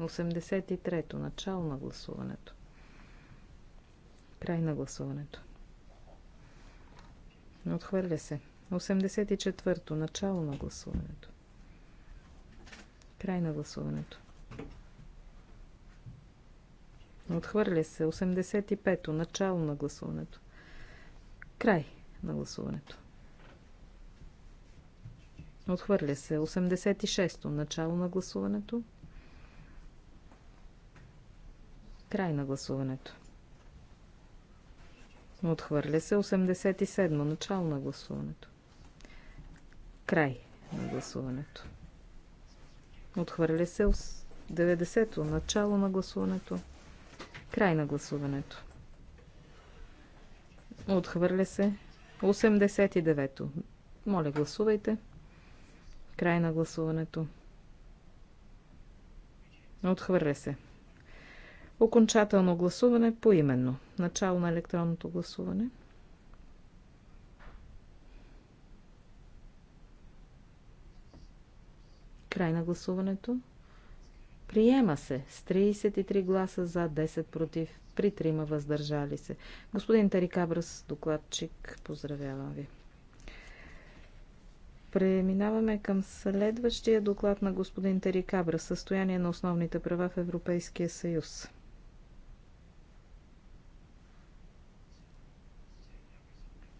83. Начало на гласуването. Край на гласуването. Отхвърля се. 84. Начало на гласуването. Край на гласуването. Отхвърля се. 85. Начало на гласуването. Край на гласуването. Отхвърля се 86-то. Начало на гласуването. Край на гласуването. Отхвърля се 87 Начало на гласуването. Край на гласуването. Отхвърля се 90 то Начало на гласуването. Край на гласуването. Отхвърля се. 89-то. Моля, гласувайте. Край на гласуването. Отхвърля се. Окончателно гласуване поименно. Начало на електронното гласуване. Край на гласуването. Приема се с 33 гласа за 10 против при трима въздържали се. Господин Тарикабрас, докладчик, поздравявам ви. Преминаваме към следващия доклад на господин Тарикабрас Състояние на основните права в Европейския съюз.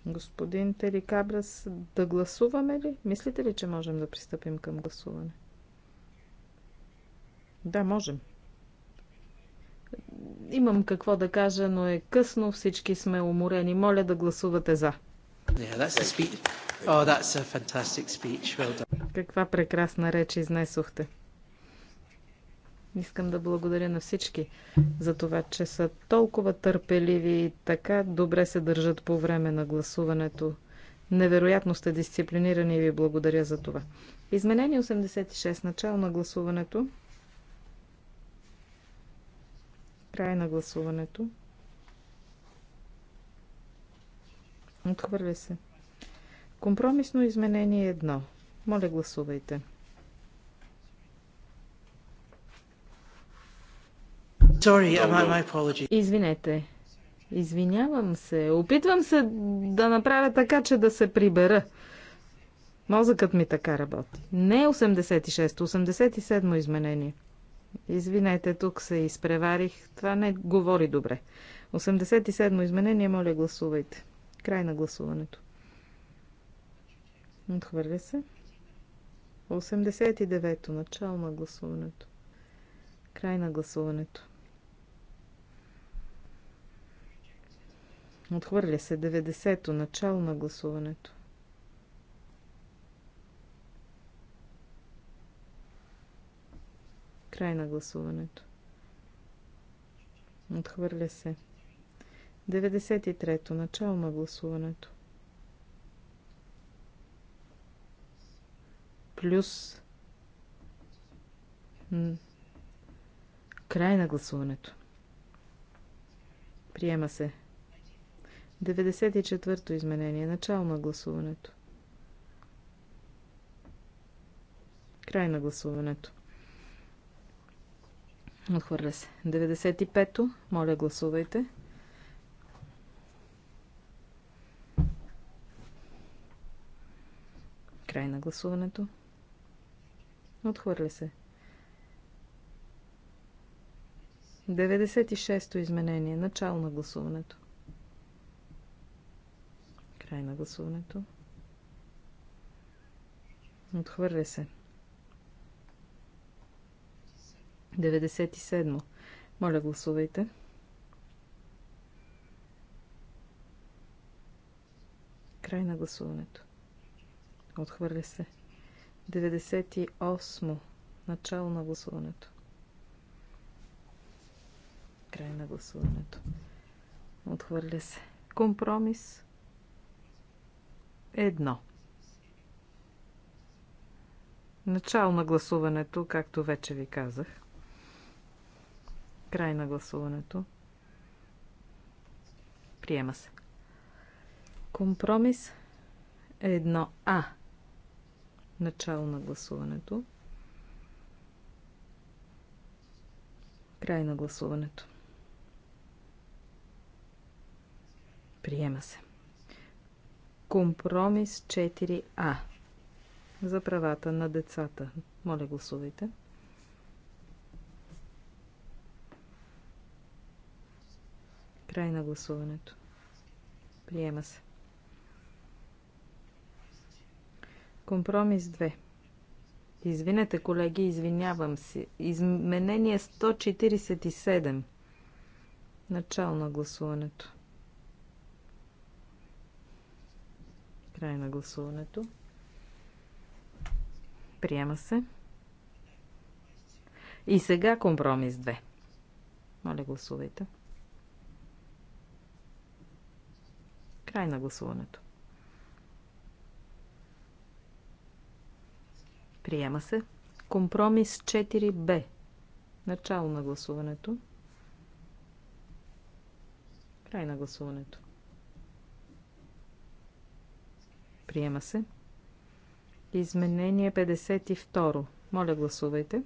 Господин Терикабрас, да гласуваме ли? Мислите ли, че можем да пристъпим към гласуване? Да, можем. Имам какво да кажа, но е късно, всички сме уморени. Моля да гласувате за. Yeah, oh, well Каква прекрасна реч изнесохте. Искам да благодаря на всички за това, че са толкова търпеливи и така добре се държат по време на гласуването. Невероятно сте дисциплинирани и ви благодаря за това. Изменение 86. Начало на гласуването. Край на гласуването. Отхвърля се. Компромисно изменение 1. Моля, гласувайте. Извинете. Извинявам се. Опитвам се да направя така, че да се прибера. Мозъкът ми така работи. Не 86 87 изменение. Извинете, тук се изпреварих. Това не говори добре. 87-мо изменение, моля гласувайте. Край на гласуването. Отхвърля се. 89-то, начало на гласуването. Край на гласуването. Отхвърля се 90-то, начало на гласуването. Край на гласуването. Отхвърля се. 93-то. Начало на гласуването. Плюс. Край на гласуването. Приема се. 94-то изменение. Начало на гласуването. Край на гласуването. Отхвърля се. 95-то. Моля, гласувайте. Край на гласуването. Отхвърля се. 96-то изменение. Начало на гласуването. Край на гласуването. Отхвърля се. 97. 97. Моля, гласувайте. Край на гласуването. Отхвърля се. 98. Начало на гласуването. Край на гласуването. Отхвърля се. Компромис. Едно. Начало на гласуването, както вече ви казах. Край на гласуването. Приема се. Компромис едно а Начало на гласуването. Край на гласуването. Приема се. Компромис 4А. За правата на децата. Моля, гласувайте. Край на гласуването. Приема се. Компромис 2. Извинете, колеги, извинявам се. Изменение 147. Начало на гласуването. Край на гласуването. Приема се. И сега компромис 2. Моля, гласувайте. Край на гласуването. Приема се. Компромис 4Б. Начало на гласуването. Край на гласуването. Приема се. Изменение 52. Моля, гласувайте.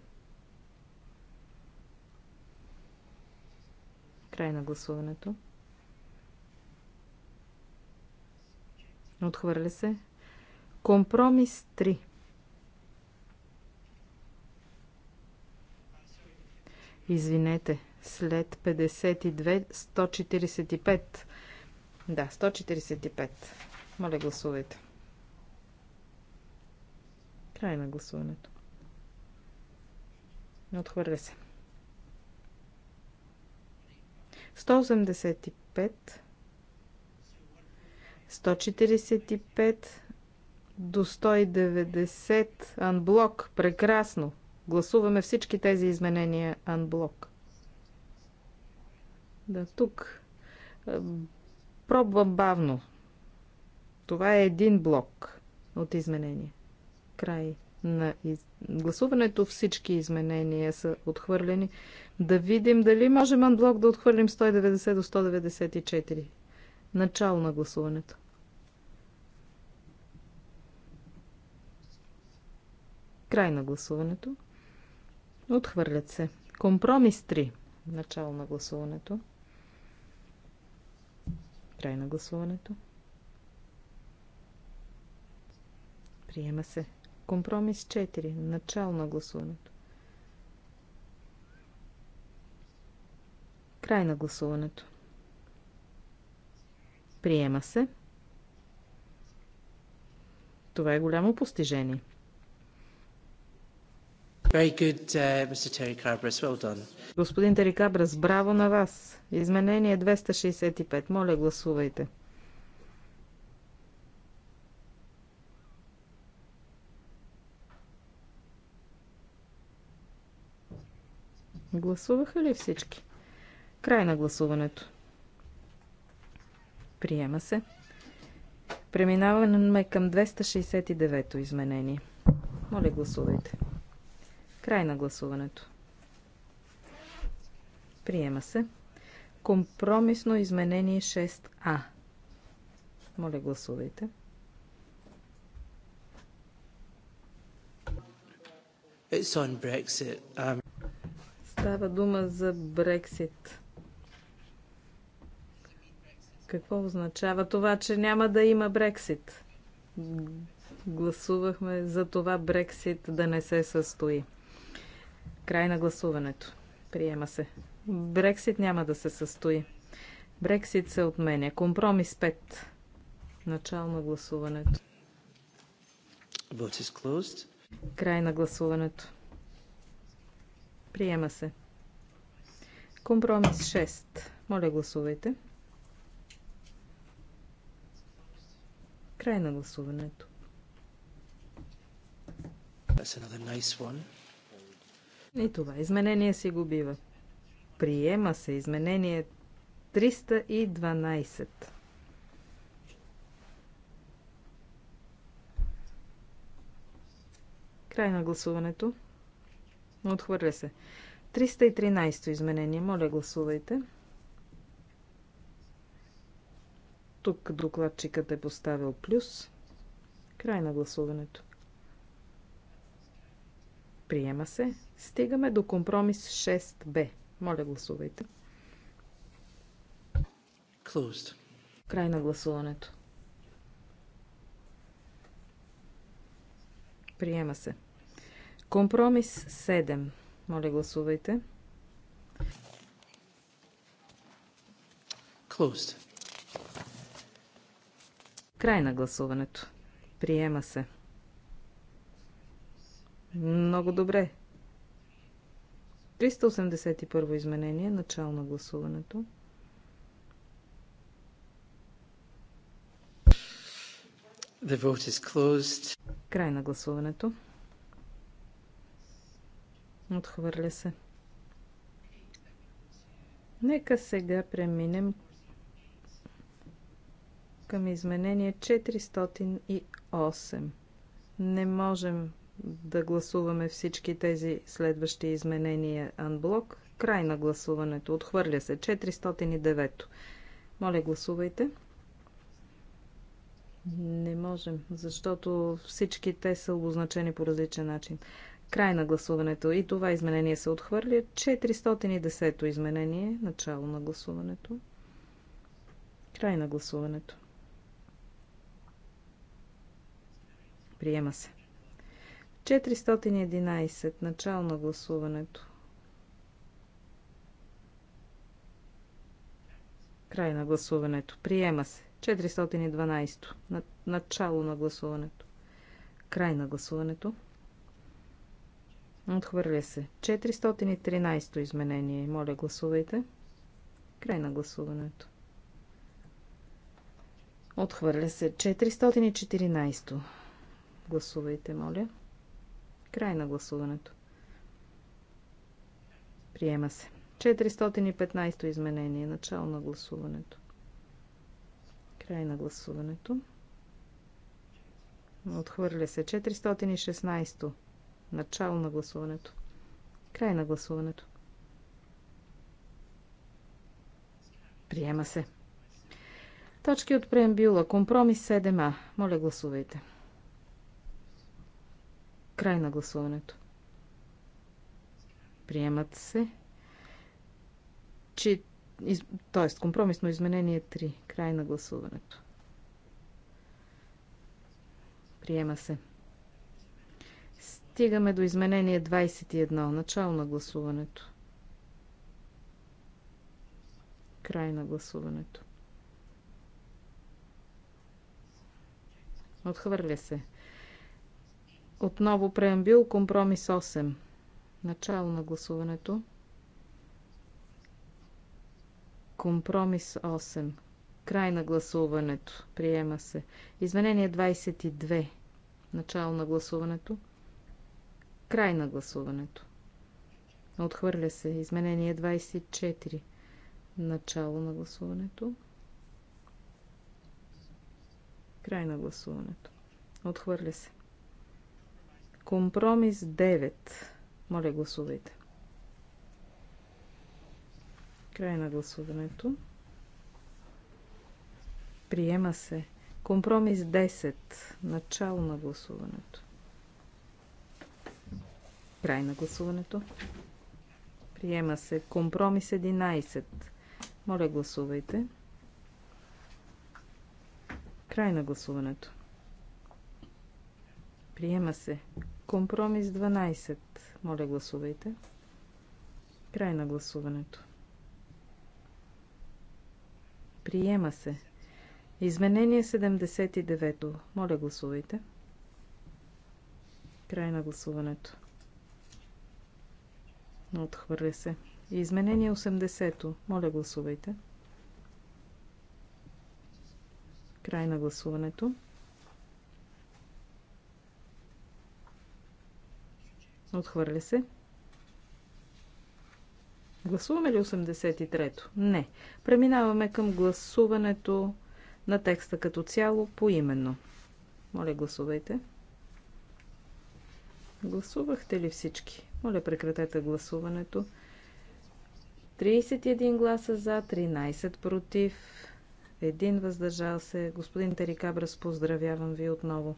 Край на гласуването. Отхвърля се. Компромис 3. Извинете, след 52, 145. Да, 145. Моля, гласувайте. Край на гласуването. Отхвърля се. 185. 145 до 190 анблок. Прекрасно. Гласуваме всички тези изменения анблок. Да, тук пробвам бавно. Това е един блок от изменения. Край на из... гласуването всички изменения са отхвърлени. Да видим дали можем анблок да отхвърлим 190 до 194. Начало на гласуването. Край на гласуването. Отхвърлят се. Компромис 3. Начало на гласуването. Край на гласуването. Приема се. Компромис 4. Начало на гласуването. Край на гласуването. Приема се. Това е голямо постижение. Uh, Господин Терикабрас, браво на вас! Изменение 265. Моля, гласувайте. Гласуваха ли всички? Край на гласуването. Приема се. Преминаваме към 269-то изменение. Моля, гласувайте. Край на гласуването. Приема се. Компромисно изменение 6А. Моля, гласувайте. It's on Brexit. Um... Става дума за Брексит. Какво означава това, че няма да има Брексит? Гласувахме за това Брексит да не се състои. Край на гласуването. Приема се. Брексит няма да се състои. Брексит се отменя. Компромис 5. Начало на гласуването. Край на гласуването. Приема се. Компромис 6. Моля, гласувайте. Край на гласуването. That's another nice one. И това изменение си го бива. Приема се изменение 312. Край на гласуването. Отхвърля се. 313 изменение. Моля, гласувайте. Тук докладчикът е поставил плюс. Край на гласуването. Приема се. Стигаме до компромис 6Б. Моля, гласувайте. Closed. Край на гласуването. Приема се. Компромис 7. Моля, гласувайте. Closed. Край на гласуването. Приема се. Много добре. 381 изменение, начало на гласуването. The vote is closed. Край на гласуването. Отхвърля се. Нека сега преминем към изменение 408. Не можем да гласуваме всички тези следващи изменения анблок. Край на гласуването. Отхвърля се. 409. Моля, гласувайте. Не можем, защото всички те са обозначени по различен начин. Край на гласуването. И това изменение се отхвърля. 410-то изменение. Начало на гласуването. Край на гласуването. Приема се. 411. Начало на гласуването. Край на гласуването. Приема се. 412. Начало на гласуването. Край на гласуването. Отхвърля се. 413 изменение. Моля, гласувайте. Край на гласуването. Отхвърля се. 414. Гласувайте, моля. Край на гласуването. Приема се. 415 то изменение. Начало на гласуването. Край на гласуването. Отхвърля се. 416. то Начало на гласуването. Край на гласуването. Приема се. Точки от преембюла. Компромис 7А. Моля гласувайте. Край на гласуването. Приемат се. Че, из, тоест, компромисно изменение 3. Край на гласуването. Приема се. Стигаме до изменение 21. Начало на гласуването. Край на гласуването. Отхвърля се. Отново преамбил компромис 8. Начало на гласуването. Компромис 8. Край на гласуването. Приема се. Изменение 22. Начало на гласуването. Край на гласуването. Отхвърля се. Изменение 24. Начало на гласуването. Край на гласуването. Отхвърля се. Компромис 9. Моля, гласувайте. Край на гласуването. Приема се. Компромис 10. Начало на гласуването. Край на гласуването. Приема се. Компромис 11. Моля, гласувайте. Край на гласуването. Приема се. Компромис 12. Моля, гласувайте. Край на гласуването. Приема се. Изменение 79. Моля, гласувайте. Край на гласуването. Отхвърля се. Изменение 80. Моля, гласувайте. Край на гласуването. Отхвърля се. Гласуваме ли 83-то? Не. Преминаваме към гласуването на текста като цяло поименно. Моля, гласувайте. Гласувахте ли всички? Моля, прекратете гласуването. 31 гласа за, 13 против, 1 въздържал се. Господин Терикабрас, поздравявам ви отново.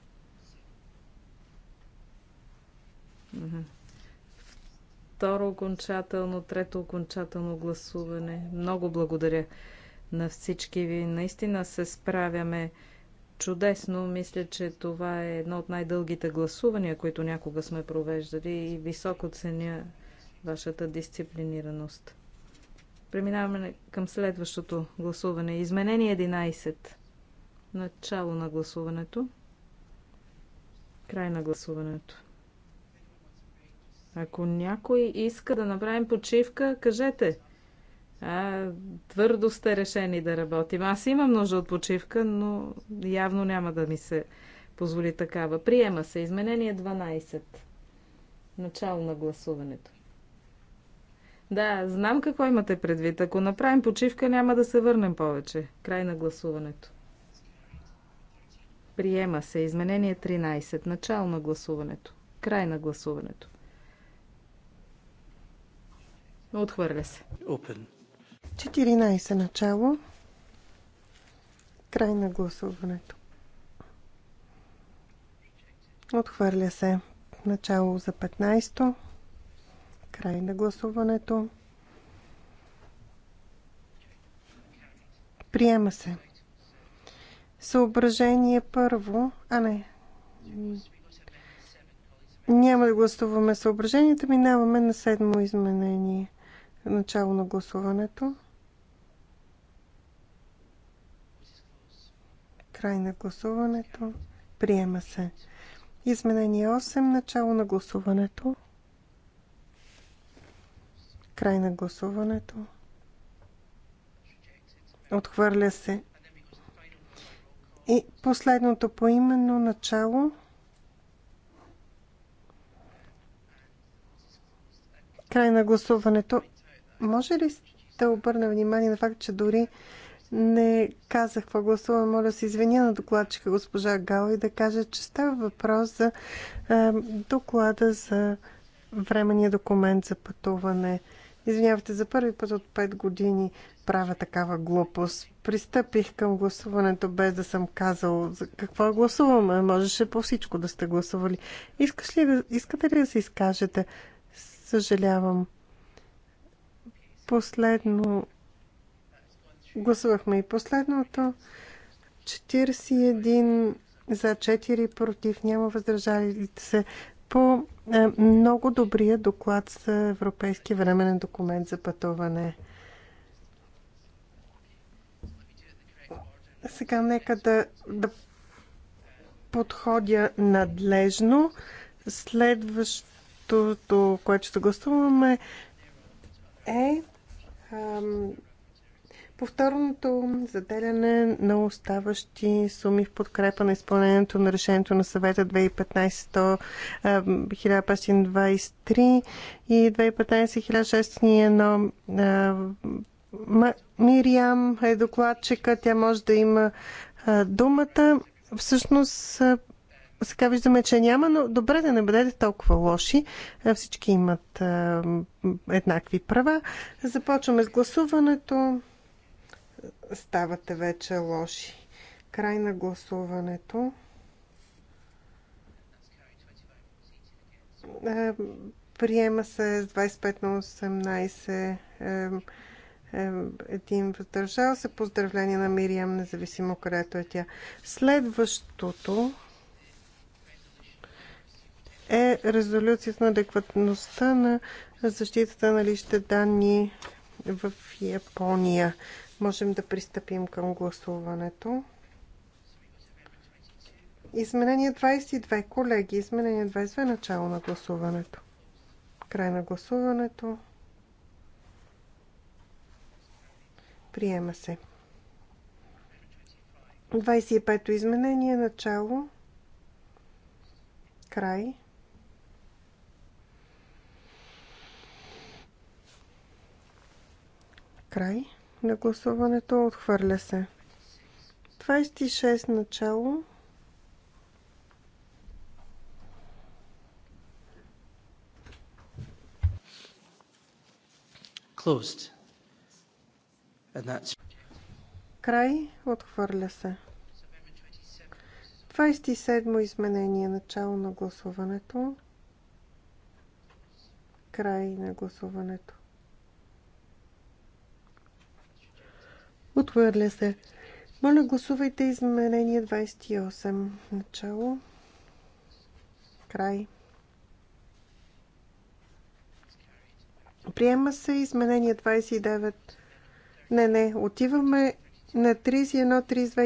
Второ окончателно, трето окончателно гласуване. Много благодаря на всички ви. Наистина се справяме чудесно. Мисля, че това е едно от най-дългите гласувания, които някога сме провеждали и високо ценя вашата дисциплинираност. Преминаваме към следващото гласуване. Изменение 11. Начало на гласуването. Край на гласуването. Ако някой иска да направим почивка, кажете. А, твърдо сте решени да работим. Аз имам нужда от почивка, но явно няма да ми се позволи такава. Приема се. Изменение 12. Начало на гласуването. Да, знам какво имате предвид. Ако направим почивка, няма да се върнем повече. Край на гласуването. Приема се. Изменение 13. Начало на гласуването. Край на гласуването но отхвърля се. Open. 14 начало. Край на гласуването. Отхвърля се. Начало за 15-то. Край на гласуването. Приема се. Съображение първо. А не. Няма да гласуваме съображението. Минаваме на седмо изменение. Начало на гласуването. Край на гласуването. Приема се. Изменение 8. Начало на гласуването. Край на гласуването. Отхвърля се. И последното поименно начало. Край на гласуването. Може ли да обърна внимание на факт, че дори не казах какво гласувам. Моля да се извиня на докладчика госпожа Гал и да кажа, че става въпрос за е, доклада за временния документ за пътуване. Извинявайте, за първи път от 5 години правя такава глупост. Пристъпих към гласуването без да съм казал за какво гласуваме. Можеше по всичко да сте гласували. Искаш ли да, искате ли да се изкажете? Съжалявам. Последно гласувахме и последното. 41 за 4 против, няма въздържали се по е, много добрия доклад за Европейски временен документ за пътуване. Сега нека да, да подходя надлежно. Следващото, което ще гласуваме е повторното заделяне на оставащи суми в подкрепа на изпълнението на решението на съвета 2015-1523 и 2015-1601. Мириам е докладчика, тя може да има думата. Всъщност сега виждаме, че няма, но добре да не бъдете толкова лоши. Всички имат а, еднакви права. Започваме с гласуването. Ставате вече лоши. Край на гласуването. Приема се с 25 на 18 един въздържал се. Поздравление на Мириам, независимо където е тя. Следващото е резолюцията на адекватността на защитата на личните данни в Япония. Можем да пристъпим към гласуването. Изменение 22. Колеги, изменение 22 е начало на гласуването. Край на гласуването. Приема се. 25-то изменение начало. Край. Край на гласуването. Отхвърля се. 26 начало. Closed. And that's... Край. Отхвърля се. 27 изменение. Начало на гласуването. Край на гласуването. Отвърля се. Моля, гласувайте изменение 28. Начало. Край. Приема се изменение 29. Не, не, отиваме на 31, 32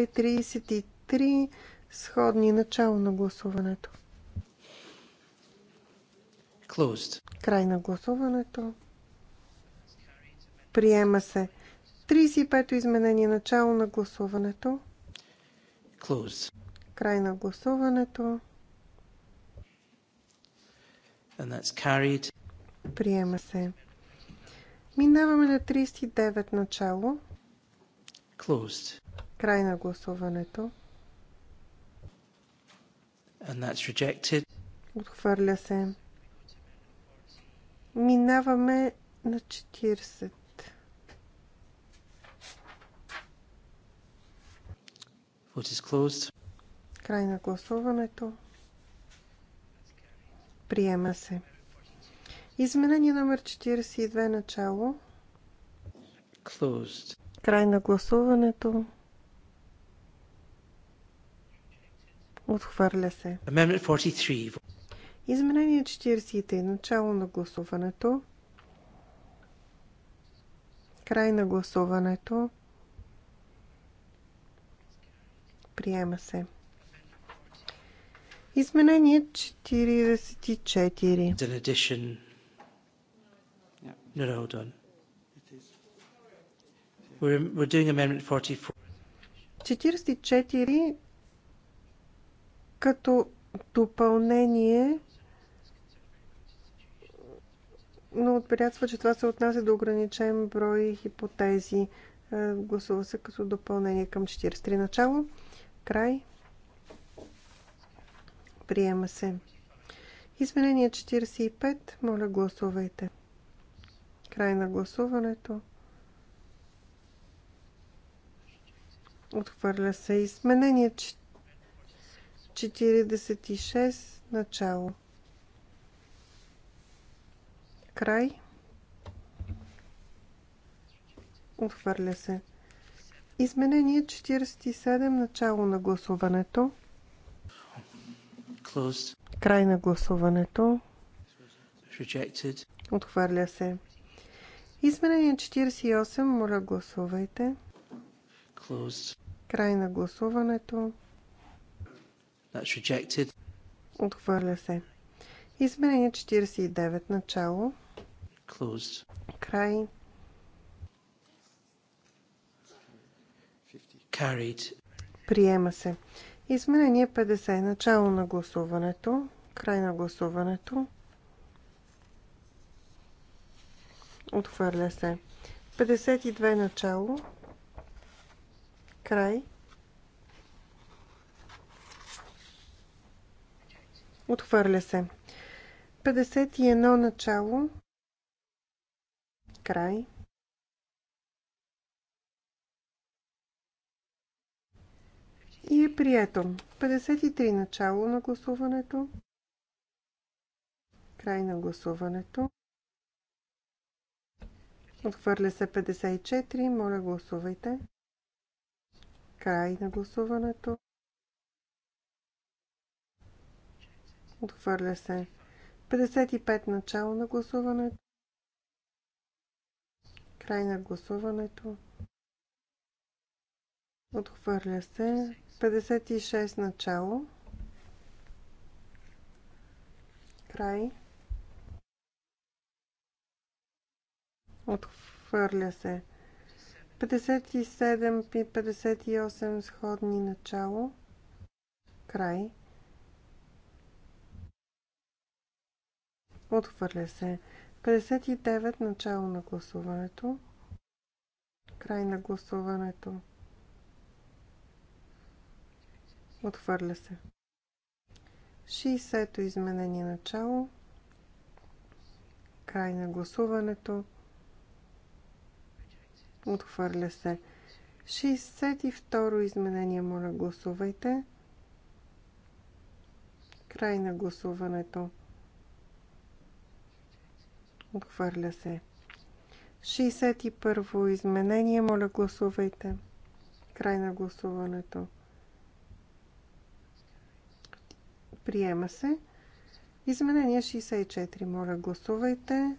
и 33 сходни начало на гласуването. Closed. Край на гласуването. Приема се 35-то изменение. Начало на гласуването. Close. Край на гласуването. And that's carried. Приема се. Минаваме на 39 начало. Closed. Край на гласуването. And that's rejected. Отхвърля се. Минаваме на 40. Край на гласуването. Приема се. Изменение номер 42 начало. Closed. Край на гласуването. Отхвърля се. Amendment 43. Изменение 43. Начало на гласуването. Край на гласуването. Приема се. Изменение 44. 44. 44 като допълнение но отбелязва, че това се отнася до ограничен брой хипотези. Е, гласува се като допълнение към 43 начало. Край. Приема се. Изменение 45. Моля, гласувайте. Край на гласуването. Отхвърля се. Изменение 46. Начало. Край. Отхвърля се. Изменение 47, начало на гласуването. Closed. Край на гласуването. Rejected. Отхвърля се. Изменение 48, моля гласувайте. Closed. Край на гласуването. That's rejected. Отхвърля се. Изменение 49, начало. Closed. Край. Carried. Приема се. Изменение 50. Начало на гласуването. Край на гласуването. Отхвърля се. 52 начало. Край. Отхвърля се. 51 начало. Край. и е прието. 53 начало на гласуването. Край на гласуването. Отхвърля се 54. Моля гласувайте. Край на гласуването. Отхвърля се 55 начало на гласуването. Край на гласуването. Отхвърля се 56 начало. Край. Отхвърля се. 57 и 58 сходни начало. Край. Отхвърля се. 59 начало на гласуването. Край на гласуването. Отхвърля се. 60-то изменение начало. Край на гласуването. Отхвърля се. 62-ро изменение, моля гласувайте. Край на гласуването. Отхвърля се. 61-во изменение, моля гласувайте. Край на гласуването. Приема се. Изменение 64. Моля, гласувайте.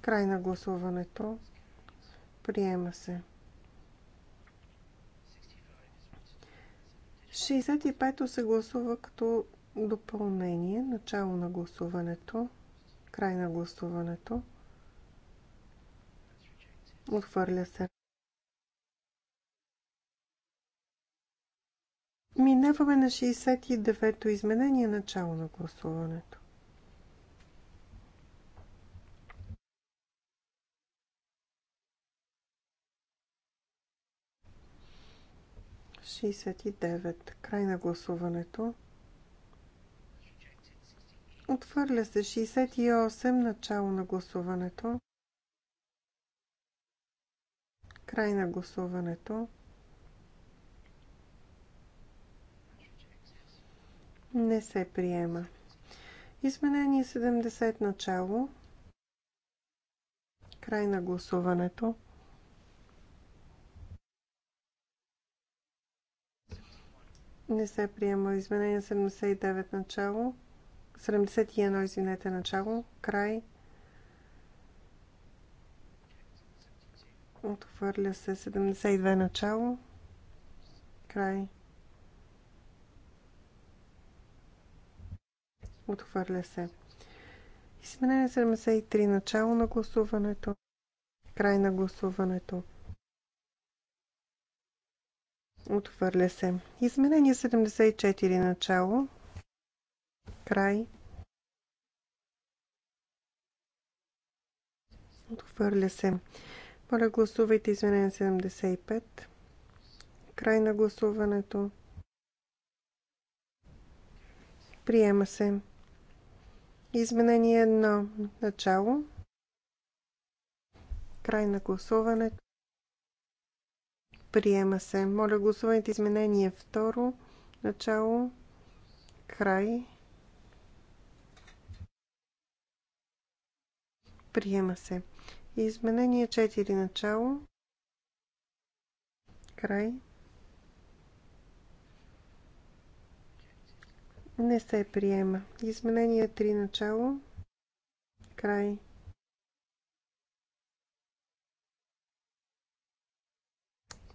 Край на гласуването. Приема се. 65-то се гласува като допълнение. Начало на гласуването. Край на гласуването. Отхвърля се. Минаваме на 69-то изменение начало на гласуването. Шестдесет и девет. Край на гласуването. Отвърля се 68 начало на гласуването. Край на гласуването. Не се приема. Изменение 70 начало. Край на гласуването. Не се приема. Изменение 79 начало. 71, извинете, начало. Край. Отхвърля се 72 начало. Край. Отхвърля се. Изменение 73 начало на гласуването. Край на гласуването. Отхвърля се. Изменение 74 начало. Край. Отхвърля се. Моля, гласувайте изменение 75. Край на гласуването. Приема се. Изменение 1. Начало. Край на гласуването. Приема се. Моля, гласувайте изменение 2. Начало. Край. Приема се. Изменение 4 начало. Край. Не се приема. Изменение 3 начало. Край.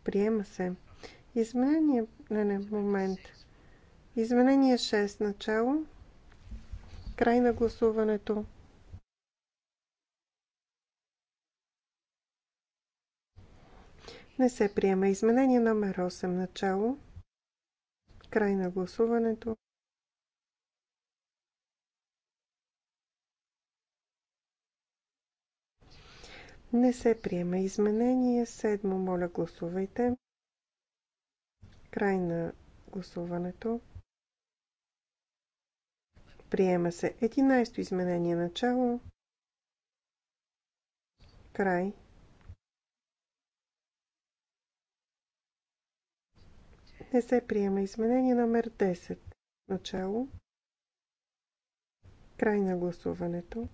Приема се. Изменение... Не, не, момент. Изменение 6 начало. Край на гласуването. Не се приема изменение номер 8 начало. Край на гласуването. Не се приема изменение. Седмо, моля гласувайте. Край на гласуването. Приема се 11 изменение начало. Край. Не се приема изменение номер 10. Начало. Край на гласуването.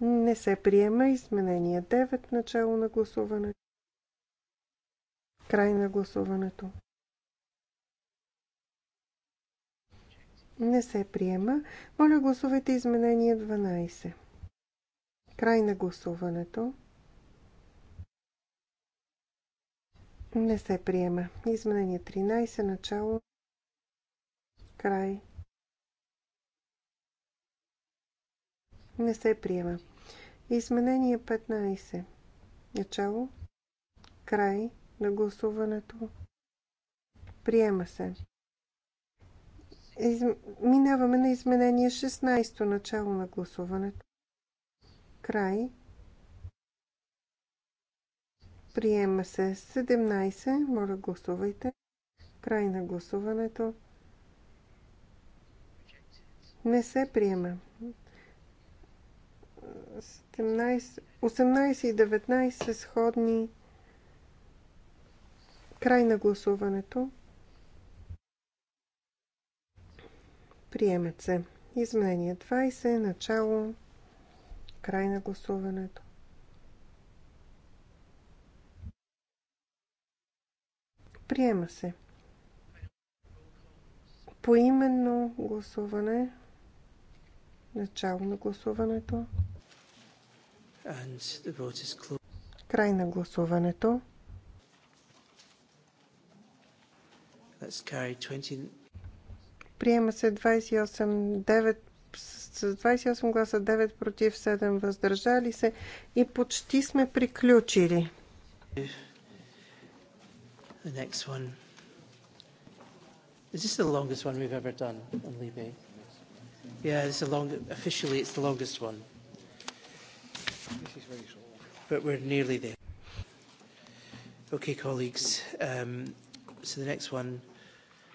Не се приема изменение 9. Начало на гласуването. Край на гласуването. Не се приема. Моля гласувайте изменение 12. Край на гласуването. Не се приема. Изменение 13. Начало. Край. Не се приема. Изменение 15. Начало. Край на гласуването. Приема се. Из... Минаваме на изменение 16. Начало на гласуването. Край Приема се 17. Моля, гласувайте. Край на гласуването. Не се приема. 18 и 19 са сходни. Край на гласуването. Приемат се. Изменение 20. Начало. Край на гласуването. Приема се. Поименно гласуване. Начало на гласуването. Край на гласуването. Приема се 28, 9, с 28 гласа 9 против 7 въздържали се и почти сме приключили the next one. Is this the longest one we've ever done on Libby? Yeah, it's the long, officially it's the longest one. This is very short. But we're nearly there. Okay, colleagues. Um, so the next one,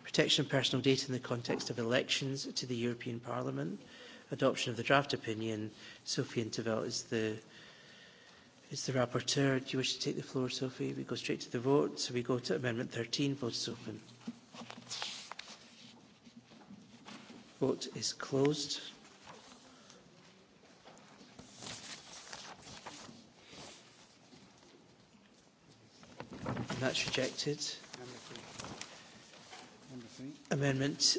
protection of personal data in the context of elections to the European Parliament, adoption of the draft opinion. Sophie Intervelt is the It's the rapporteur. Do you wish to take the floor, Sophie? We go straight to the vote. So we go to Amendment 13. is open. Vote is closed. And that's rejected. Amendment,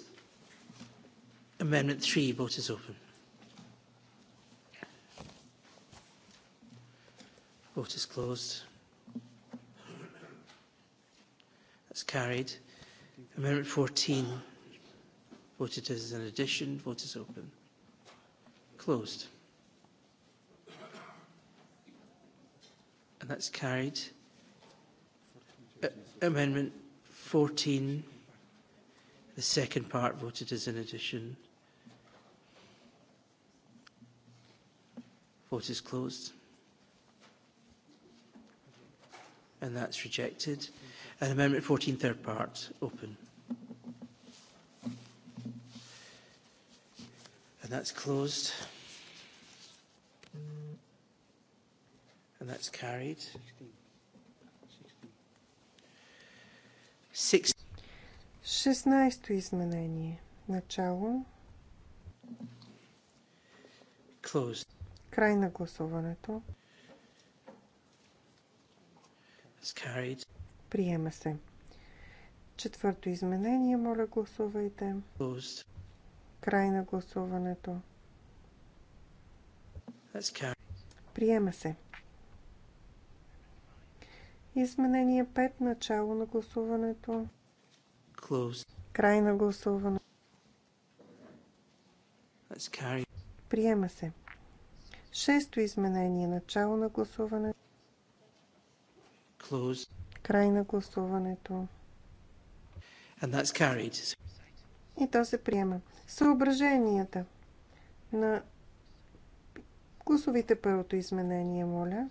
amendment 3. Vote is open. Vote is closed. That's carried. Amendment 14. Voted as an addition. Vote is open. Closed. And that's carried. Uh, amendment 14. The second part voted as an addition. Vote is closed. and that's rejected. And Amendment 14, third part, open. And that's closed. And that's carried. 16 изменение. Начало. Closed. Край на гласуването. Приема се. Четвърто изменение, моля гласувайте. Край на гласуването. Приема се. Изменение 5. Начало на гласуването. Край на гласуването. Приема се. Шесто изменение. Начало на гласуването. Close. Край на гласуването. And that's carried. И то се приема. Съображенията на гласовите първото изменение, моля.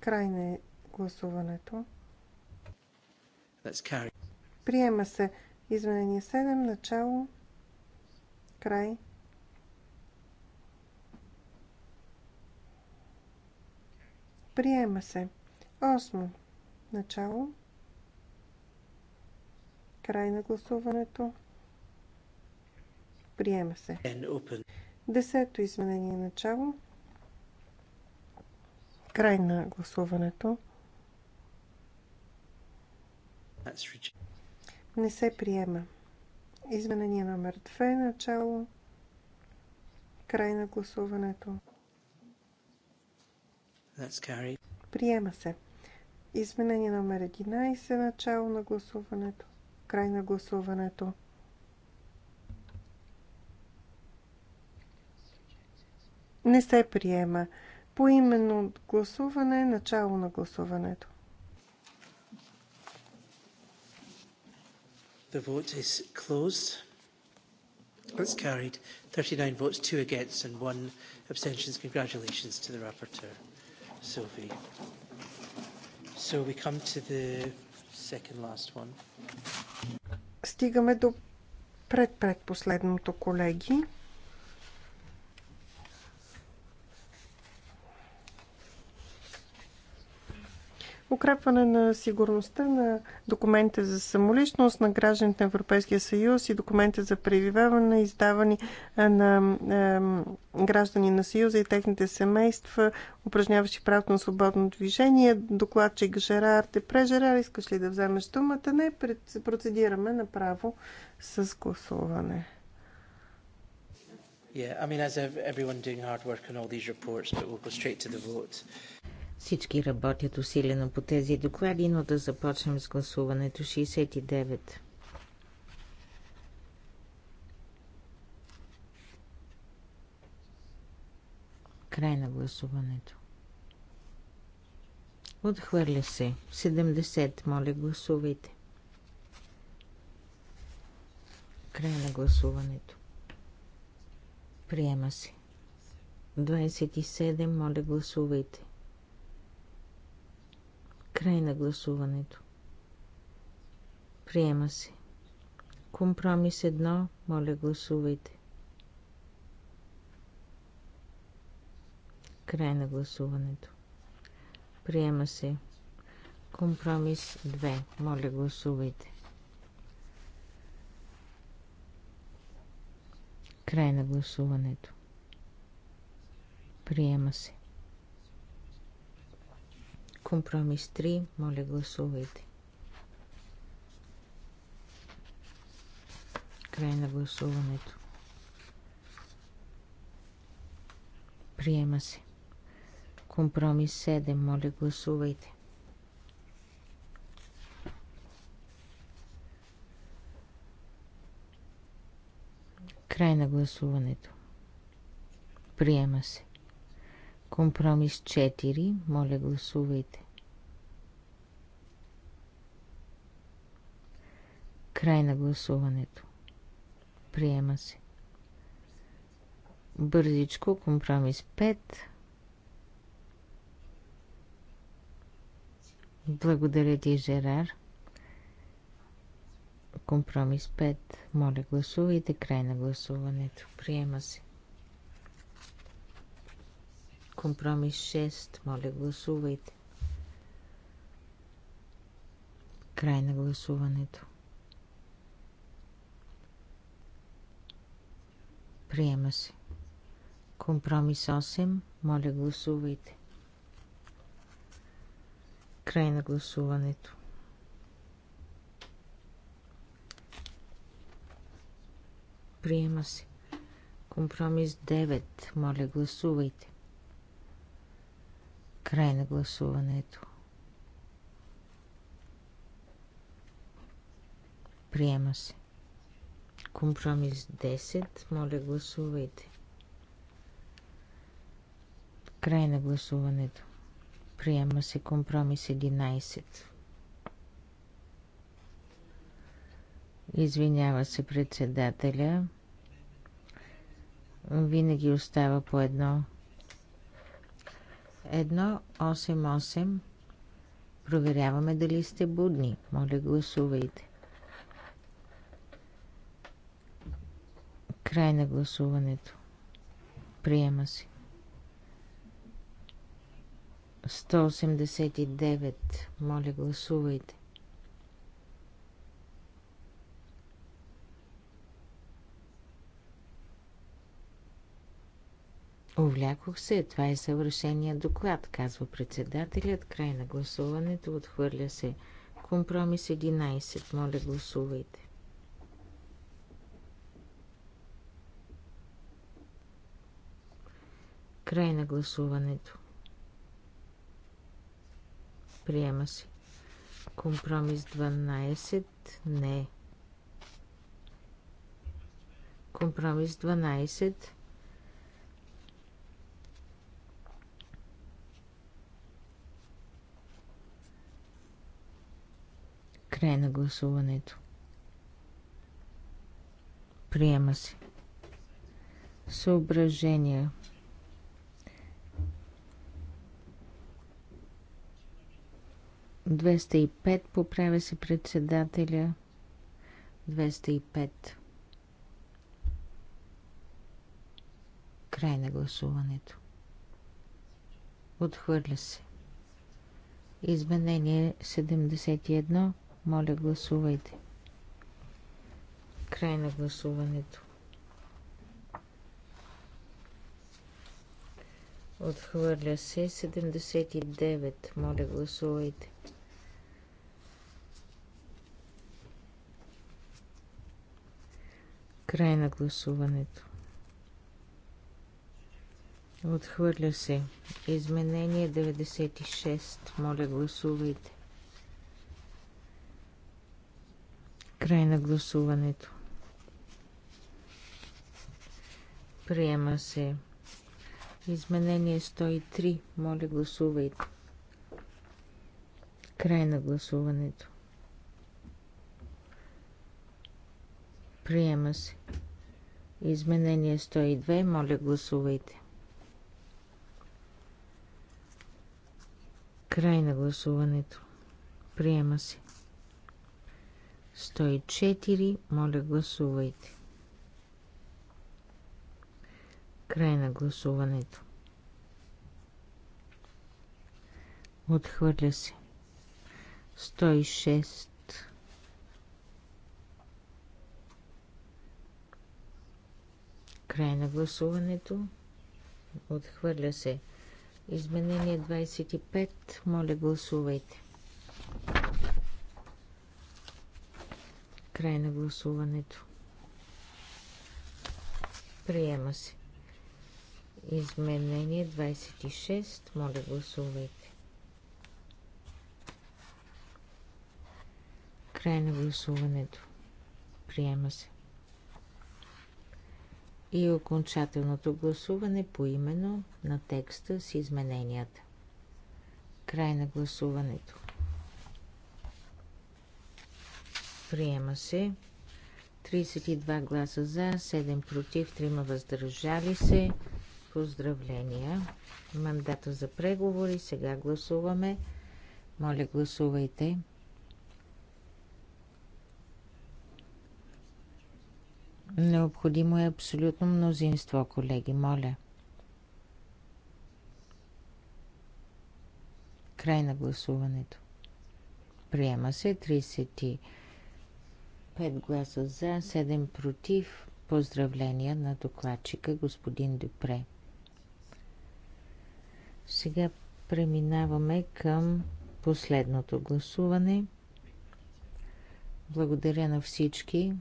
Край на гласуването. That's carried. Приема се изменение 7, начало, край. Приема се. Осмо. Начало. Край на гласуването. Приема се. Десето изменение начало. Край на гласуването. Не се приема. Изменение номер 2 начало. Край на гласуването. Приема се. Изменение номер 11. Начало на гласуването. Край на гласуването. Не се приема. По именно гласуване. Начало на гласуването. The vote is closed. It's carried. 39 votes, 2 against and 1 abstentions. Congratulations to the rapporteur, Sophie. So we come to the second last one. Стигаме до предпредпоследното, колеги. укрепване на сигурността на документите за самоличност на гражданите на Европейския съюз и документите за пребиваване, издавани на граждани на съюза и техните семейства, упражняващи правото на свободно движение. Докладчик Жерар Депре. Жерар, искаш ли да вземеш думата? Не, процедираме направо с гласуване. Yeah, I mean, as everyone doing hard work on all these reports, but we'll go straight to the vote. Всички работят усилено по тези доклади, но да започнем с гласуването. 69. Край на гласуването. Отхвърля се. 70. Моля, гласувайте. Край на гласуването. Приема се. 27. Моля, гласувайте. Край на гласуването. Приема се. Компромис едно. Моля, гласувайте. Край на гласуването. Приема се. Компромис 2. Моля, гласувайте. Край на гласуването. Приема се. Компромис 3. Моля, гласувайте. Край на гласуването. Приема се. Компромис 7. Моля, гласувайте. Край на гласуването. Приема се. Компромис 4. Моля, гласувайте. Край на гласуването. Приема се. Бързичко. Компромис 5. Благодаря ти, Жерар. Компромис 5. Моля, гласувайте. Край на гласуването. Приема се. Компромис 6. Моля, гласувайте. Край на гласуването. Приема се. Компромис 8. Моля, гласувайте. Край на гласуването. Приема се. Компромис 9. Моля, гласувайте. Край на гласуването. Приема се. Компромис 10. Моля, гласувайте. Край на гласуването. Приема се компромис 11. Извинява се председателя. Винаги остава по едно 8-8. Проверяваме дали сте будни. Моля, гласувайте. Край на гласуването. Приема се. 189. Моля, гласувайте. Овлякох се, това е съвършения доклад, казва председателят. Край на гласуването отхвърля се. Компромис 11. Моля, гласувайте. Край на гласуването. Приема се. Компромис 12. Не. Компромис 12. Край на гласуването. Приема се. Съображения. Двеста и пет поправя се председателя. Двеста и пет. Край на гласуването. Отхвърля се. Изменение 71. Моля, гласувайте. Край на гласуването. Отхвърля се 79. Моля, гласувайте. Край на гласуването. Отхвърля се. Изменение 96. Моля, гласувайте. Край на гласуването. Приема се. Изменение 103. Моля, гласувайте. Край на гласуването. Приема се. Изменение 102. Моля, гласувайте. Край на гласуването. Приема се. 104. Моля, гласувайте. Край на гласуването. Отхвърля се. 106. Край на гласуването. Отхвърля се. Изменение 25. Моля, гласувайте. Край на гласуването. Приема се. Изменение 26. Моля, гласувайте. Край на гласуването. Приема се. И окончателното гласуване по именно на текста с измененията. Край на гласуването. Приема се. 32 гласа за, 7 против, 3 въздържали се. Поздравления. Мандата за преговори. Сега гласуваме. Моля, гласувайте. Необходимо е абсолютно мнозинство, колеги. Моля. Край на гласуването. Приема се 32 5 гласа за, 7 против. Поздравления на докладчика господин Дюпре. Сега преминаваме към последното гласуване. Благодаря на всички.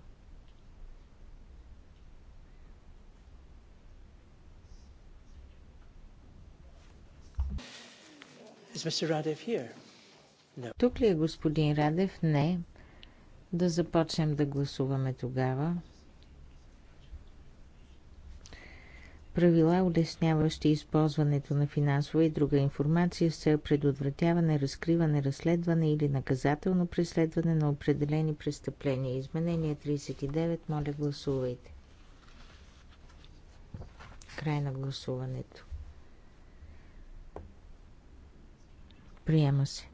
Тук ли е господин Радев? Не. Да започнем да гласуваме тогава. правила, улесняващи използването на финансова и друга информация с цел предотвратяване, разкриване, разследване или наказателно преследване на определени престъпления. Изменение 39. Моля, гласувайте. Край на гласуването. Приема се.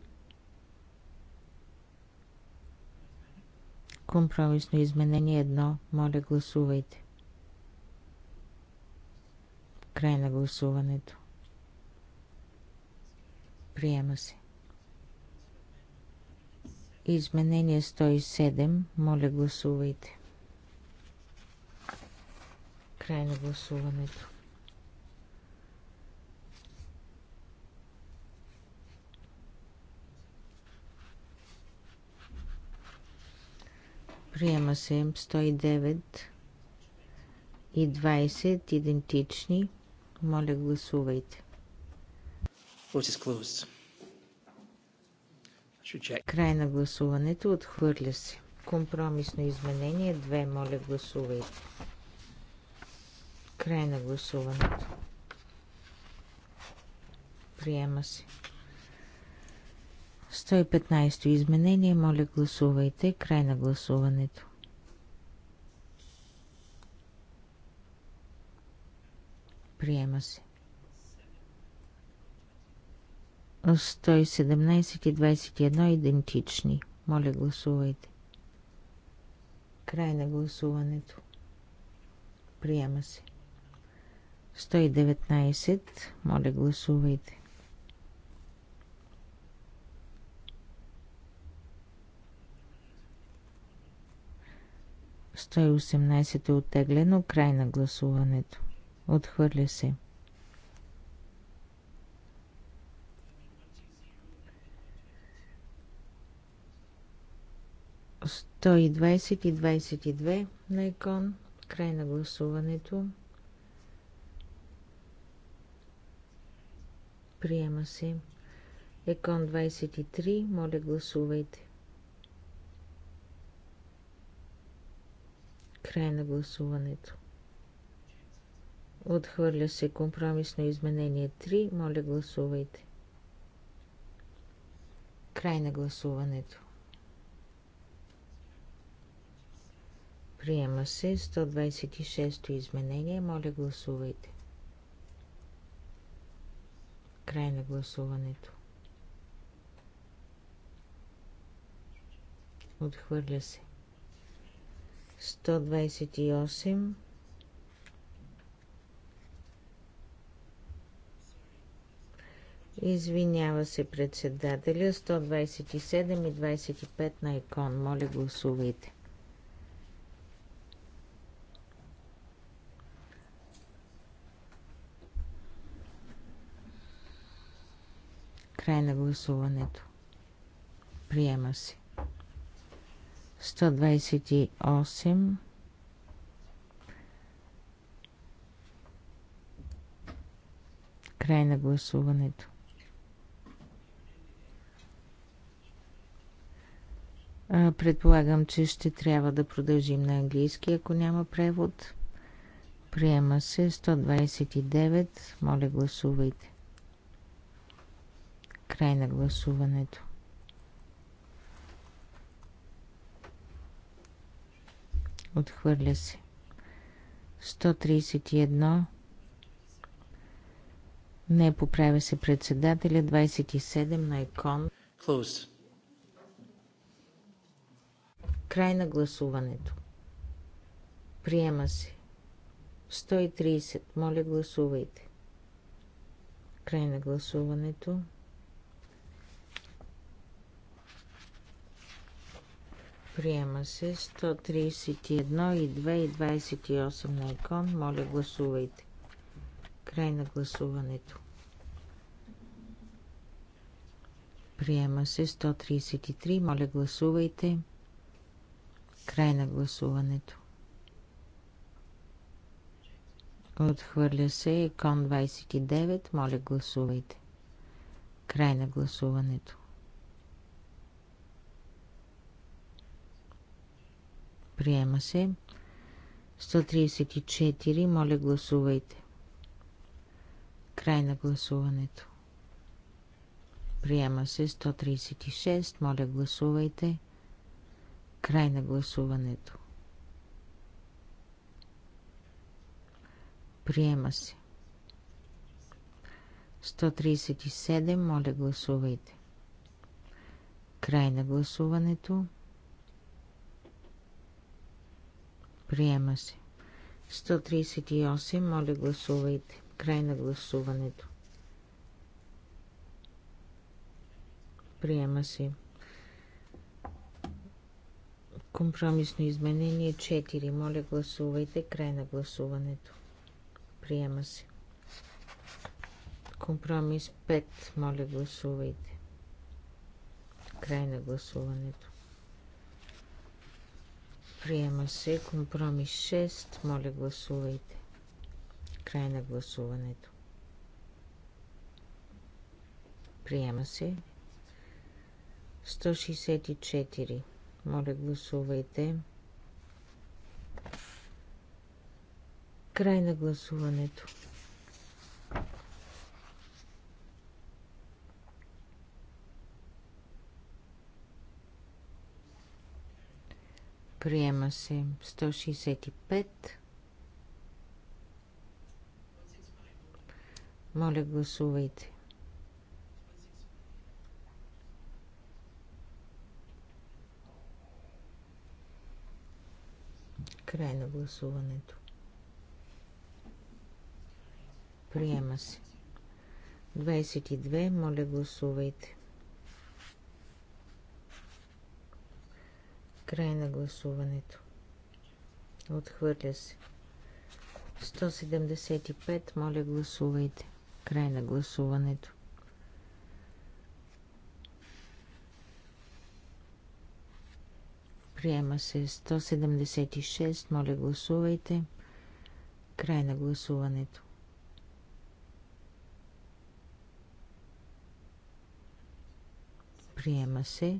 Компромисно изменение 1. Моля, гласувайте. Край на гласуването. Приема се. Изменение 107. Моля, гласувайте. Край на гласуването. Приема се 109 и 20 идентични. Моля, гласувайте. Край на гласуването отхвърля се. Компромисно изменение 2. Моля, гласувайте. Край на гласуването. Приема се. 115-то изменение, моля гласувайте. Край на гласуването. Приема се. 117 и 21 идентични. Моля гласувайте. Край на гласуването. Приема се. 119. Моля гласувайте. 118 е оттеглено. Край на гласуването. Отхвърля се. 120 и 22 на икон. Край на гласуването. Приема се. Екон 23. Моля гласувайте. Край на гласуването. Отхвърля се компромисно изменение 3. Моля, гласувайте. Край на гласуването. Приема се 126-то изменение. Моля, гласувайте. Край на гласуването. Отхвърля се. 128 Извинява се председателя 127 и 25 на икон. Моля гласувайте. Край на гласуването. Приема се. 128 край на гласуването. Предполагам, че ще трябва да продължим на английски, ако няма превод. Приема се 129. Моля, гласувайте. Край на гласуването. Отхвърля се. 131. Не поправя се председателя. 27 на икон. Close. Край на гласуването. Приема се. 130. Моля, гласувайте. Край на гласуването. Приема се 131 и 2 и 28 на икон. Моля, гласувайте. Край на гласуването. Приема се 133. Моля, гласувайте. Край на гласуването. Отхвърля се икон 29. Моля, гласувайте. Край на гласуването. Приема се. 134. Моля, гласувайте. Край на гласуването. Приема се. 136. Моля, гласувайте. Край на гласуването. Приема се. 137. Моля, гласувайте. Край на гласуването. Приема се. 138. Моля, гласувайте. Край на гласуването. Приема се. Компромисно изменение 4. Моля, гласувайте. Край на гласуването. Приема се. Компромис 5. Моля, гласувайте. Край на гласуването. Приема се компромис 6. Моля, гласувайте. Край на гласуването. Приема се 164. Моля, гласувайте. Край на гласуването. Приема се 165. Моля, гласувайте. Край на гласуването. Приема се. 22. Моля, гласувайте. Край на гласуването. Отхвърля се. 175. Моля, гласувайте. Край на гласуването. Приема се 176. Моля, гласувайте. Край на гласуването. Приема се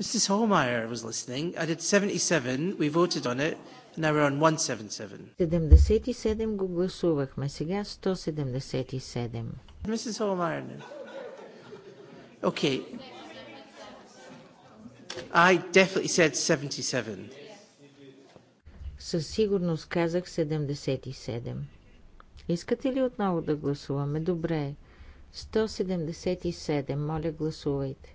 Mrs. Holmeyer was listening. I did 77. We voted on it. now we're on 177. 77 го гласувахме. Сега 177. Mrs. Holmeyer. Okay. I definitely said 77. Със сигурност казах 77. Искате ли отново да гласуваме? Добре. 177. Моля, гласувайте.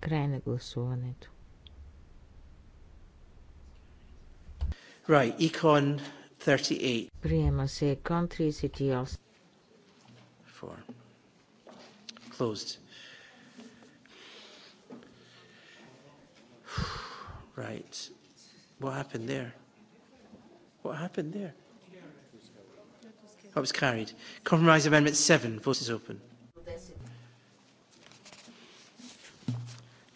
Край на гласуването. Right, Econ 38. Приема се Econ 38. Closed. Right. What happened there? What happened there? Oh, it was carried. Compromise Amendment 7. Vote is open.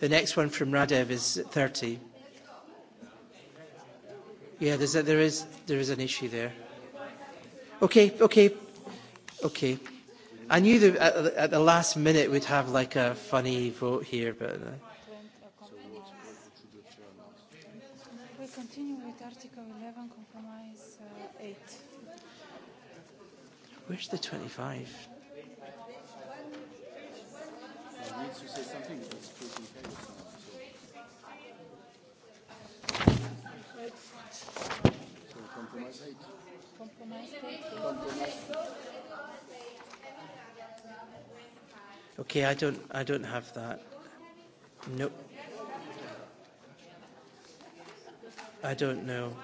The next one from Radev is 30. Yeah, there's a, there is there is an issue there. Okay, okay, okay. I knew the, at, at the last minute we'd have like a funny vote here, but. Uh, continue with Article Compromise uh, Where's the 25? Okay, I don't, I don't have that. No. I don't know.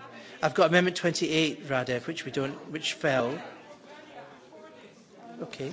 I've got Amendment 28, Radev, which we don't, which fell. Okay.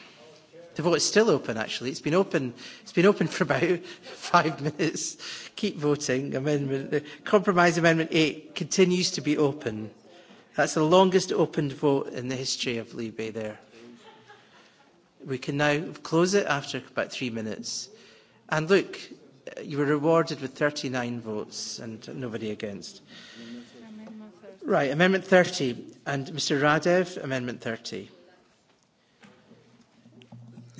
The vote is still open, actually. It's been open, it's been open for about five minutes. Keep voting. Amendment, the compromise Amendment 8 continues to be open. That's the longest opened vote in the history of Libby there. We can now close it after about three minutes. And look, you were rewarded with 39 votes and nobody against. Right, Amendment 30. And Mr Radev, Amendment 30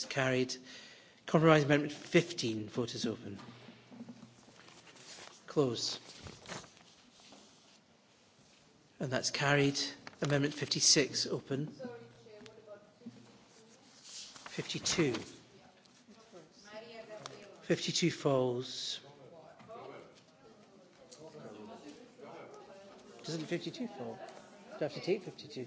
is carried. Compromise Amendment 15. Vote is open. Close. And that's carried. Amendment 56. Open. 52. 52 falls. Doesn't 52 fall? Do I have to take 52?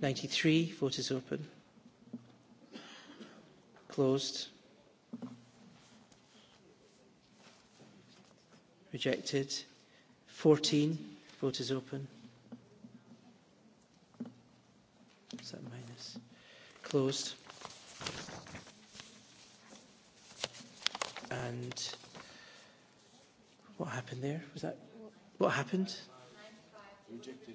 93. Vote is open. Closed. Rejected. 14. Vote is open. Is that minus? Closed. And what happened there? Was that what happened? Rejected.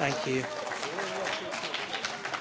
Thank you.